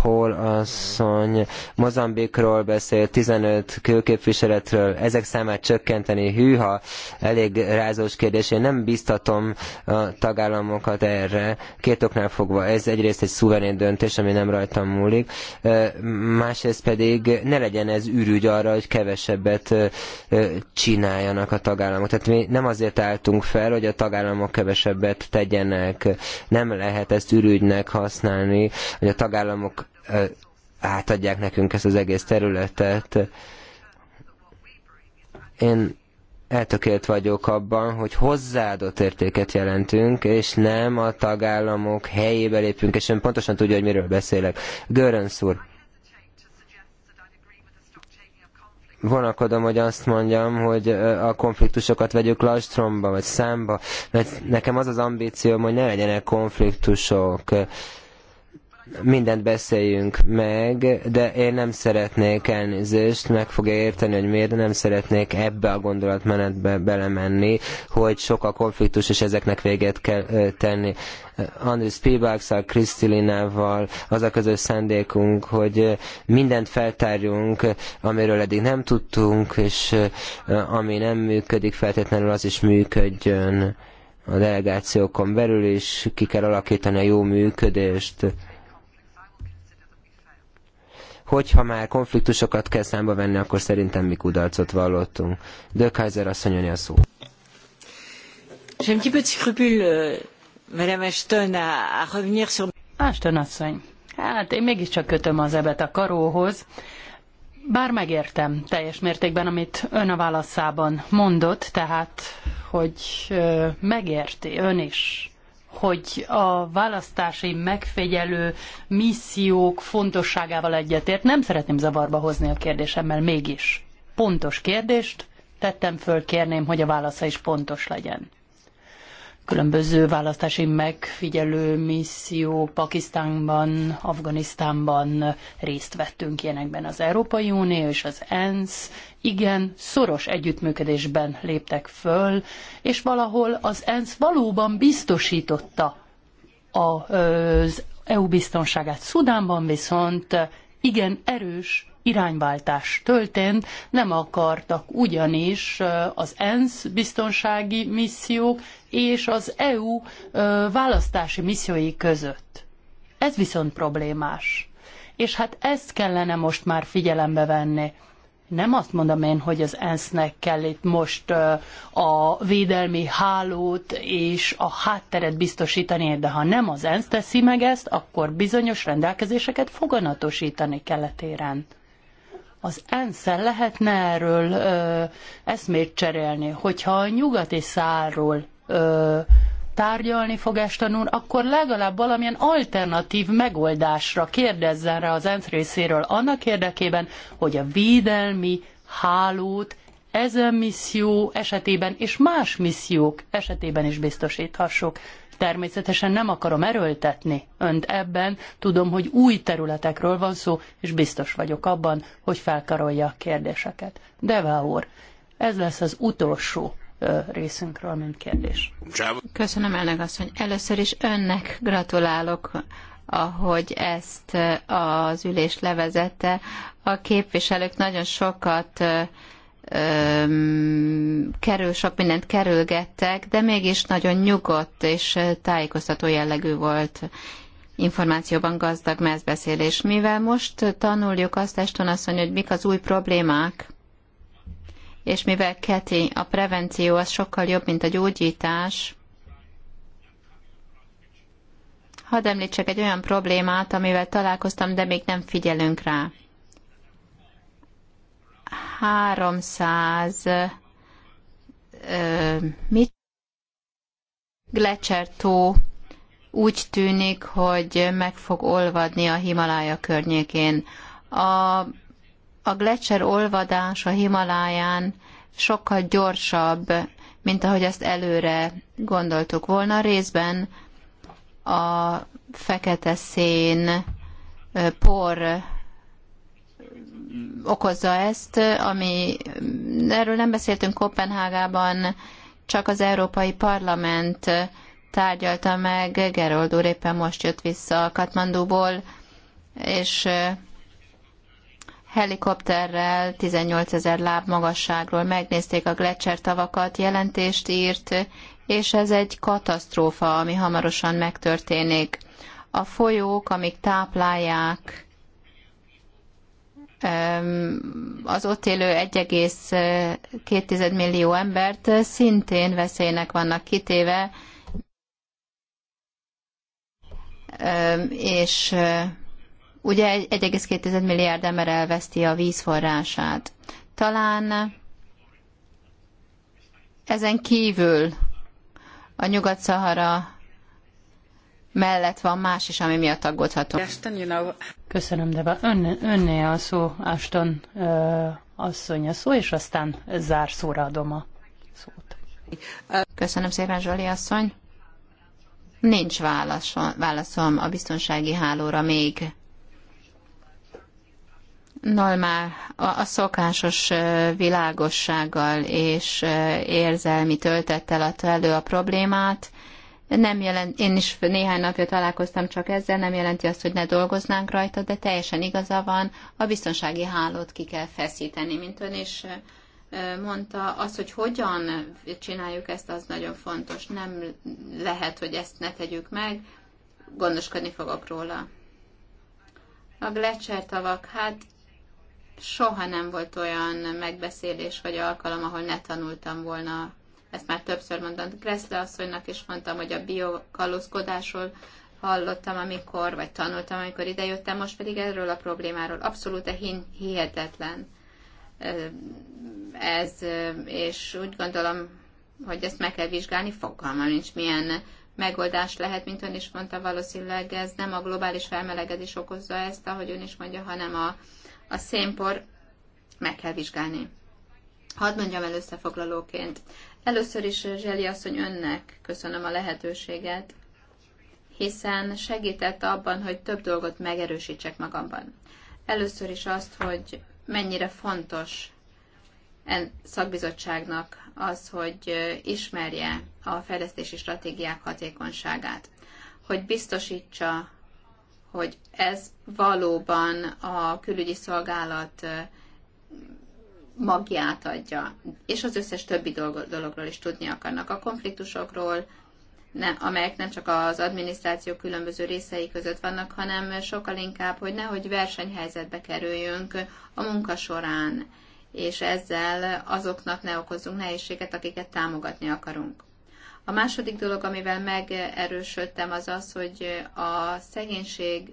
Hol asszony Mozambikról beszél, 15 külképviseletről, ezek számát csökkenteni, hűha, elég rázós kérdés. Én nem biztatom a tagállamokat erre, két oknál fogva. Ez egyrészt egy szuverén döntés, ami nem rajtam múlik, másrészt pedig ne legyen ez ürügy arra, hogy kevesebbet csináljanak a tagállamok. Tehát mi nem azért álltunk fel, hogy a tagállamok kevesebbet tegyenek. Nem lehet ezt ürügynek használni, hogy a tagállamok átadják nekünk ezt az egész területet. Én eltökélt vagyok abban, hogy hozzáadott értéket jelentünk, és nem a tagállamok helyébe lépünk, és ön pontosan tudja, hogy miről beszélek. Görönsz úr, vonakodom, hogy azt mondjam, hogy a konfliktusokat vegyük lastromba, vagy számba, mert nekem az az ambícióm, hogy ne legyenek konfliktusok mindent beszéljünk meg, de én nem szeretnék elnézést, meg fogja érteni, hogy miért, de nem szeretnék ebbe a gondolatmenetbe belemenni, hogy sok a konfliktus, és ezeknek véget kell tenni. Andris Pibakszal, Krisztilinával az a közös szándékunk, hogy mindent feltárjunk, amiről eddig nem tudtunk, és ami nem működik, feltétlenül az is működjön a delegációkon belül, és ki kell alakítani a jó működést hogyha már konfliktusokat kell számba venni, akkor szerintem mi kudarcot vallottunk. De asszony a szó. Euh, Ashton asszony, hát én mégiscsak kötöm az ebet a karóhoz. Bár megértem teljes mértékben, amit ön a válaszában mondott, tehát, hogy megérti ön is hogy a választási megfigyelő missziók fontosságával egyetért. Nem szeretném zavarba hozni a kérdésemmel mégis. Pontos kérdést tettem föl, kérném, hogy a válasza is pontos legyen különböző választási megfigyelő misszió Pakisztánban, Afganisztánban részt vettünk ilyenekben az Európai Unió és az ENSZ. Igen, szoros együttműködésben léptek föl, és valahol az ENSZ valóban biztosította az EU biztonságát. Szudánban viszont igen erős irányváltás történt, nem akartak ugyanis az ENSZ biztonsági missziók és az EU választási missziói között. Ez viszont problémás. És hát ezt kellene most már figyelembe venni. Nem azt mondom én, hogy az ENSZ-nek kell itt most a védelmi hálót és a hátteret biztosítani, de ha nem az ENSZ teszi meg ezt, akkor bizonyos rendelkezéseket foganatosítani keletéren. Az ensz lehetne erről ö, eszmét cserélni, hogyha a nyugati szálról ö, tárgyalni fog Eston úr, akkor legalább valamilyen alternatív megoldásra kérdezzen rá az ENSZ részéről annak érdekében, hogy a védelmi hálót ezen misszió esetében és más missziók esetében is biztosíthassuk. Természetesen nem akarom erőltetni önt ebben, tudom, hogy új területekről van szó, és biztos vagyok abban, hogy felkarolja a kérdéseket. Deva úr, ez lesz az utolsó részünkről, mint kérdés. Köszönöm, elnök asszony. Először is önnek gratulálok ahogy ezt az ülés levezette. A képviselők nagyon sokat kerül, sok mindent kerülgettek, de mégis nagyon nyugodt és tájékoztató jellegű volt információban gazdag mezbeszélés. Mivel most tanuljuk azt, Eston asszony, hogy mik az új problémák, és mivel Keti, a prevenció az sokkal jobb, mint a gyógyítás, hadd említsek egy olyan problémát, amivel találkoztam, de még nem figyelünk rá. 300 ö, mit? Gletscher tó úgy tűnik, hogy meg fog olvadni a Himalája környékén. A a gletszer olvadás a Himaláján sokkal gyorsabb, mint ahogy ezt előre gondoltuk volna. Részben a fekete szén por okozza ezt, ami erről nem beszéltünk Kopenhágában, csak az Európai Parlament tárgyalta meg, Gerold úr éppen most jött vissza a Katmandúból, és helikopterrel 18 ezer láb magasságról megnézték a Gletscher tavakat, jelentést írt, és ez egy katasztrófa, ami hamarosan megtörténik. A folyók, amik táplálják az ott élő 1,2 millió embert, szintén veszélynek vannak kitéve, és ugye 1,2 milliárd ember elveszti a vízforrását. Talán ezen kívül a Nyugat-Szahara mellett van más is, ami miatt aggódható. Köszönöm, de ön, önné a szó, Aston uh, asszony a szó, és aztán zárszóra adom a szót. Köszönöm szépen, Zsoli asszony. Nincs válaszom, válaszom a biztonsági hálóra még normál, a, a szokásos világossággal és érzelmi töltettel adta elő a problémát. Nem jelent, én is néhány napja találkoztam csak ezzel, nem jelenti azt, hogy ne dolgoznánk rajta, de teljesen igaza van, a biztonsági hálót ki kell feszíteni, mint ön is mondta, az, hogy hogyan csináljuk ezt, az nagyon fontos. Nem lehet, hogy ezt ne tegyük meg, gondoskodni fogok róla. A Gletscher tavak, hát soha nem volt olyan megbeszélés vagy alkalom, ahol ne tanultam volna. Ezt már többször mondtam Kreszle asszonynak, és mondtam, hogy a biokalózkodásról hallottam, amikor, vagy tanultam, amikor idejöttem, most pedig erről a problémáról. Abszolút hihetetlen ez, és úgy gondolom, hogy ezt meg kell vizsgálni, fogalmam nincs, milyen megoldás lehet, mint ön is mondta, valószínűleg ez nem a globális felmelegedés okozza ezt, ahogy ön is mondja, hanem a, a szénpor meg kell vizsgálni. Hadd mondjam el összefoglalóként. Először is Zseli asszony önnek köszönöm a lehetőséget, hiszen segített abban, hogy több dolgot megerősítsek magamban. Először is azt, hogy mennyire fontos en szakbizottságnak az, hogy ismerje a fejlesztési stratégiák hatékonyságát, hogy biztosítsa hogy ez valóban a külügyi szolgálat magját adja, és az összes többi dologról is tudni akarnak. A konfliktusokról, ne, amelyek nem csak az adminisztráció különböző részei között vannak, hanem sokkal inkább, hogy nehogy versenyhelyzetbe kerüljünk a munka során, és ezzel azoknak ne okozzunk nehézséget, akiket támogatni akarunk. A második dolog, amivel megerősödtem, az az, hogy a szegénység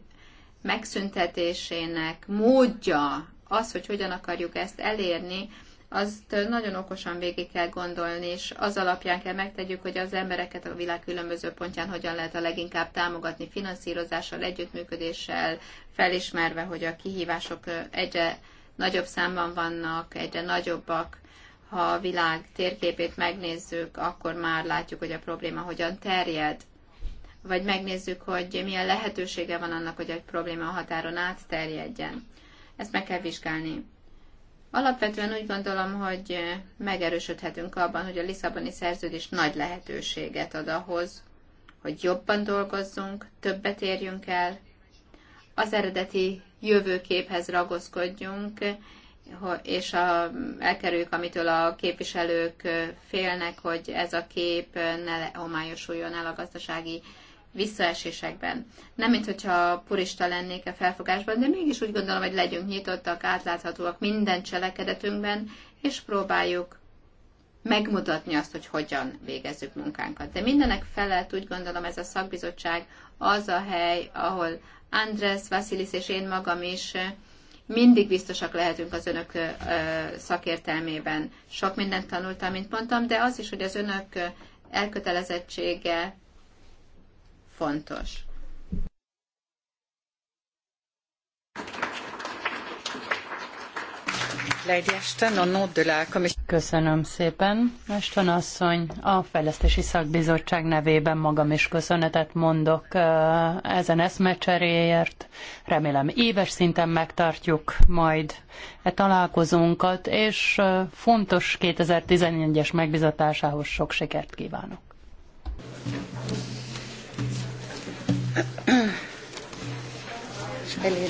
megszüntetésének módja, az, hogy hogyan akarjuk ezt elérni, azt nagyon okosan végig kell gondolni, és az alapján kell megtegyük, hogy az embereket a világ különböző pontján hogyan lehet a leginkább támogatni finanszírozással, együttműködéssel, felismerve, hogy a kihívások egyre nagyobb számban vannak, egyre nagyobbak, ha a világ térképét megnézzük, akkor már látjuk, hogy a probléma hogyan terjed. Vagy megnézzük, hogy milyen lehetősége van annak, hogy egy probléma a határon átterjedjen. Ezt meg kell vizsgálni. Alapvetően úgy gondolom, hogy megerősödhetünk abban, hogy a Lisszaboni szerződés nagy lehetőséget ad ahhoz, hogy jobban dolgozzunk, többet érjünk el, az eredeti jövőképhez ragaszkodjunk, és a, elkerüljük, amitől a képviselők félnek, hogy ez a kép ne homályosuljon el a gazdasági visszaesésekben. Nem, mint hogyha purista lennék a felfogásban, de mégis úgy gondolom, hogy legyünk nyitottak, átláthatóak minden cselekedetünkben, és próbáljuk megmutatni azt, hogy hogyan végezzük munkánkat. De mindenek felett úgy gondolom ez a szakbizottság az a hely, ahol Andres, Vasilis és én magam is mindig biztosak lehetünk az önök szakértelmében. Sok mindent tanultam, mint mondtam, de az is, hogy az önök elkötelezettsége fontos. Köszönöm szépen. Eston asszony, a Fejlesztési Szakbizottság nevében magam is köszönetet mondok eh, ezen eszmecseréért. Remélem éves szinten megtartjuk majd e találkozónkat, és eh, fontos 2011-es megbizatásához sok sikert kívánok. Elég,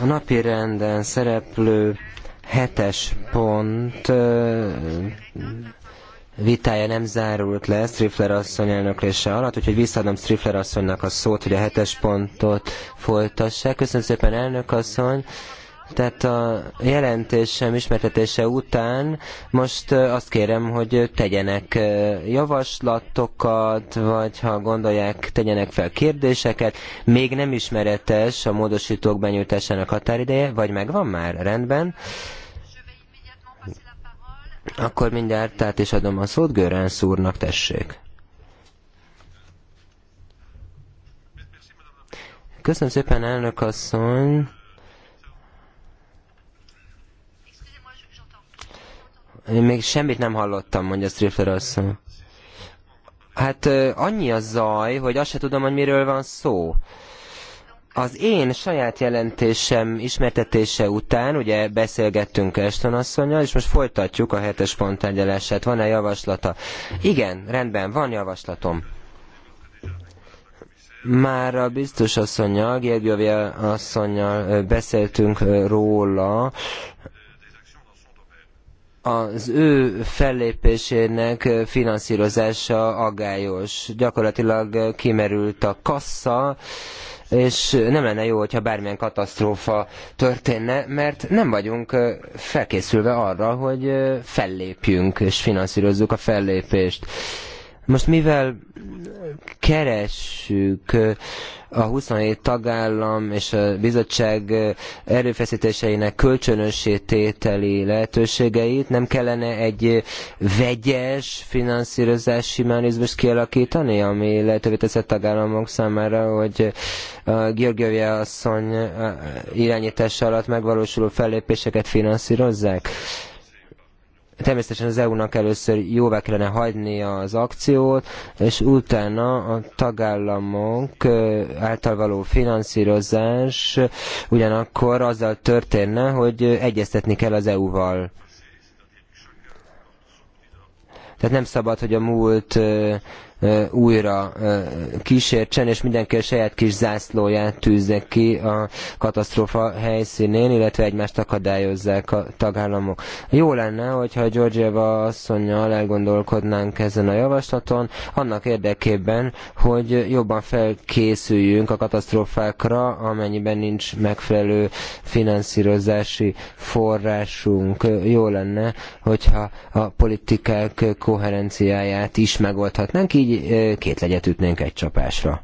A napi renden szereplő hetes pont vitája nem zárult le Strifler asszony elnöklése alatt, úgyhogy visszaadom Strifler asszonynak a szót, hogy a hetes pontot folytassák. Köszönöm szépen elnök asszony! Tehát a jelentésem ismertetése után most azt kérem, hogy tegyenek javaslatokat, vagy ha gondolják, tegyenek fel kérdéseket. Még nem ismeretes a módosítók benyújtásának határideje, vagy megvan már? Rendben. Akkor mindjárt át is adom a szót Göránsz szúrnak, tessék. Köszönöm szépen, elnök asszony. Én még semmit nem hallottam, mondja Strifler asszony. Hát annyi a zaj, hogy azt se tudom, hogy miről van szó. Az én saját jelentésem ismertetése után, ugye beszélgettünk Eston asszonynal, és most folytatjuk a hetes pont Van-e javaslata? Igen, rendben, van javaslatom. Már a biztos asszonynal, Gergyovja asszonynal beszéltünk róla, az ő fellépésének finanszírozása agályos. Gyakorlatilag kimerült a kassa, és nem lenne jó, hogyha bármilyen katasztrófa történne, mert nem vagyunk felkészülve arra, hogy fellépjünk és finanszírozzuk a fellépést. Most mivel keressük a 27 tagállam és a bizottság erőfeszítéseinek kölcsönössé tételi lehetőségeit nem kellene egy vegyes finanszírozási mechanizmust kialakítani, ami lehetővé teszi a tagállamok számára, hogy a Georgievje asszony irányítása alatt megvalósuló fellépéseket finanszírozzák? természetesen az EU-nak először jóvá kellene hagyni az akciót, és utána a tagállamok által való finanszírozás ugyanakkor azzal történne, hogy egyeztetni kell az EU-val. Tehát nem szabad, hogy a múlt újra kísértsen, és mindenki a saját kis zászlóját tűzze ki a katasztrófa helyszínén, illetve egymást akadályozzák a tagállamok. Jó lenne, hogyha Georgieva asszonynal elgondolkodnánk ezen a javaslaton, annak érdekében, hogy jobban felkészüljünk a katasztrófákra, amennyiben nincs megfelelő finanszírozási forrásunk. Jó lenne, hogyha a politikák koherenciáját is megoldhatnánk, így így két legyet ütnénk egy csapásra.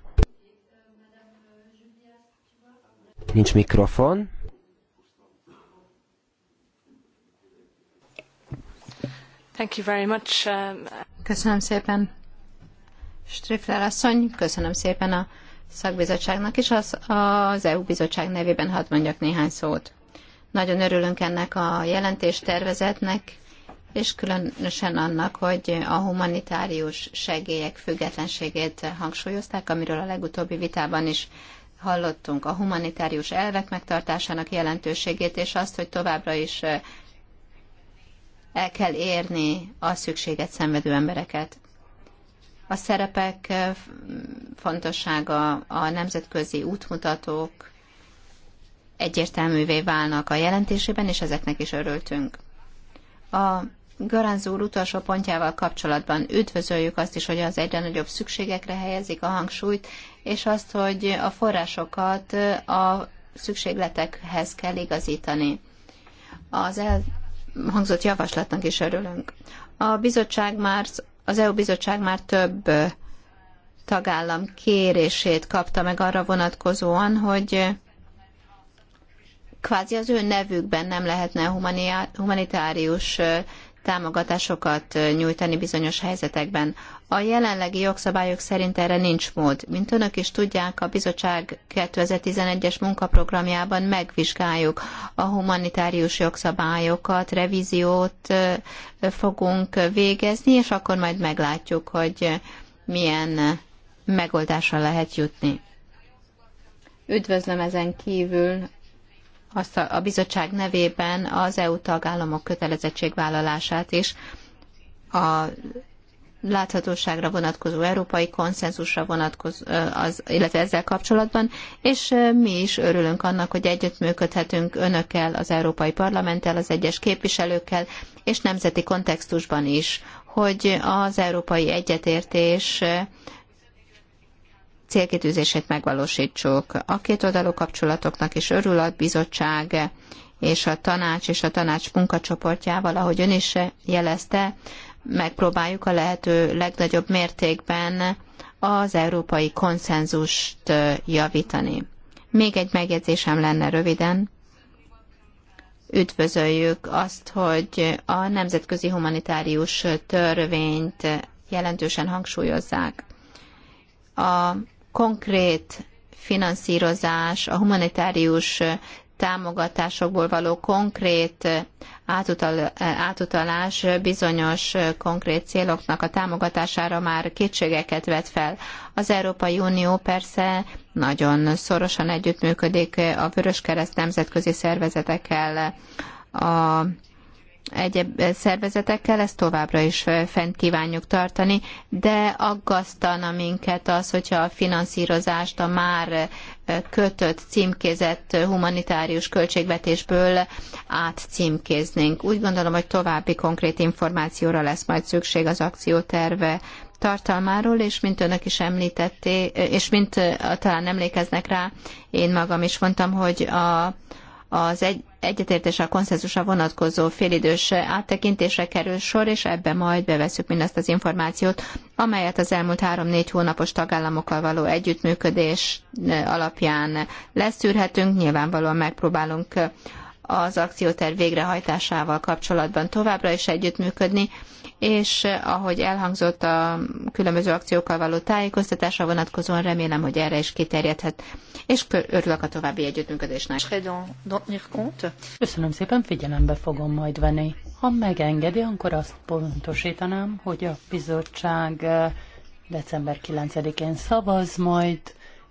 Nincs mikrofon. Thank you very much. Um, köszönöm szépen. Strifler asszony, köszönöm szépen a szakbizottságnak és az, az EU bizottság nevében hadd mondjak néhány szót. Nagyon örülünk ennek a jelentéstervezetnek, és különösen annak, hogy a humanitárius segélyek függetlenségét hangsúlyozták, amiről a legutóbbi vitában is hallottunk, a humanitárius elvek megtartásának jelentőségét, és azt, hogy továbbra is el kell érni a szükséget szenvedő embereket. A szerepek fontossága, a nemzetközi útmutatók egyértelművé válnak a jelentésében, és ezeknek is örültünk. A Garanz úr utolsó pontjával kapcsolatban üdvözöljük azt is, hogy az egyre nagyobb szükségekre helyezik a hangsúlyt, és azt, hogy a forrásokat a szükségletekhez kell igazítani. Az elhangzott javaslatnak is örülünk. A bizottság már, az EU bizottság már több tagállam kérését kapta meg arra vonatkozóan, hogy kvázi az ő nevükben nem lehetne humanitárius támogatásokat nyújtani bizonyos helyzetekben. A jelenlegi jogszabályok szerint erre nincs mód. Mint önök is tudják, a bizottság 2011-es munkaprogramjában megvizsgáljuk a humanitárius jogszabályokat, revíziót fogunk végezni, és akkor majd meglátjuk, hogy milyen megoldásra lehet jutni. Üdvözlöm ezen kívül azt a, a bizottság nevében az EU tagállamok kötelezettségvállalását is a láthatóságra vonatkozó európai konszenzusra vonatkozó, az, illetve ezzel kapcsolatban, és mi is örülünk annak, hogy együttműködhetünk önökkel, az Európai Parlamenttel, az egyes képviselőkkel, és nemzeti kontextusban is, hogy az európai egyetértés célkitűzését megvalósítsuk. A két oldalú kapcsolatoknak is örül a bizottság, és a tanács és a tanács munkacsoportjával, ahogy ön is jelezte, megpróbáljuk a lehető legnagyobb mértékben az európai konszenzust javítani. Még egy megjegyzésem lenne röviden. Üdvözöljük azt, hogy a nemzetközi humanitárius törvényt jelentősen hangsúlyozzák. A konkrét finanszírozás, a humanitárius támogatásokból való konkrét átutal, átutalás bizonyos konkrét céloknak a támogatására már kétségeket vet fel. Az Európai Unió persze nagyon szorosan együttműködik a Vöröskereszt nemzetközi szervezetekkel, a egyéb eh, szervezetekkel, ezt továbbra is eh, fent kívánjuk tartani, de aggasztana minket az, hogyha a finanszírozást a már eh, kötött, címkézett humanitárius költségvetésből átcímkéznénk. Úgy gondolom, hogy további konkrét információra lesz majd szükség az akcióterve tartalmáról, és mint önök is említették, és mint talán emlékeznek rá, én magam is mondtam, hogy a, az egy, egyetértés a konszenzusra vonatkozó félidős áttekintésre kerül sor, és ebbe majd beveszük mindazt az információt, amelyet az elmúlt három-négy hónapos tagállamokkal való együttműködés eh, alapján leszűrhetünk. Nyilvánvalóan megpróbálunk eh, az akcióterv végrehajtásával kapcsolatban továbbra is együttműködni, és eh, ahogy elhangzott a különböző akciókkal való tájékoztatásra vonatkozóan, remélem, hogy erre is kiterjedhet, és örülök a további együttműködésnek. Köszönöm szépen, figyelembe fogom majd venni. Ha megengedi, akkor azt pontosítanám, hogy a bizottság eh, december 9-én szavaz majd,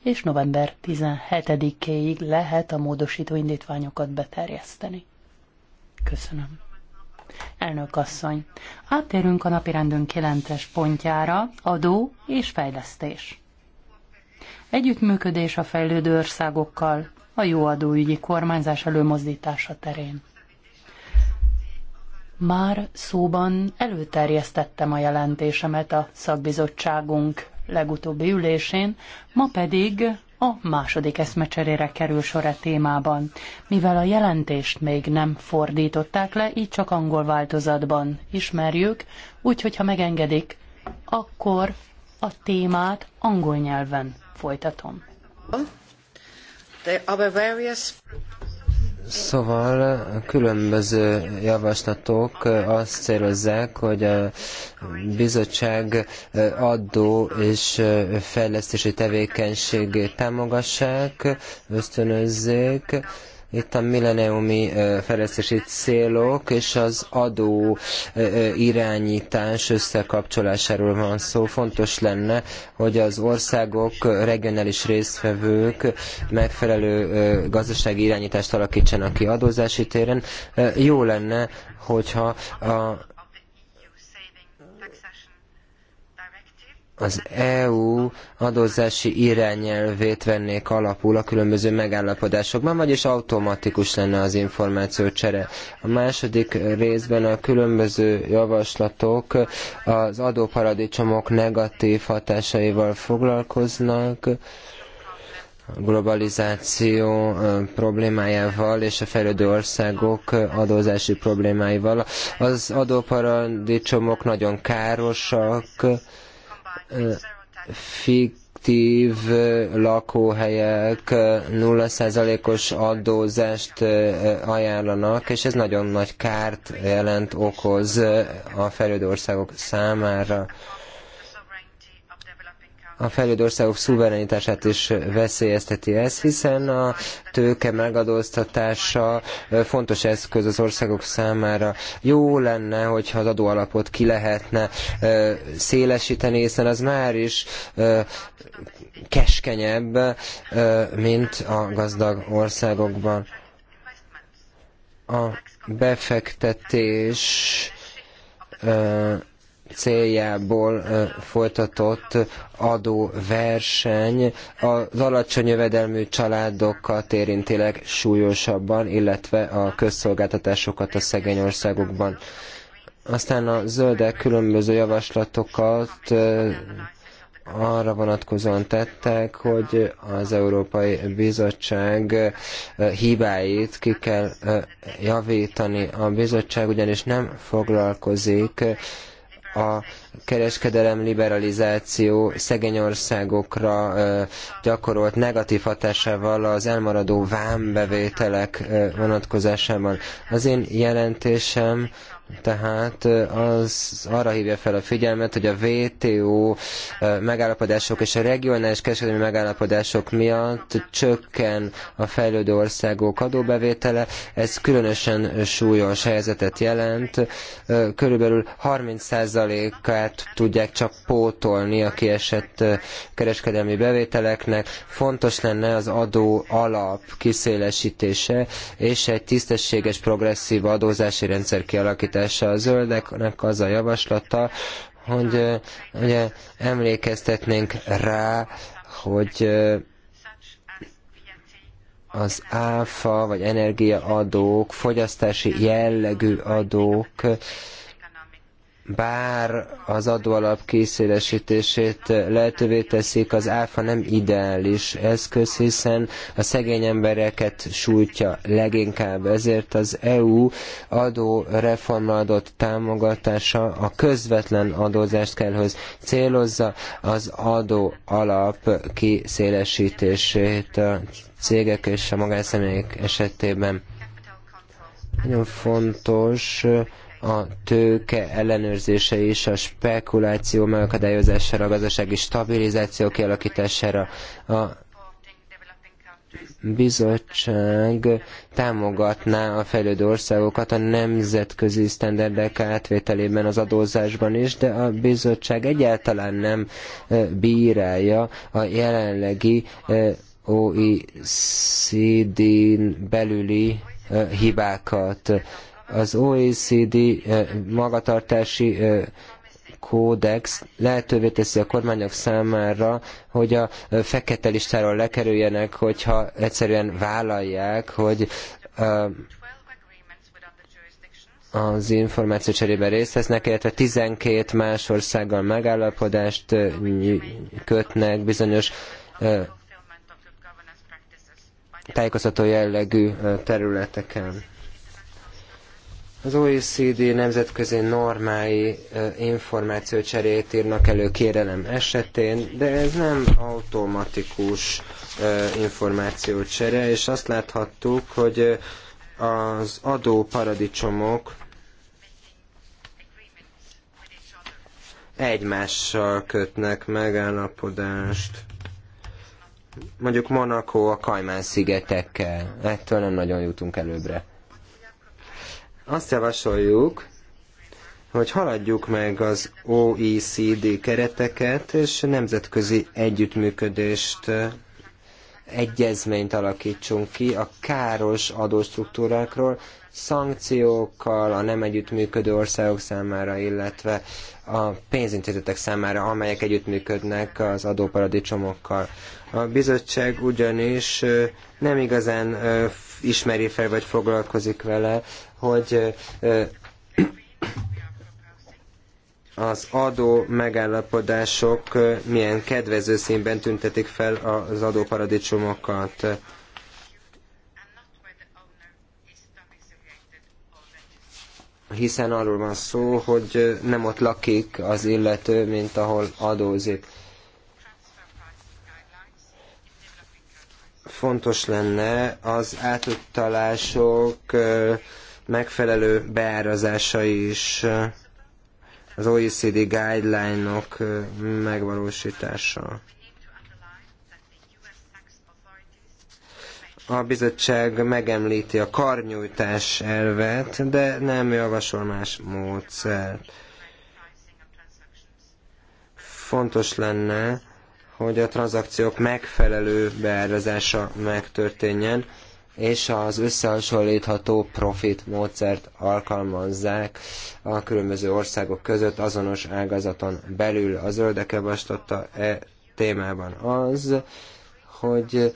és november 17-éig lehet a módosító indítványokat beterjeszteni. Köszönöm. Elnök asszony, áttérünk a napirendünk 9-es pontjára, adó és fejlesztés. Együttműködés a fejlődő országokkal a jó adóügyi kormányzás előmozdítása terén. Már szóban előterjesztettem a jelentésemet a szakbizottságunk legutóbbi ülésén, ma pedig a második eszmecserére kerül sor a e témában. Mivel a jelentést még nem fordították le, így csak angol változatban ismerjük, úgyhogy ha megengedik, akkor a témát angol nyelven folytatom. Szóval különböző javaslatok azt célozzák, hogy a bizottság adó és fejlesztési tevékenységét támogassák, ösztönözzék, itt a milleniumi fejlesztési célok és az adó irányítás összekapcsolásáról van szó. Fontos lenne, hogy az országok, regionális résztvevők megfelelő gazdasági irányítást alakítsanak ki adózási téren. Jó lenne, hogyha a az EU adózási irányelvét vennék alapul a különböző megállapodásokban, vagyis automatikus lenne az információcsere. A második részben a különböző javaslatok az adóparadicsomok negatív hatásaival foglalkoznak, a globalizáció problémájával és a fejlődő országok adózási problémáival. Az adóparadicsomok nagyon károsak, fiktív lakóhelyek 0%-os adózást ajánlanak, és ez nagyon nagy kárt jelent, okoz a fejlődő országok számára a fejlődő országok szuverenitását is veszélyezteti ez, hiszen a tőke megadóztatása fontos eszköz az országok számára. Jó lenne, hogyha az adóalapot ki lehetne szélesíteni, hiszen az már is keskenyebb, mint a gazdag országokban. A befektetés céljából folytatott adóverseny az alacsony jövedelmű családokat érintileg súlyosabban, illetve a közszolgáltatásokat a szegény országokban. Aztán a zöldek különböző javaslatokat arra vonatkozóan tettek, hogy az Európai Bizottság hibáit ki kell javítani. A bizottság ugyanis nem foglalkozik a kereskedelem liberalizáció szegény országokra gyakorolt negatív hatásával az elmaradó vámbevételek vonatkozásában. Az én jelentésem tehát az arra hívja fel a figyelmet, hogy a WTO megállapodások és a regionális kereskedelmi megállapodások miatt csökken a fejlődő országok adóbevétele. Ez különösen súlyos helyzetet jelent. Körülbelül 30%-át tudják csak pótolni a kiesett kereskedelmi bevételeknek. Fontos lenne az adó alap kiszélesítése és egy tisztességes progresszív adózási rendszer kialakítása megoldása. A zöldeknek az a javaslata, hogy ugye emlékeztetnénk rá, hogy az áfa vagy energiaadók, fogyasztási jellegű adók bár az adóalap kiszélesítését lehetővé teszik, az áfa nem ideális eszköz, hiszen a szegény embereket sújtja leginkább. Ezért az EU adóreformra adott támogatása a közvetlen adózást kell, hogy célozza az adóalap kiszélesítését a cégek és a magánszemélyek esetében. Nagyon fontos, a tőke ellenőrzése is a spekuláció megakadályozására, a gazdasági stabilizáció kialakítására, a bizottság támogatná a fejlődő országokat a nemzetközi sztenderdek átvételében az adózásban is, de a bizottság egyáltalán nem bírálja a jelenlegi OECD-n belüli hibákat. Az OECD eh, magatartási eh, kódex lehetővé teszi a kormányok számára, hogy a eh, fekete listáról lekerüljenek, hogyha egyszerűen vállalják, hogy az információ cserében részt vesznek, illetve 12 más országgal megállapodást kötnek bizonyos tájékoztató jellegű területeken. Az OECD nemzetközi normái információcserét írnak elő kérelem esetén, de ez nem automatikus információcsere, és azt láthattuk, hogy az adóparadicsomok egymással kötnek megállapodást. Mondjuk Monaco a Kajmán szigetekkel. Ettől nem nagyon jutunk előbbre. Azt javasoljuk, hogy haladjuk meg az OECD kereteket, és nemzetközi együttműködést, egyezményt alakítsunk ki a káros adóstruktúrákról, szankciókkal a nem együttműködő országok számára, illetve a pénzintézetek számára, amelyek együttműködnek az adóparadicsomokkal. A bizottság ugyanis nem igazán ismeri fel, vagy foglalkozik vele hogy az adó megállapodások milyen kedvező színben tüntetik fel az adóparadicsomokat. Hiszen arról van szó, hogy nem ott lakik az illető, mint ahol adózik. Fontos lenne az átutalások megfelelő beárazásai is az OECD guideline-ok megvalósítása. A bizottság megemlíti a karnyújtás elvet, de nem javasol más módszert. Fontos lenne, hogy a tranzakciók megfelelő beárazása megtörténjen és az összehasonlítható profit módszert alkalmazzák a különböző országok között azonos ágazaton belül. A zöldek javaslata e témában az, hogy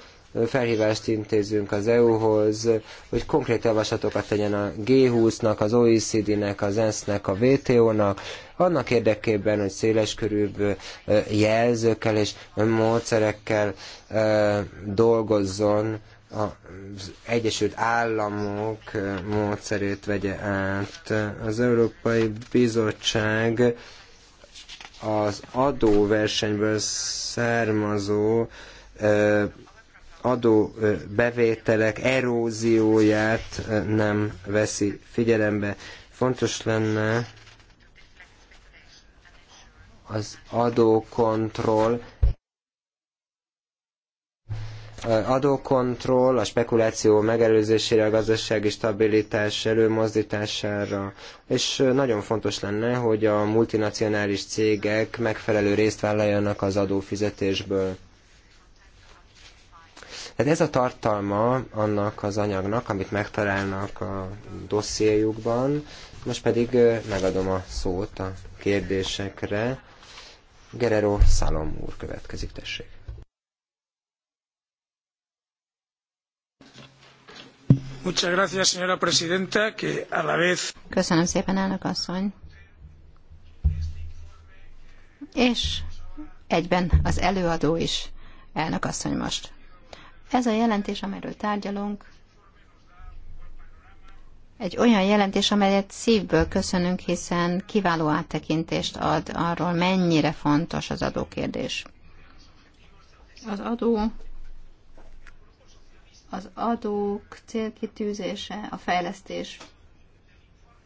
felhívást intézünk az EU-hoz, hogy konkrét javaslatokat tegyen a G20-nak, az OECD-nek, az ENSZ-nek, a WTO-nak, annak érdekében, hogy széles széleskörűbb jelzőkkel és módszerekkel dolgozzon a az Egyesült Államok módszerét vegye át. Az Európai Bizottság az adóversenyből származó adóbevételek erózióját nem veszi figyelembe. Fontos lenne az adókontroll adókontroll, a spekuláció megelőzésére, a gazdasági stabilitás előmozdítására, és nagyon fontos lenne, hogy a multinacionális cégek megfelelő részt vállaljanak az adófizetésből. Tehát ez a tartalma annak az anyagnak, amit megtalálnak a dossziéjukban. Most pedig megadom a szót a kérdésekre. Gerero Szalom úr következik, tessék. Muchas gracias, señora presidenta, que a la vez... Köszönöm szépen, elnök asszony. És egyben az előadó is, elnök asszony most. Ez a jelentés, amelyről tárgyalunk, egy olyan jelentés, amelyet szívből köszönünk, hiszen kiváló áttekintést ad arról, mennyire fontos az adókérdés. Az adó az adók célkitűzése a fejlesztés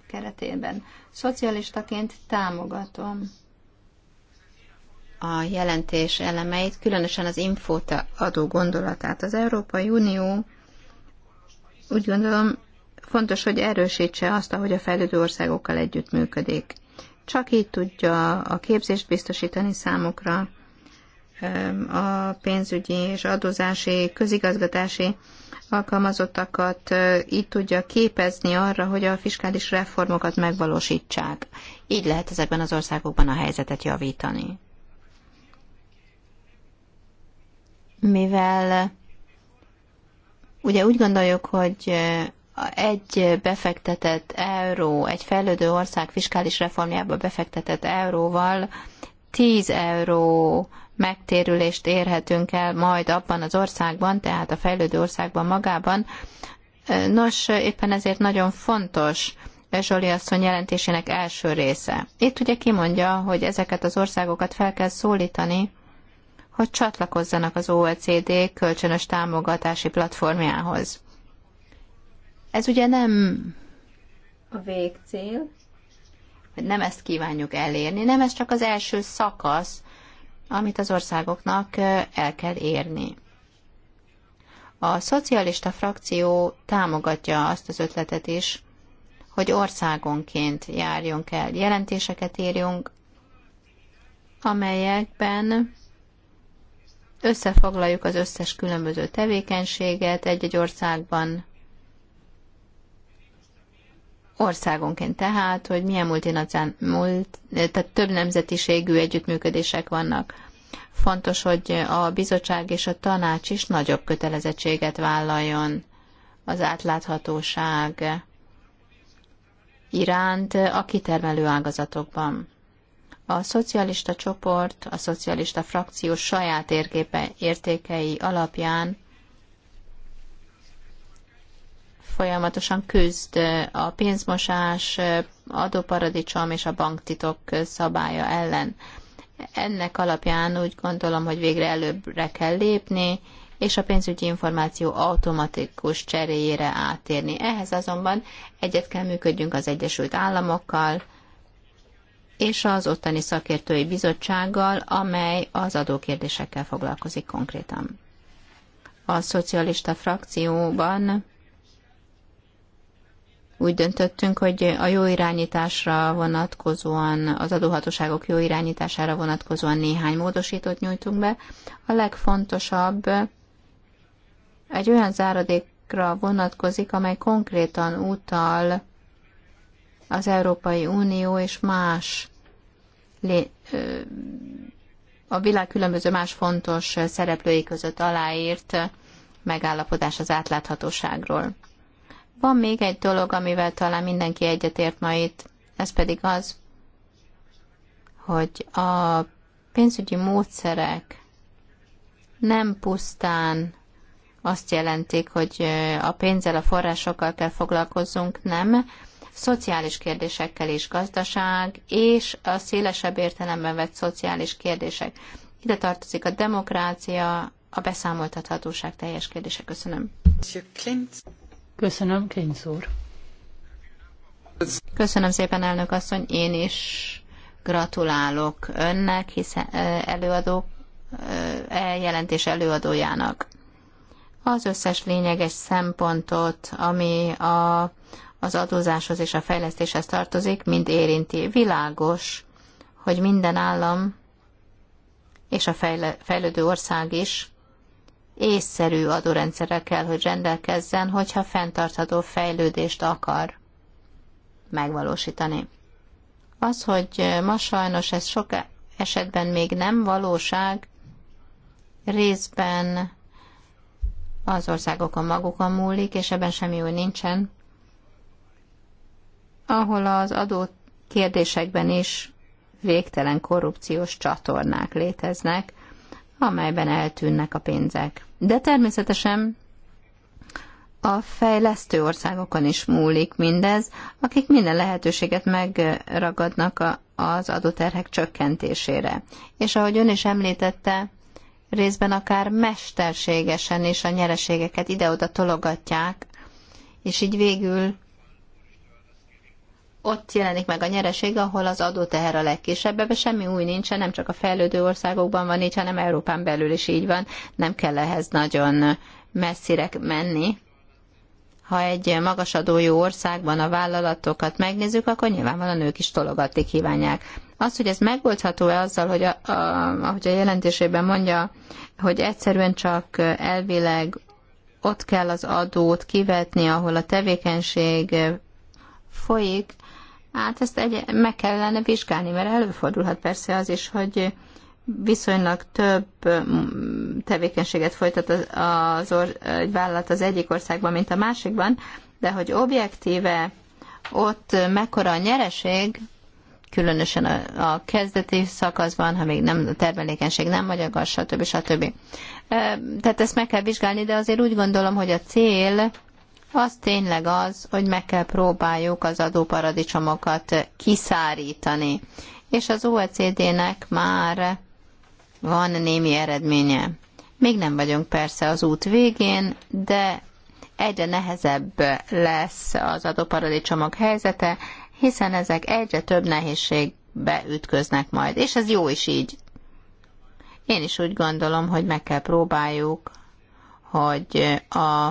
keretében. Szocialistaként támogatom a jelentés elemeit, különösen az infóta adó gondolatát. Az Európai Unió úgy gondolom fontos, hogy erősítse azt, ahogy a fejlődő országokkal együttműködik. Csak így tudja a képzést biztosítani számukra, a pénzügyi és adózási, közigazgatási alkalmazottakat így tudja képezni arra, hogy a fiskális reformokat megvalósítsák. Így lehet ezekben az országokban a helyzetet javítani. Mivel ugye úgy gondoljuk, hogy egy befektetett euró, egy fejlődő ország fiskális reformjába befektetett euróval 10 euró megtérülést érhetünk el majd abban az országban, tehát a fejlődő országban magában. Nos, éppen ezért nagyon fontos Zsoli asszony jelentésének első része. Itt ugye kimondja, hogy ezeket az országokat fel kell szólítani, hogy csatlakozzanak az OECD kölcsönös támogatási platformjához. Ez ugye nem a végcél, nem ezt kívánjuk elérni, nem ez csak az első szakasz, amit az országoknak el kell érni. A szocialista frakció támogatja azt az ötletet is, hogy országonként járjunk el, jelentéseket írjunk, amelyekben összefoglaljuk az összes különböző tevékenységet egy-egy országban, országonként tehát, hogy milyen multinacionális, tehát több nemzetiségű együttműködések vannak. Fontos, hogy a bizottság és a tanács is nagyobb kötelezettséget vállaljon az átláthatóság iránt a kitermelő ágazatokban. A szocialista csoport, a szocialista frakció saját érképe, értékei alapján folyamatosan küzd a pénzmosás, adóparadicsom és a banktitok szabálya ellen. Ennek alapján úgy gondolom, hogy végre előbbre kell lépni, és a pénzügyi információ automatikus cseréjére átérni. Ehhez azonban egyet kell működjünk az Egyesült Államokkal, és az ottani szakértői bizottsággal, amely az adókérdésekkel foglalkozik konkrétan. A szocialista frakcióban úgy döntöttünk, hogy a jó irányításra vonatkozóan, az adóhatóságok jó irányítására vonatkozóan néhány módosítót nyújtunk be. A legfontosabb egy olyan záradékra vonatkozik, amely konkrétan utal az Európai Unió és más a világ különböző más fontos szereplői között aláírt megállapodás az átláthatóságról. Van még egy dolog, amivel talán mindenki egyetért ma itt, ez pedig az, hogy a pénzügyi módszerek nem pusztán azt jelentik, hogy a pénzzel, a forrásokkal kell foglalkozzunk, nem. Szociális kérdésekkel is gazdaság, és a szélesebb értelemben vett szociális kérdések. Ide tartozik a demokrácia, a beszámoltathatóság teljes kérdése. Köszönöm. Köszönöm, Klinz úr. Köszönöm szépen, elnök asszony. Én is gratulálok önnek, hiszen előadó, e jelentés előadójának. Az összes lényeges szempontot, ami a, az adózáshoz és a fejlesztéshez tartozik, mind érinti. Világos, hogy minden állam és a fejle, fejlődő ország is észszerű adórendszerre kell, hogy rendelkezzen, hogyha fenntartható fejlődést akar megvalósítani. Az, hogy ma sajnos ez sok esetben még nem valóság, részben az országokon magukon múlik, és ebben semmi új nincsen, ahol az adó kérdésekben is végtelen korrupciós csatornák léteznek, amelyben eltűnnek a pénzek. De természetesen a fejlesztő országokon is múlik mindez, akik minden lehetőséget megragadnak a, az adóterhek csökkentésére. És ahogy ön is említette, részben akár mesterségesen is a nyereségeket ide-oda tologatják, és így végül ott jelenik meg a nyereség, ahol az adóteher a legkisebb, ebben semmi új nincsen, nem csak a fejlődő országokban van így, hanem Európán belül is így van, nem kell ehhez nagyon messzire menni. Ha egy magas adójú országban a vállalatokat megnézzük, akkor nyilvánvalóan nők is tologatni kívánják. Az, hogy ez megoldható-e azzal, hogy a, a, ahogy a jelentésében mondja, hogy egyszerűen csak elvileg ott kell az adót kivetni, ahol a tevékenység folyik, hát ezt egy, meg kellene vizsgálni, mert előfordulhat persze az is, hogy viszonylag több mm, tevékenységet folytat az, az or, egy vállalat az egyik országban, mint a másikban, de hogy objektíve ott mekkora a nyereség, különösen a, a kezdeti szakaszban, ha még nem a termelékenység nem magyar, stb. stb. Tehát ezt meg kell vizsgálni, de azért úgy gondolom, hogy a cél az tényleg az, hogy meg kell próbáljuk az adóparadicsomokat kiszárítani. És az OECD-nek már van némi eredménye. Még nem vagyunk persze az út végén, de egyre nehezebb lesz az adóparadicsomok helyzete, hiszen ezek egyre több nehézségbe ütköznek majd, és ez jó is így. Én is úgy gondolom, hogy meg kell próbáljuk, hogy a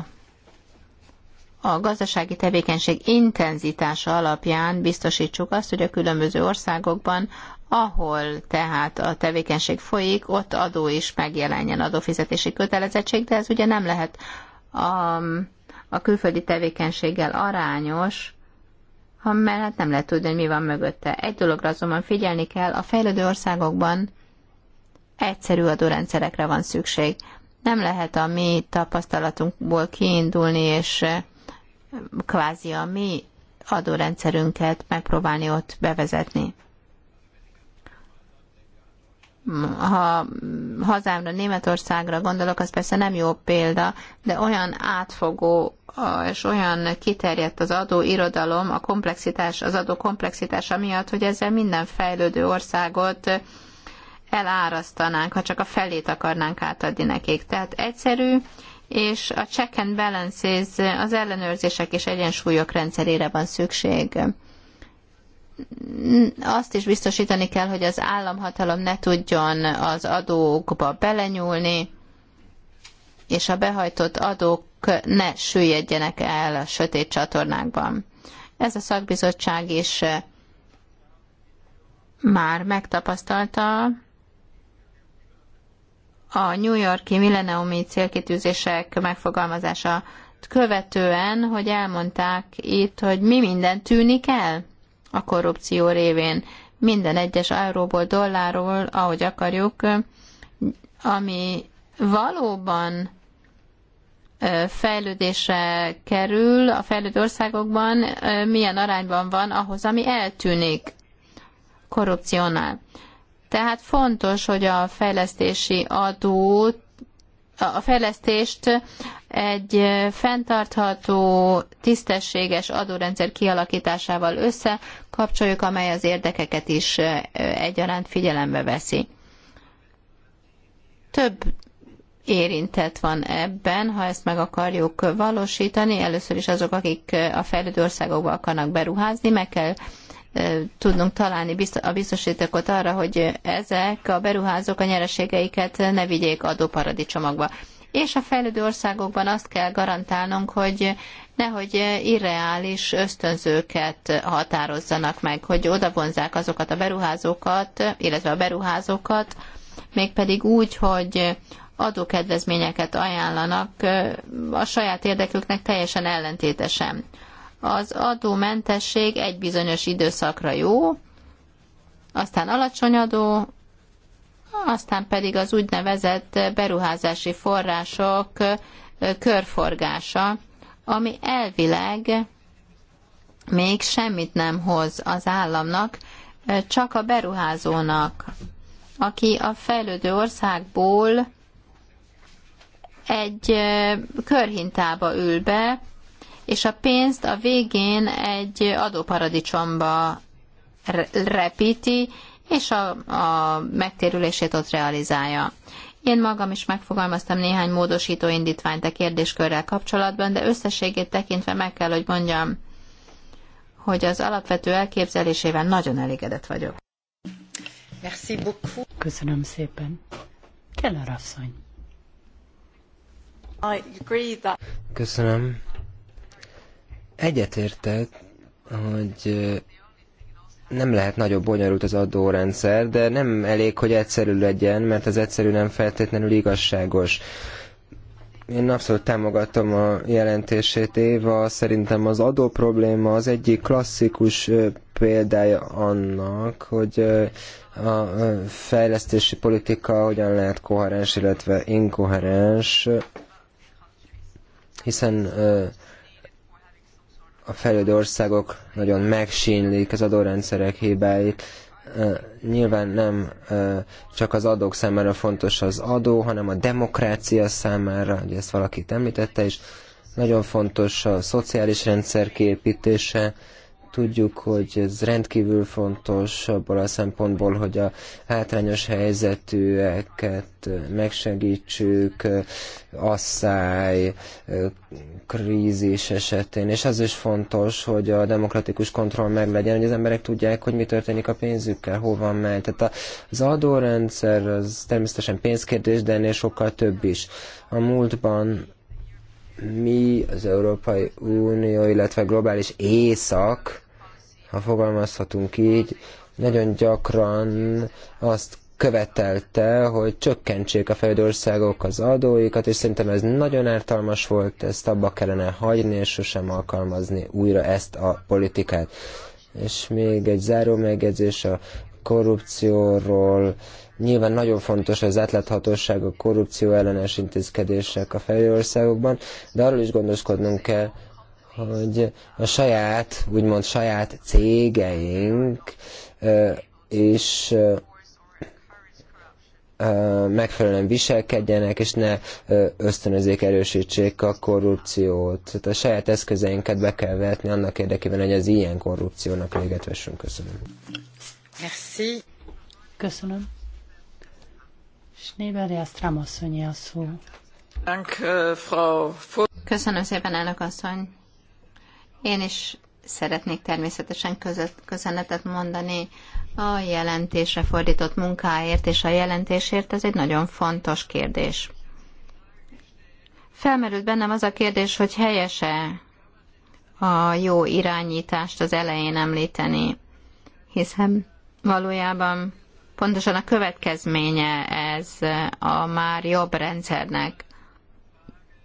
a gazdasági tevékenység intenzitása alapján biztosítsuk azt, hogy a különböző országokban, ahol tehát a tevékenység folyik, ott adó is megjelenjen adófizetési kötelezettség, de ez ugye nem lehet a, a külföldi tevékenységgel arányos, ha mellett hát nem lehet tudni, hogy mi van mögötte. Egy dologra azonban figyelni kell, a fejlődő országokban egyszerű adórendszerekre van szükség. Nem lehet a mi tapasztalatunkból kiindulni és kvázi a mi adórendszerünket megpróbálni ott bevezetni. Ha hazámra, Németországra gondolok, az persze nem jó példa, de olyan átfogó és olyan kiterjedt az adóirodalom, a komplexitás, az adó komplexitása miatt, hogy ezzel minden fejlődő országot elárasztanánk, ha csak a felét akarnánk átadni nekik. Tehát egyszerű, és a check and balances, az ellenőrzések és egyensúlyok rendszerére van szükség. Azt is biztosítani kell, hogy az államhatalom ne tudjon az adókba belenyúlni, és a behajtott adók ne süllyedjenek el a sötét csatornákban. Ez a szakbizottság is már megtapasztalta, a New Yorki Millenniumi célkitűzések megfogalmazása követően, hogy elmondták itt, hogy mi minden tűnik el a korrupció révén. Minden egyes euróból, dollárról, ahogy akarjuk, ami valóban fejlődése kerül a fejlődő országokban, milyen arányban van ahhoz, ami eltűnik korrupciónál. Tehát fontos, hogy a fejlesztési adót, a fejlesztést egy fenntartható, tisztességes adórendszer kialakításával összekapcsoljuk, amely az érdekeket is egyaránt figyelembe veszi. Több érintett van ebben, ha ezt meg akarjuk valósítani. Először is azok, akik a fejlődő országokba akarnak beruházni, meg kell tudnunk találni a biztosítékot arra, hogy ezek a beruházók a nyereségeiket ne vigyék adóparadicsomokba. És a fejlődő országokban azt kell garantálnunk, hogy nehogy irreális ösztönzőket határozzanak meg, hogy odavonzák azokat a beruházókat, illetve a beruházókat, mégpedig úgy, hogy adókedvezményeket ajánlanak a saját érdeküknek teljesen ellentétesen az adómentesség egy bizonyos időszakra jó, aztán alacsony adó, aztán pedig az úgynevezett beruházási források körforgása, ami elvileg még semmit nem hoz az államnak, csak a beruházónak, aki a fejlődő országból egy körhintába ül be, és a pénzt a végén egy adóparadicsomba repíti, és a, a megtérülését ott realizálja. Én magam is megfogalmaztam néhány módosító indítványt a kérdéskörrel kapcsolatban, de összességét tekintve meg kell, hogy mondjam, hogy az alapvető elképzelésével nagyon elégedett vagyok. Merci beaucoup. Köszönöm szépen. Keller asszony. I agree that... Köszönöm. Egyetértek, hogy nem lehet nagyobb bonyolult az adórendszer, de nem elég, hogy egyszerű legyen, mert az egyszerű nem feltétlenül igazságos. Én abszolút támogatom a jelentését, Éva. Szerintem az adó probléma az egyik klasszikus példája annak, hogy a fejlesztési politika hogyan lehet koherens, illetve inkoherens, hiszen a fejlődő országok nagyon megsínlik az adórendszerek hibáit. Nyilván nem csak az adók számára fontos az adó, hanem a demokrácia számára, ugye ezt valakit említette, és nagyon fontos a szociális rendszer kiépítése, Tudjuk, hogy ez rendkívül fontos abból a szempontból, hogy a hátrányos helyzetűeket megsegítsük, asszály, krízis esetén, és az is fontos, hogy a demokratikus kontroll meglegyen, hogy az emberek tudják, hogy mi történik a pénzükkel, hova megy. Tehát az adórendszer az természetesen pénzkérdés, de ennél sokkal több is. A múltban mi az Európai Unió, illetve globális észak, ha fogalmazhatunk így, nagyon gyakran azt követelte, hogy csökkentsék a fejlődő országok az adóikat, és szerintem ez nagyon ártalmas volt, ezt abba kellene hagyni, és sosem alkalmazni újra ezt a politikát. És még egy záró megjegyzés a korrupcióról, Nyilván nagyon fontos az átláthatóság, a korrupció ellenes intézkedések a fejlő országokban, de arról is gondoskodnunk kell, hogy a saját, úgymond saját cégeink és megfelelően viselkedjenek, és ne ösztönözzék, erősítsék a korrupciót. Tehát a saját eszközeinket be kell vetni annak érdekében, hogy az ilyen korrupciónak véget vessünk. Köszönöm. Merci. Köszönöm. Schneebeli a Stramosszonyi a szó. Köszönöm szépen, elnök asszony. Én is szeretnék természetesen köszönetet mondani a jelentésre fordított munkáért és a jelentésért. Ez egy nagyon fontos kérdés. Felmerült bennem az a kérdés, hogy helyese a jó irányítást az elején említeni, hiszen valójában pontosan a következménye ez a már jobb rendszernek.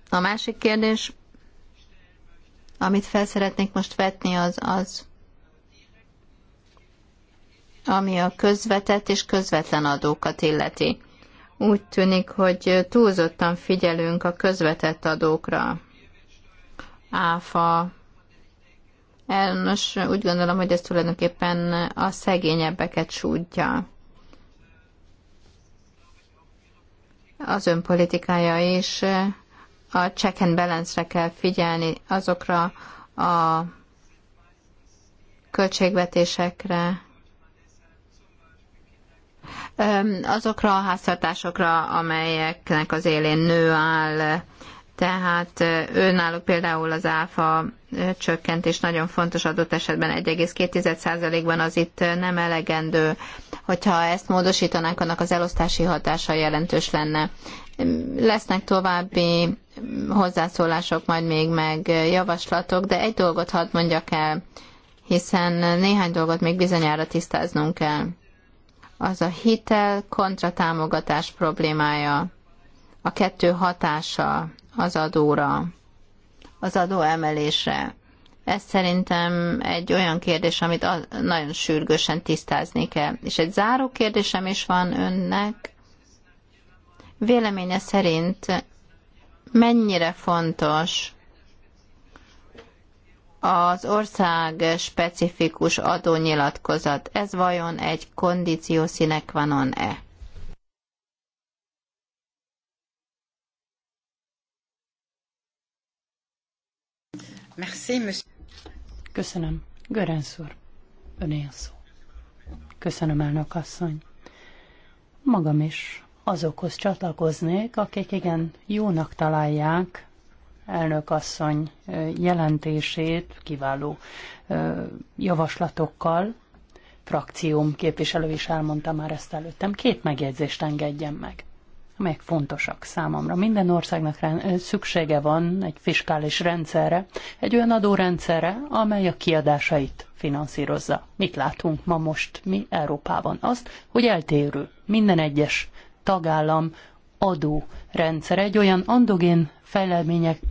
A másik kérdés, amit fel szeretnék most vetni, az az, ami a közvetett és közvetlen adókat illeti. Úgy tűnik, hogy túlzottan figyelünk a közvetett adókra. Áfa. Nos, úgy gondolom, hogy ez tulajdonképpen a szegényebbeket sújtja. az önpolitikája is a check and balance-re kell figyelni azokra a költségvetésekre, azokra a háztartásokra, amelyeknek az élén nő áll, tehát önálló például az áfa csökkentés nagyon fontos adott esetben 1,2%-ban az itt nem elegendő. Hogyha ezt módosítanánk, annak az elosztási hatása jelentős lenne. Lesznek további hozzászólások, majd még meg javaslatok, de egy dolgot hadd mondjak el, hiszen néhány dolgot még bizonyára tisztáznunk kell. Az a hitel kontra támogatás problémája a kettő hatása az adóra, az adó emelésre. Ez szerintem egy olyan kérdés, amit nagyon sürgősen tisztázni kell. És egy záró kérdésem is van önnek. Véleménye szerint mennyire fontos az ország specifikus adónyilatkozat? Ez vajon egy kondíció sine qua non-e? Merci, monsieur. Köszönöm. Görenc úr, öné szó. Köszönöm, elnök asszony. Magam is azokhoz csatlakoznék, akik igen jónak találják elnök asszony jelentését kiváló javaslatokkal. Frakcióm képviselő is elmondta már ezt előttem. Két megjegyzést engedjen meg amelyek fontosak számomra. Minden országnak szüksége van egy fiskális rendszerre, egy olyan adórendszerre, amely a kiadásait finanszírozza. Mit látunk ma most mi Európában? Azt, hogy eltérő minden egyes tagállam adórendszer. Egy olyan andogén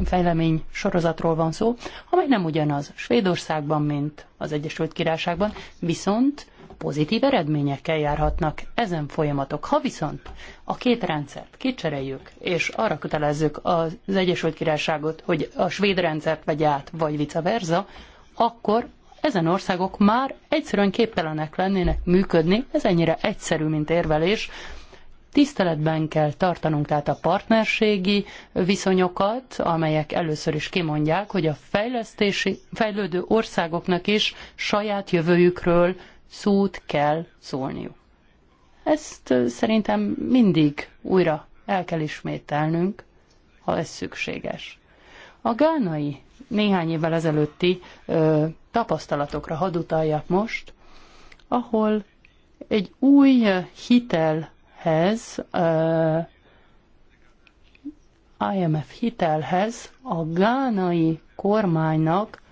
fejlemény sorozatról van szó, amely nem ugyanaz Svédországban, mint az Egyesült Királyságban, viszont pozitív eredményekkel járhatnak ezen folyamatok. Ha viszont a két rendszert kicseréljük, és arra kötelezzük az Egyesült Királyságot, hogy a svéd rendszert vegye át, vagy vice versa, akkor ezen országok már egyszerűen képtelenek lennének működni, ez ennyire egyszerű, mint érvelés, Tiszteletben kell tartanunk tehát a partnerségi viszonyokat, amelyek először is kimondják, hogy a fejlesztési, fejlődő országoknak is saját jövőjükről szót kell szólniuk. Ezt szerintem mindig újra el kell ismételnünk, ha ez szükséges. A gánai néhány évvel ezelőtti ö, tapasztalatokra hadd utaljak most, ahol egy új hitelhez, ö, IMF hitelhez a gánai kormánynak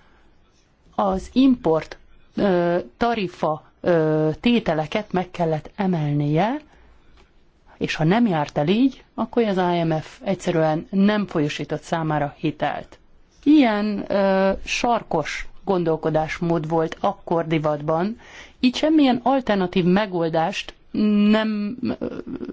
az import tarifa tételeket meg kellett emelnie, és ha nem járt el így, akkor az IMF egyszerűen nem folyosított számára hitelt. Ilyen ö, sarkos gondolkodásmód volt akkor divatban, így semmilyen alternatív megoldást nem ö,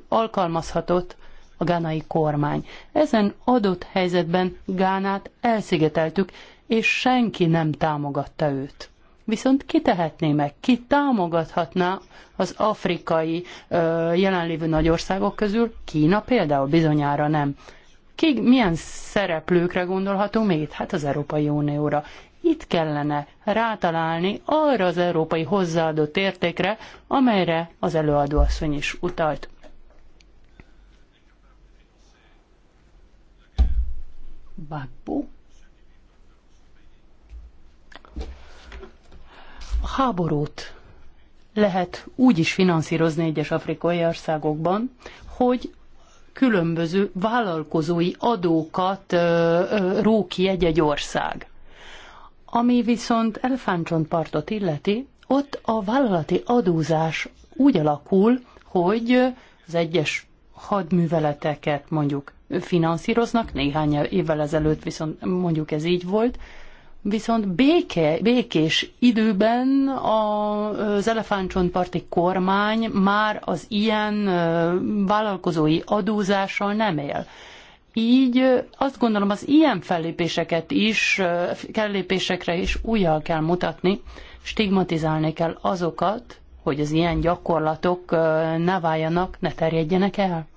alkalmazhatott a gánai kormány. Ezen adott helyzetben Gánát elszigeteltük, és senki nem támogatta őt. Viszont ki tehetné meg, ki támogathatná az afrikai ö, jelenlévő nagyországok közül, Kína például bizonyára nem. Ki, milyen szereplőkre gondolhatunk még itt? Hát az Európai Unióra. Itt kellene rátalálni arra az európai hozzáadott értékre, amelyre az előadóasszony is utalt. Bagbo. A háborút lehet úgy is finanszírozni egyes afrikai országokban, hogy különböző vállalkozói adókat ró ki egy-egy ország. Ami viszont partot illeti, ott a vállalati adózás úgy alakul, hogy az egyes hadműveleteket mondjuk finanszíroznak, néhány évvel ezelőtt viszont mondjuk ez így volt, Viszont béke, békés időben az elefántcsontparti kormány már az ilyen vállalkozói adózással nem él. Így azt gondolom az ilyen fellépéseket is, lépésekre is újjal kell mutatni, stigmatizálni kell azokat, hogy az ilyen gyakorlatok ne váljanak, ne terjedjenek el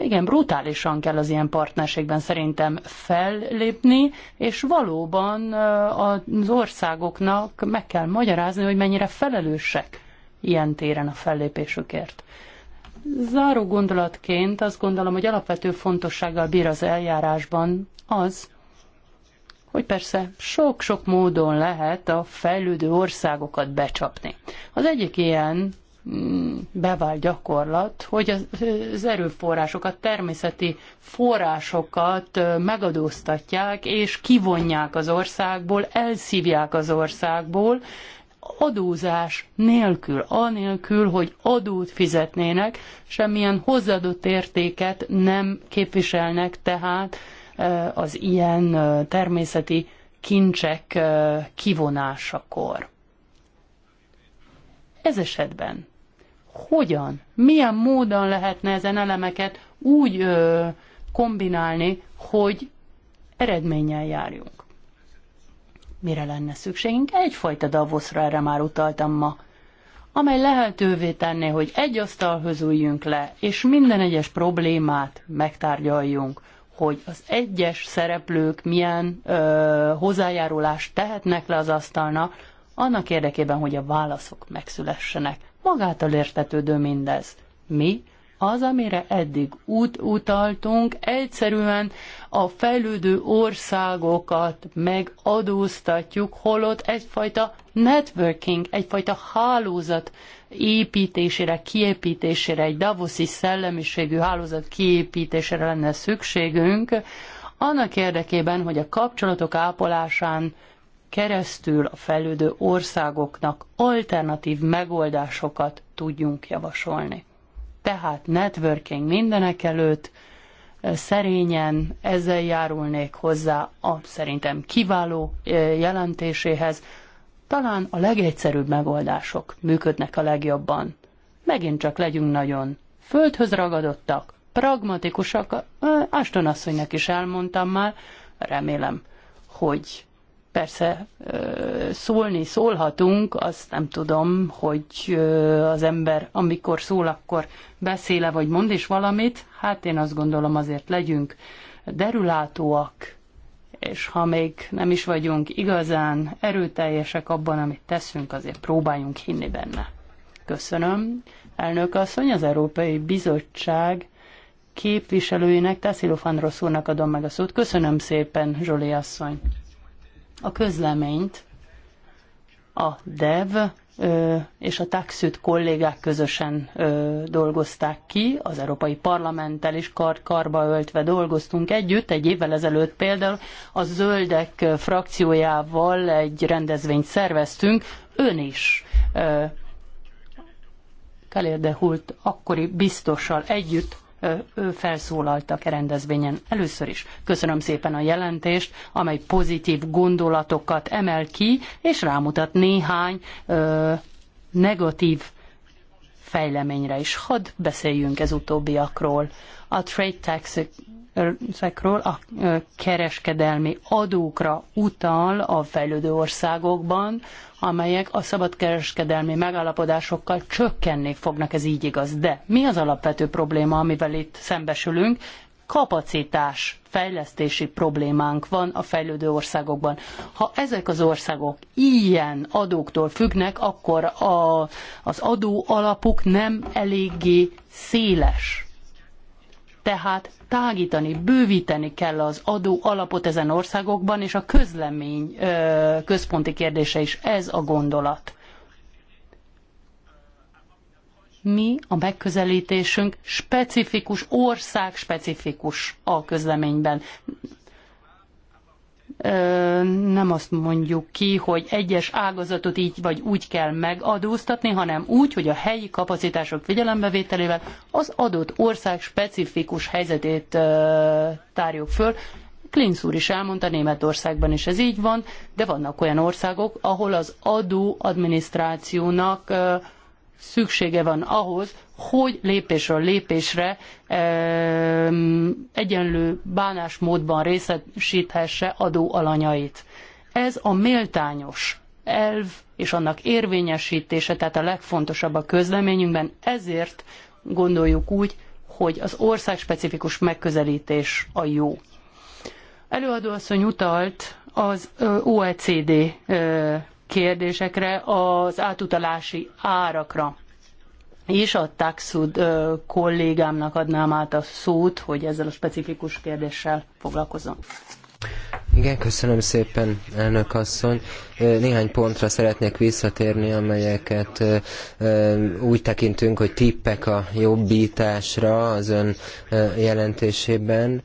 igen, brutálisan kell az ilyen partnerségben szerintem fellépni, és valóban az országoknak meg kell magyarázni, hogy mennyire felelősek ilyen téren a fellépésükért. Záró gondolatként azt gondolom, hogy alapvető fontossággal bír az eljárásban az, hogy persze sok-sok módon lehet a fejlődő országokat becsapni. Az egyik ilyen bevált gyakorlat, hogy az erőforrásokat, természeti forrásokat megadóztatják és kivonják az országból, elszívják az országból, adózás nélkül, anélkül, hogy adót fizetnének, semmilyen hozzáadott értéket nem képviselnek tehát az ilyen természeti kincsek kivonásakor. Ez esetben hogyan, milyen módon lehetne ezen elemeket úgy ö, kombinálni, hogy eredménnyel járjunk. Mire lenne szükségünk? Egyfajta Davosra erre már utaltam ma, amely lehetővé tenné, hogy egy asztalhoz üljünk le, és minden egyes problémát megtárgyaljunk, hogy az egyes szereplők milyen ö, hozzájárulást tehetnek le az asztalnak, annak érdekében, hogy a válaszok megszülessenek Magától értetődő mindez. Mi az, amire eddig út utaltunk, egyszerűen a fejlődő országokat megadóztatjuk, holott egyfajta networking, egyfajta hálózat építésére, kiépítésére, egy davoszi szellemiségű hálózat kiépítésére lenne szükségünk, annak érdekében, hogy a kapcsolatok ápolásán keresztül a fejlődő országoknak alternatív megoldásokat tudjunk javasolni. Tehát networking mindenek előtt, szerényen ezzel járulnék hozzá a szerintem kiváló jelentéséhez. Talán a legegyszerűbb megoldások működnek a legjobban. Megint csak legyünk nagyon földhöz ragadottak, pragmatikusak. Aston asszonynak is elmondtam már, remélem, hogy persze szólni szólhatunk, azt nem tudom, hogy az ember amikor szól, akkor beszéle vagy mond is valamit. Hát én azt gondolom azért legyünk derülátóak, és ha még nem is vagyunk igazán erőteljesek abban, amit teszünk, azért próbáljunk hinni benne. Köszönöm. Elnök asszony, az Európai Bizottság képviselőjének, Tassilo Fandrosz úrnak adom meg a szót. Köszönöm szépen, Zsoli asszony a közleményt a DEV és a Taxüt kollégák közösen dolgozták ki, az Európai Parlamenttel is kar karba öltve dolgoztunk együtt. Egy évvel ezelőtt például a Zöldek frakciójával egy rendezvényt szerveztünk, ön is Kalér de Hult akkori biztossal együtt felszólaltak e rendezvényen. Először is köszönöm szépen a jelentést, amely pozitív gondolatokat emel ki, és rámutat néhány ö, negatív fejleményre is. Hadd beszéljünk ez utóbbiakról. A trade tax ezekről a kereskedelmi adókra utal a fejlődő országokban, amelyek a szabadkereskedelmi megállapodásokkal csökkenni fognak, ez így igaz. De mi az alapvető probléma, amivel itt szembesülünk? kapacitás fejlesztési problémánk van a fejlődő országokban. Ha ezek az országok ilyen adóktól függnek, akkor a, az adó alapuk nem eléggé széles tehát tágítani, bővíteni kell az adó alapot ezen országokban, és a közlemény központi kérdése is ez a gondolat. Mi a megközelítésünk specifikus, ország specifikus a közleményben nem azt mondjuk ki, hogy egyes ágazatot így vagy úgy kell megadóztatni, hanem úgy, hogy a helyi kapacitások figyelembevételével az adott ország specifikus helyzetét tárjuk föl. Klinz úr is elmondta, Németországban is ez így van, de vannak olyan országok, ahol az adóadminisztrációnak szüksége van ahhoz, hogy lépésről lépésre egyenlő bánásmódban részesíthesse adóalanyait. Ez a méltányos elv és annak érvényesítése, tehát a legfontosabb a közleményünkben, ezért gondoljuk úgy, hogy az országspecifikus megközelítés a jó. Előadóasszony utalt az OECD kérdésekre, az átutalási árakra és a Taxud kollégámnak adnám át a szót, hogy ezzel a specifikus kérdéssel foglalkozzon. Igen, köszönöm szépen, elnök asszony. Néhány pontra szeretnék visszatérni, amelyeket úgy tekintünk, hogy tippek a jobbításra az ön jelentésében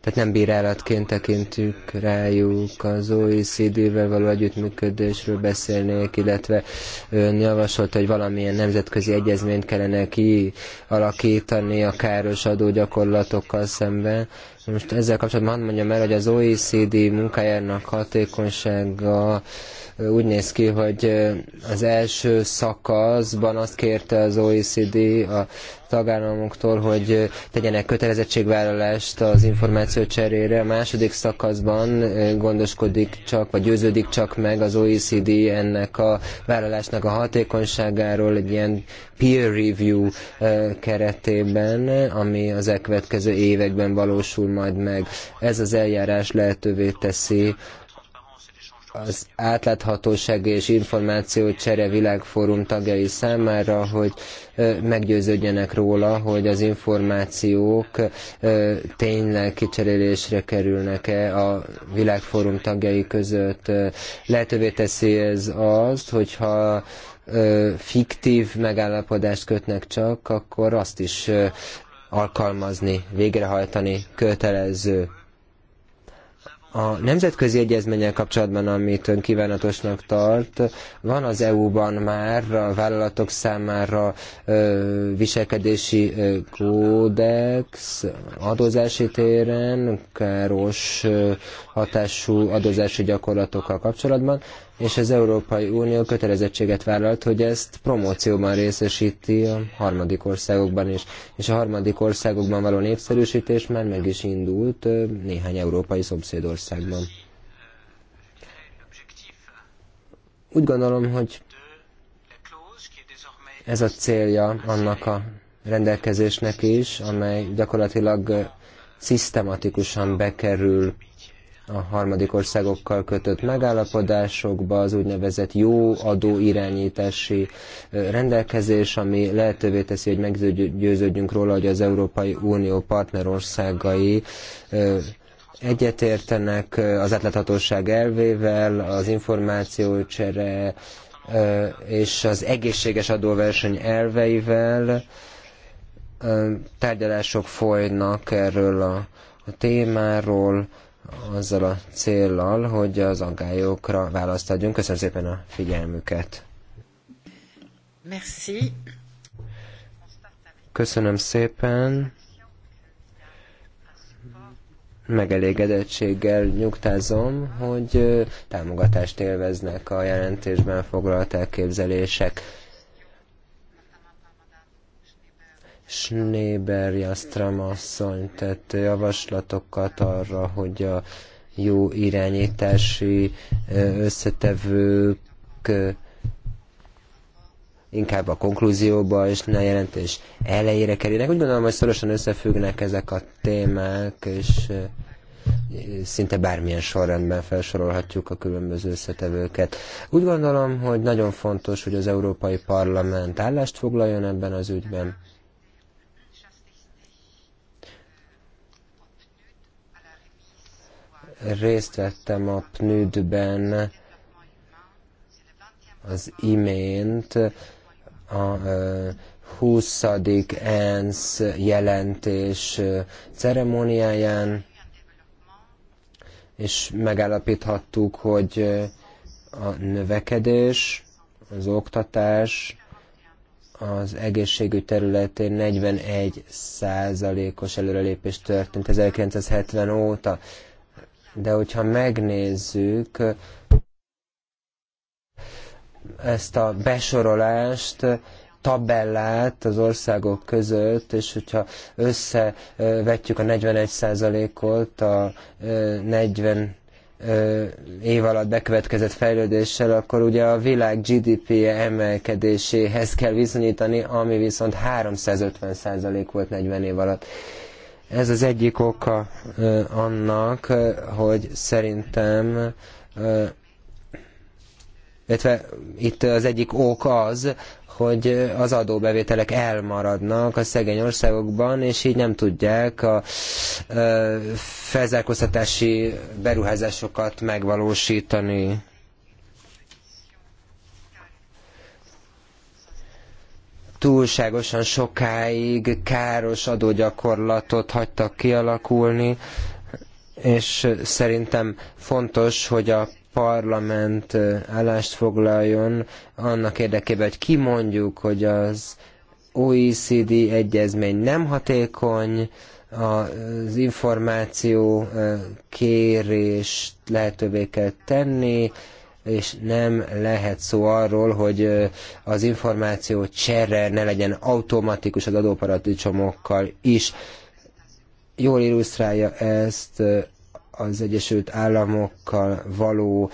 tehát nem bírálatként tekintjük rájuk az OECD-vel való együttműködésről beszélnék, illetve ön javasolt, hogy valamilyen nemzetközi egyezményt kellene kialakítani a káros adógyakorlatokkal szemben. Most ezzel kapcsolatban mondjam el, hogy az OECD munkájának hatékonysága úgy néz ki, hogy az első szakaszban azt kérte az OECD a tagállamoktól, hogy tegyenek kötelezettségvállalást az információ cserére. A második szakaszban gondoskodik csak, vagy győződik csak meg az OECD ennek a vállalásnak a hatékonyságáról egy ilyen peer review keretében, ami az elkövetkező években valósul majd meg. Ez az eljárás lehetővé teszi az átláthatóság és információcsere világfórum tagjai számára, hogy meggyőződjenek róla, hogy az információk tényleg kicserélésre kerülnek-e a világfórum tagjai között. Lehetővé teszi ez azt, hogyha fiktív megállapodást kötnek csak, akkor azt is alkalmazni, végrehajtani kötelező a nemzetközi egyezménnyel kapcsolatban, amit ön kívánatosnak tart, van az EU-ban már a vállalatok számára ö, viselkedési ö, kódex, adózási téren, káros ö, hatású adózási gyakorlatokkal kapcsolatban és az Európai Unió kötelezettséget vállalt, hogy ezt promócióban részesíti a harmadik országokban is. És a harmadik országokban való népszerűsítés már meg is indult néhány európai szomszédországban. Úgy gondolom, hogy ez a célja annak a rendelkezésnek is, amely gyakorlatilag szisztematikusan bekerül a harmadik országokkal kötött megállapodásokba az úgynevezett jó adó irányítási rendelkezés, ami lehetővé teszi, hogy meggyőződjünk róla, hogy az Európai Unió partnerországai egyetértenek az átláthatóság elvével, az információcsere és az egészséges adóverseny elveivel. Tárgyalások folynak erről a témáról azzal a céllal, hogy az aggályokra választ adjunk. Köszönöm szépen a figyelmüket. Merci. Köszönöm szépen. Megelégedettséggel nyugtázom, hogy támogatást élveznek a jelentésben foglalt elképzelések. Schneeberg Jastram asszony tett javaslatokat arra, hogy a jó irányítási összetevők inkább a konklúzióba és ne a jelentés elejére kerülnek. Úgy gondolom, hogy szorosan összefüggnek ezek a témák, és szinte bármilyen sorrendben felsorolhatjuk a különböző összetevőket. Úgy gondolom, hogy nagyon fontos, hogy az Európai Parlament állást foglaljon ebben az ügyben. részt vettem a PNUD-ben az imént a 20. ENSZ jelentés ceremóniáján, és megállapíthattuk, hogy a növekedés, az oktatás, az egészségügy területén 41 százalékos előrelépés történt 1970 óta de hogyha megnézzük ezt a besorolást, tabellát az országok között, és hogyha összevetjük a 41%-ot a 40 év alatt bekövetkezett fejlődéssel, akkor ugye a világ GDP-je emelkedéséhez kell viszonyítani, ami viszont 350% volt 40 év alatt. Ez az egyik oka annak, hogy szerintem illetve itt az egyik ok az, hogy az adóbevételek elmaradnak a szegény országokban, és így nem tudják a felzárkóztatási beruházásokat megvalósítani. túlságosan sokáig káros adógyakorlatot hagytak kialakulni, és szerintem fontos, hogy a parlament állást foglaljon annak érdekében, hogy kimondjuk, hogy az OECD egyezmény nem hatékony, az információ kérést lehetővé kell tenni, és nem lehet szó arról, hogy az információ cserre ne legyen automatikus az adóparadicsomokkal is. Jól illusztrálja ezt az Egyesült Államokkal való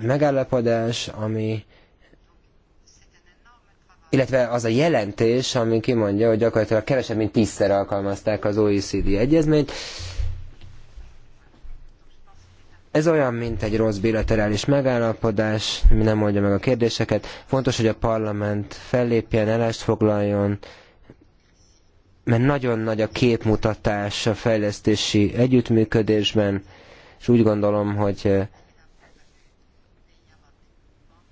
megállapodás, ami illetve az a jelentés, ami kimondja, hogy gyakorlatilag kevesebb, mint tízszer alkalmazták az OECD egyezményt, ez olyan, mint egy rossz bilaterális megállapodás, mi nem oldja meg a kérdéseket. Fontos, hogy a parlament fellépjen, elást foglaljon, mert nagyon nagy a képmutatás a fejlesztési együttműködésben, és úgy gondolom, hogy eh,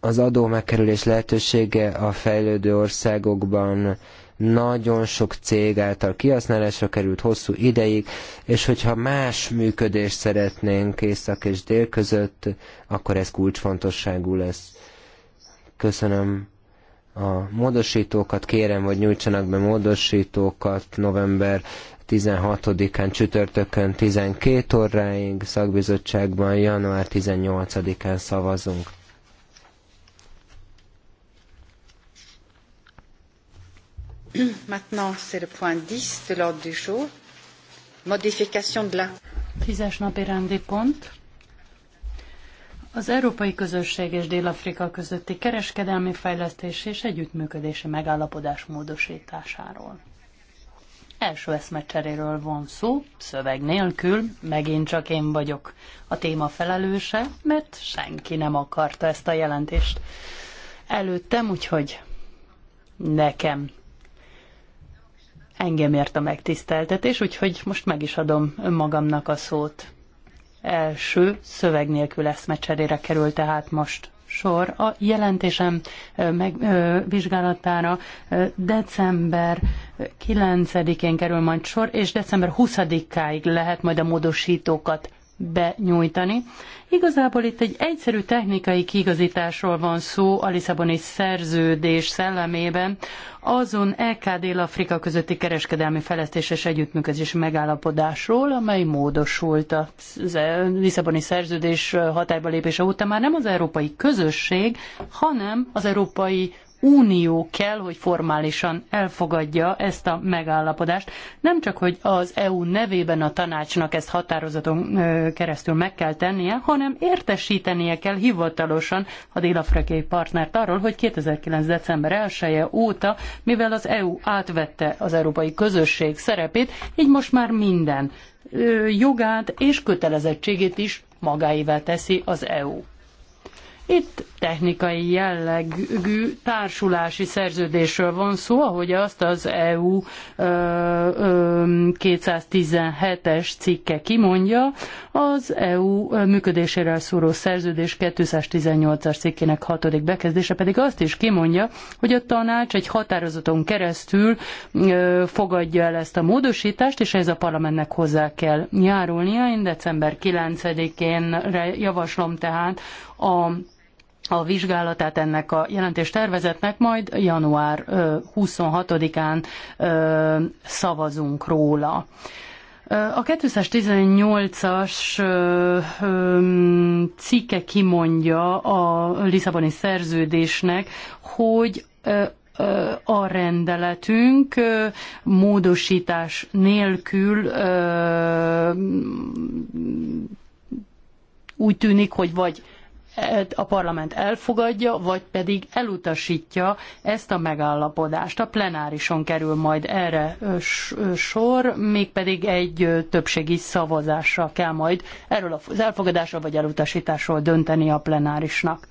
az adó megkerülés lehetősége a fejlődő országokban nagyon sok cég által kihasználásra került hosszú ideig, és hogyha más működést szeretnénk észak és dél között, akkor ez kulcsfontosságú lesz. Köszönöm a módosítókat, kérem, hogy nyújtsanak be módosítókat november 16-án csütörtökön 12 óráig, szakbizottságban január 18-án szavazunk. (clears throat) Maintenant, c'est le point 10 de l'ordre du jour. Modification de la... Az Európai Közösség és Dél-Afrika közötti kereskedelmi fejlesztés és együttműködési megállapodás módosításáról. Első eszmecseréről van szó, szöveg nélkül, megint csak én vagyok a téma felelőse, mert senki nem akarta ezt a jelentést előttem, úgyhogy nekem engem ért a megtiszteltetés, úgyhogy most meg is adom magamnak a szót. Első szöveg nélkül eszmecserére kerül tehát most sor a jelentésem megvizsgálatára december 9-én kerül majd sor, és december 20-áig lehet majd a módosítókat benyújtani. Igazából itt egy egyszerű technikai kigazításról van szó a Lisszaboni szerződés szellemében, azon LK e Dél-Afrika közötti kereskedelmi fejlesztés és megállapodásról, amely módosult a Lisszaboni szerződés hatályba lépése után már nem az európai közösség, hanem az európai Unió kell, hogy formálisan elfogadja ezt a megállapodást. Nem csak, hogy az EU nevében a tanácsnak ezt határozaton keresztül meg kell tennie, hanem értesítenie kell hivatalosan a dél-afrikai partnert arról, hogy 2009. december 1 -e óta, mivel az EU átvette az európai közösség szerepét, így most már minden jogát és kötelezettségét is magáévá teszi az EU. Itt technikai jellegű társulási szerződésről van szó, ahogy azt az EU 217-es cikke kimondja, az EU működéséről szóló szerződés 218-as cikkének hatodik bekezdése pedig azt is kimondja, hogy a tanács egy határozaton keresztül fogadja el ezt a módosítást, és ez a parlamentnek hozzá kell járulnia. Én december 9-én javaslom tehát a a vizsgálatát ennek a jelentés tervezetnek, majd január 26-án szavazunk róla. A 218-as cikke kimondja a Lisszaboni szerződésnek, hogy a rendeletünk módosítás nélkül úgy tűnik, hogy vagy E, a parlament elfogadja, vagy pedig elutasítja ezt a megállapodást. A plenárison kerül majd erre sor, mégpedig egy többségi szavazásra kell majd erről az elfogadásról vagy elutasításról dönteni a plenárisnak.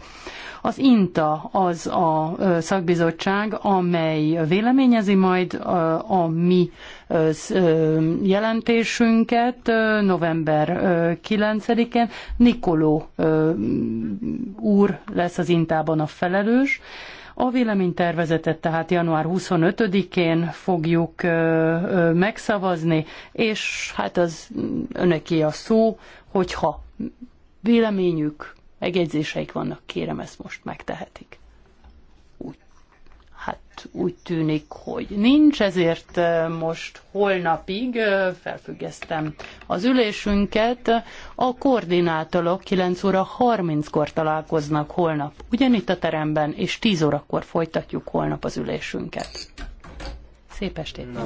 Az INTA az a szakbizottság, amely véleményezi majd a, mi jelentésünket november 9-én. Nikoló úr lesz az Intában a felelős. A véleménytervezetet tehát január 25-én fogjuk megszavazni, és hát az önöki a szó, hogyha véleményük megjegyzéseik vannak, kérem ezt most megtehetik. Úgy, hát úgy tűnik, hogy nincs, ezért most holnapig felfüggesztem az ülésünket. A koordinátorok 9 óra 30-kor találkoznak holnap, ugyanitt a teremben, és 10 órakor folytatjuk holnap az ülésünket. Szép estét! No.